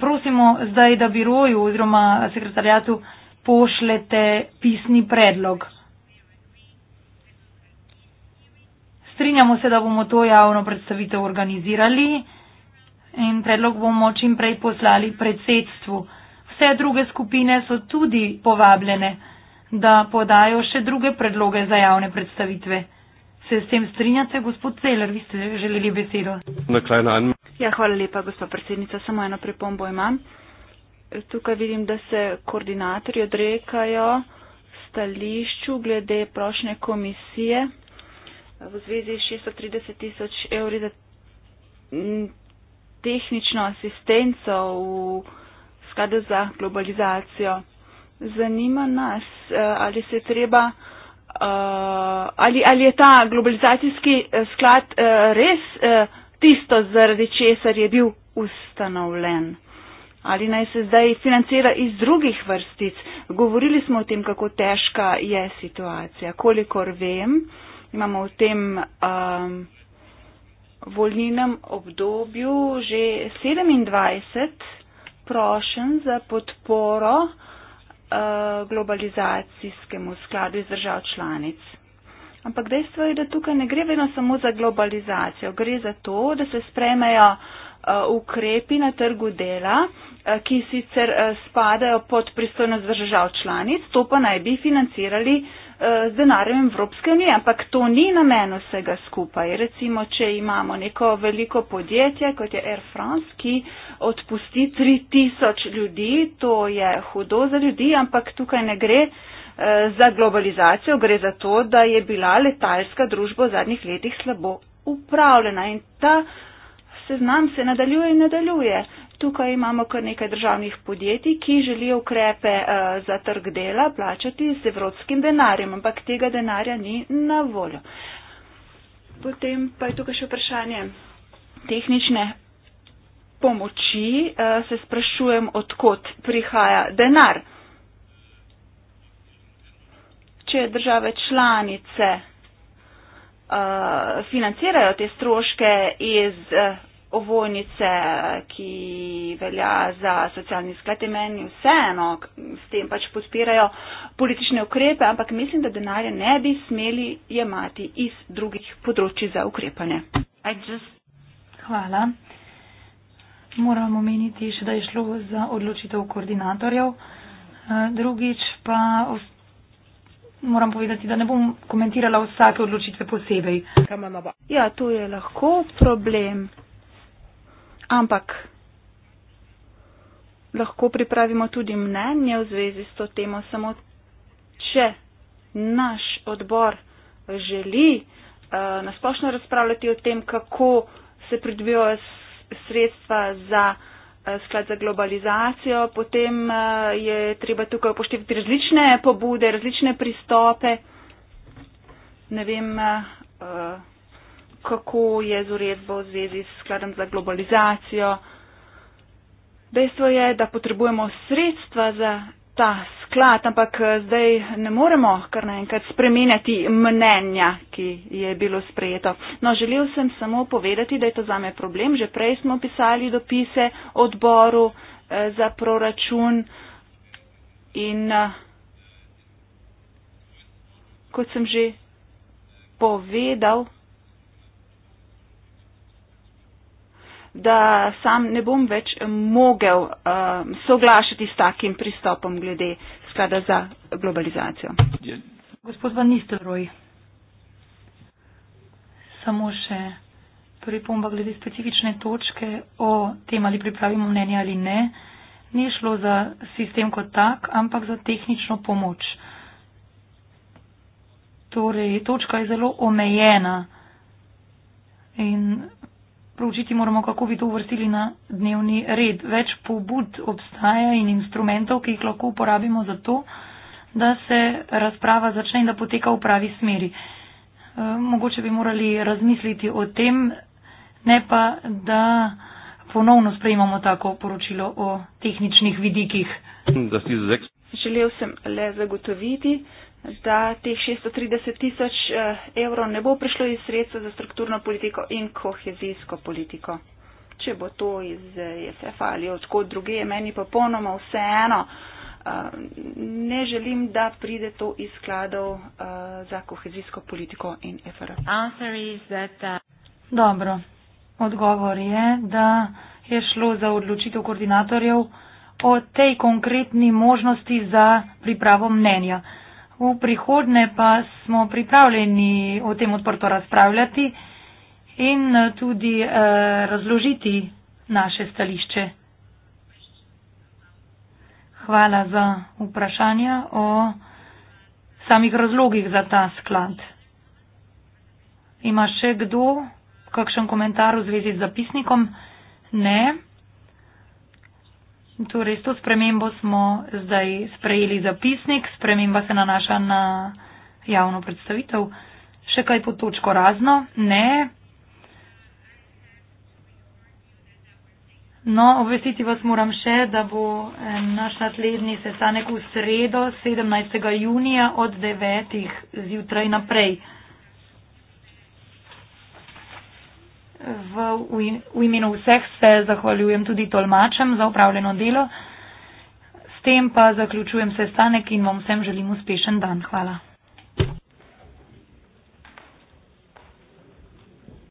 prosimo zdaj, da biroju oziroma sekretarjatu pošljete pisni predlog. Strinjamo se, da bomo to javno predstavitev organizirali in predlog bomo čim prej poslali predsedstvu. Vse druge skupine so tudi povabljene, da podajo še druge predloge za javne predstavitve. Se s tem strinjate, gospod Celer, vi ste želeli besedo? Ja, hvala lepa, gospod predsednica. Samo eno pripombo imam. Tukaj vidim, da se koordinatorji odrekajo stališču glede prošnje komisije v zvezi s 630 tisoč evri za tehnično asistenco v skladu za globalizacijo. Zanima nas, eh, ali se treba uh, ali, ali je ta globalizacijski eh, sklad uh, res uh, tisto, zaradi česar je bil ustanovljen. Ali naj se zdaj financira iz drugih vrstic. Govorili smo o tem, kako težka je situacija. Kolikor vem, imamo v tem um, ehm, volnjenem obdobju že 27 prošen za podporo. Eh, globalizacijskemu skladu iz držav članic. Ampak dejstvo je, da tukaj ne gre vedno samo za globalizacijo, gre za to, da se spremejo eh, ukrepi na trgu dela, eh, ki sicer spadajo pod pristojnost držav članic, to pa naj bi financirali uh, Eh, z denarjem Evropske unije, ampak to ni namen vsega skupaj. Recimo, če imamo neko veliko podjetje, kot je Air France, ki odpusti 3000 ljudi, to je hudo za ljudi, ampak tukaj ne gre eh, za globalizacijo, gre za to, da je bila letalska družba v zadnjih letih slabo upravljena in ta seznam se nadaljuje in nadaljuje. Tukaj imamo kar nekaj državnih podjetij, ki želijo ukrepe eh, za trg dela plačati z evropskim denarjem, ampak tega denarja ni na voljo. Potem pa je tukaj še vprašanje tehnične pomoči. Eh, se sprašujem, odkot prihaja denar. Če države članice uh, financirajo te stroške iz uh, ovojnice, ki velja za socialni sklad, je meni vseeno, s tem pač podpirajo politične ukrepe, ampak mislim, da denarja ne bi smeli jemati iz drugih področji za ukrepanje. Just... Hvala. Moram omeniti še, da je šlo za odločitev koordinatorjev. Eh, drugič pa moram povedati, da ne bom komentirala vsake odločitve posebej. Ja, to je lahko problem. Ampak lahko pripravimo tudi mnenje v zvezi s to temo, samo če naš odbor želi uh, nasplošno razpravljati o tem, kako se pridobijo sredstva za uh, sklad za globalizacijo, potem uh, je treba tukaj upoštevati različne pobude, različne pristope. Ne vem. Uh, uh, kako je z uredbo v zvezi s skladom za globalizacijo. Dejstvo je, da potrebujemo sredstva za ta sklad, ampak eh, zdaj ne moremo kar naenkrat spremenjati mnenja, ki je bilo sprejeto. No, želel sem samo povedati, da je to zame problem. Že prej smo pisali dopise odboru eh, za proračun in eh, kot sem že povedal, da sam ne bom več mogel uh, soglašati s takim pristopom glede sklada za globalizacijo. Gospod Van Nistelrooy, samo še pripomba glede specifične točke o tem, ali pripravimo mnenje ali ne. Ni šlo za sistem kot tak, ampak za tehnično pomoč. Torej, točka je zelo omejena in Proučiti moramo, kako bi to uvrstili na dnevni red. Več pobud obstaja in instrumentov, ki jih lahko uporabimo za to, da se razprava začne in da poteka v pravi smeri. Eh, mogoče bi morali razmisliti o tem, ne pa, da ponovno sprejmamo tako poročilo o tehničnih vidikih. Želel sem le zagotoviti, da teh 630 tisoč eh, evrov ne bo prišlo iz sredstva za strukturno politiko in kohezijsko politiko. Če bo to iz eh, SF ali odkot druge, je meni popolnoma vseeno. Eh, ne želim, da pride to iz skladov za kohezijsko politiko in FR. Uh, Dobro. Odgovor je, da je šlo za odločitev koordinatorjev o tej konkretni možnosti za pripravo mnenja. V prihodne pa smo pripravljeni o tem odprto razpravljati in eh, tudi eh, razložiti naše stališče. Hvala za vprašanja o samih razlogih za ta sklad. Ima še kdo kakšen komentar v zvezi z zapisnikom? Ne. Torej, s to spremembo smo zdaj sprejeli zapisnik, sprememba se nanaša na javno predstavitev. Še kaj pod točko razno? Ne. No, obvestiti vas moram še, da bo eh, naš naslednji sestanek v sredo, 17. junija od 9. zjutraj naprej. V, v, v imenu vseh se zahvaljujem tudi tolmačem za upravljeno delo. S tem pa zaključujem sestanek in vam vsem želim uspešen dan. Hvala.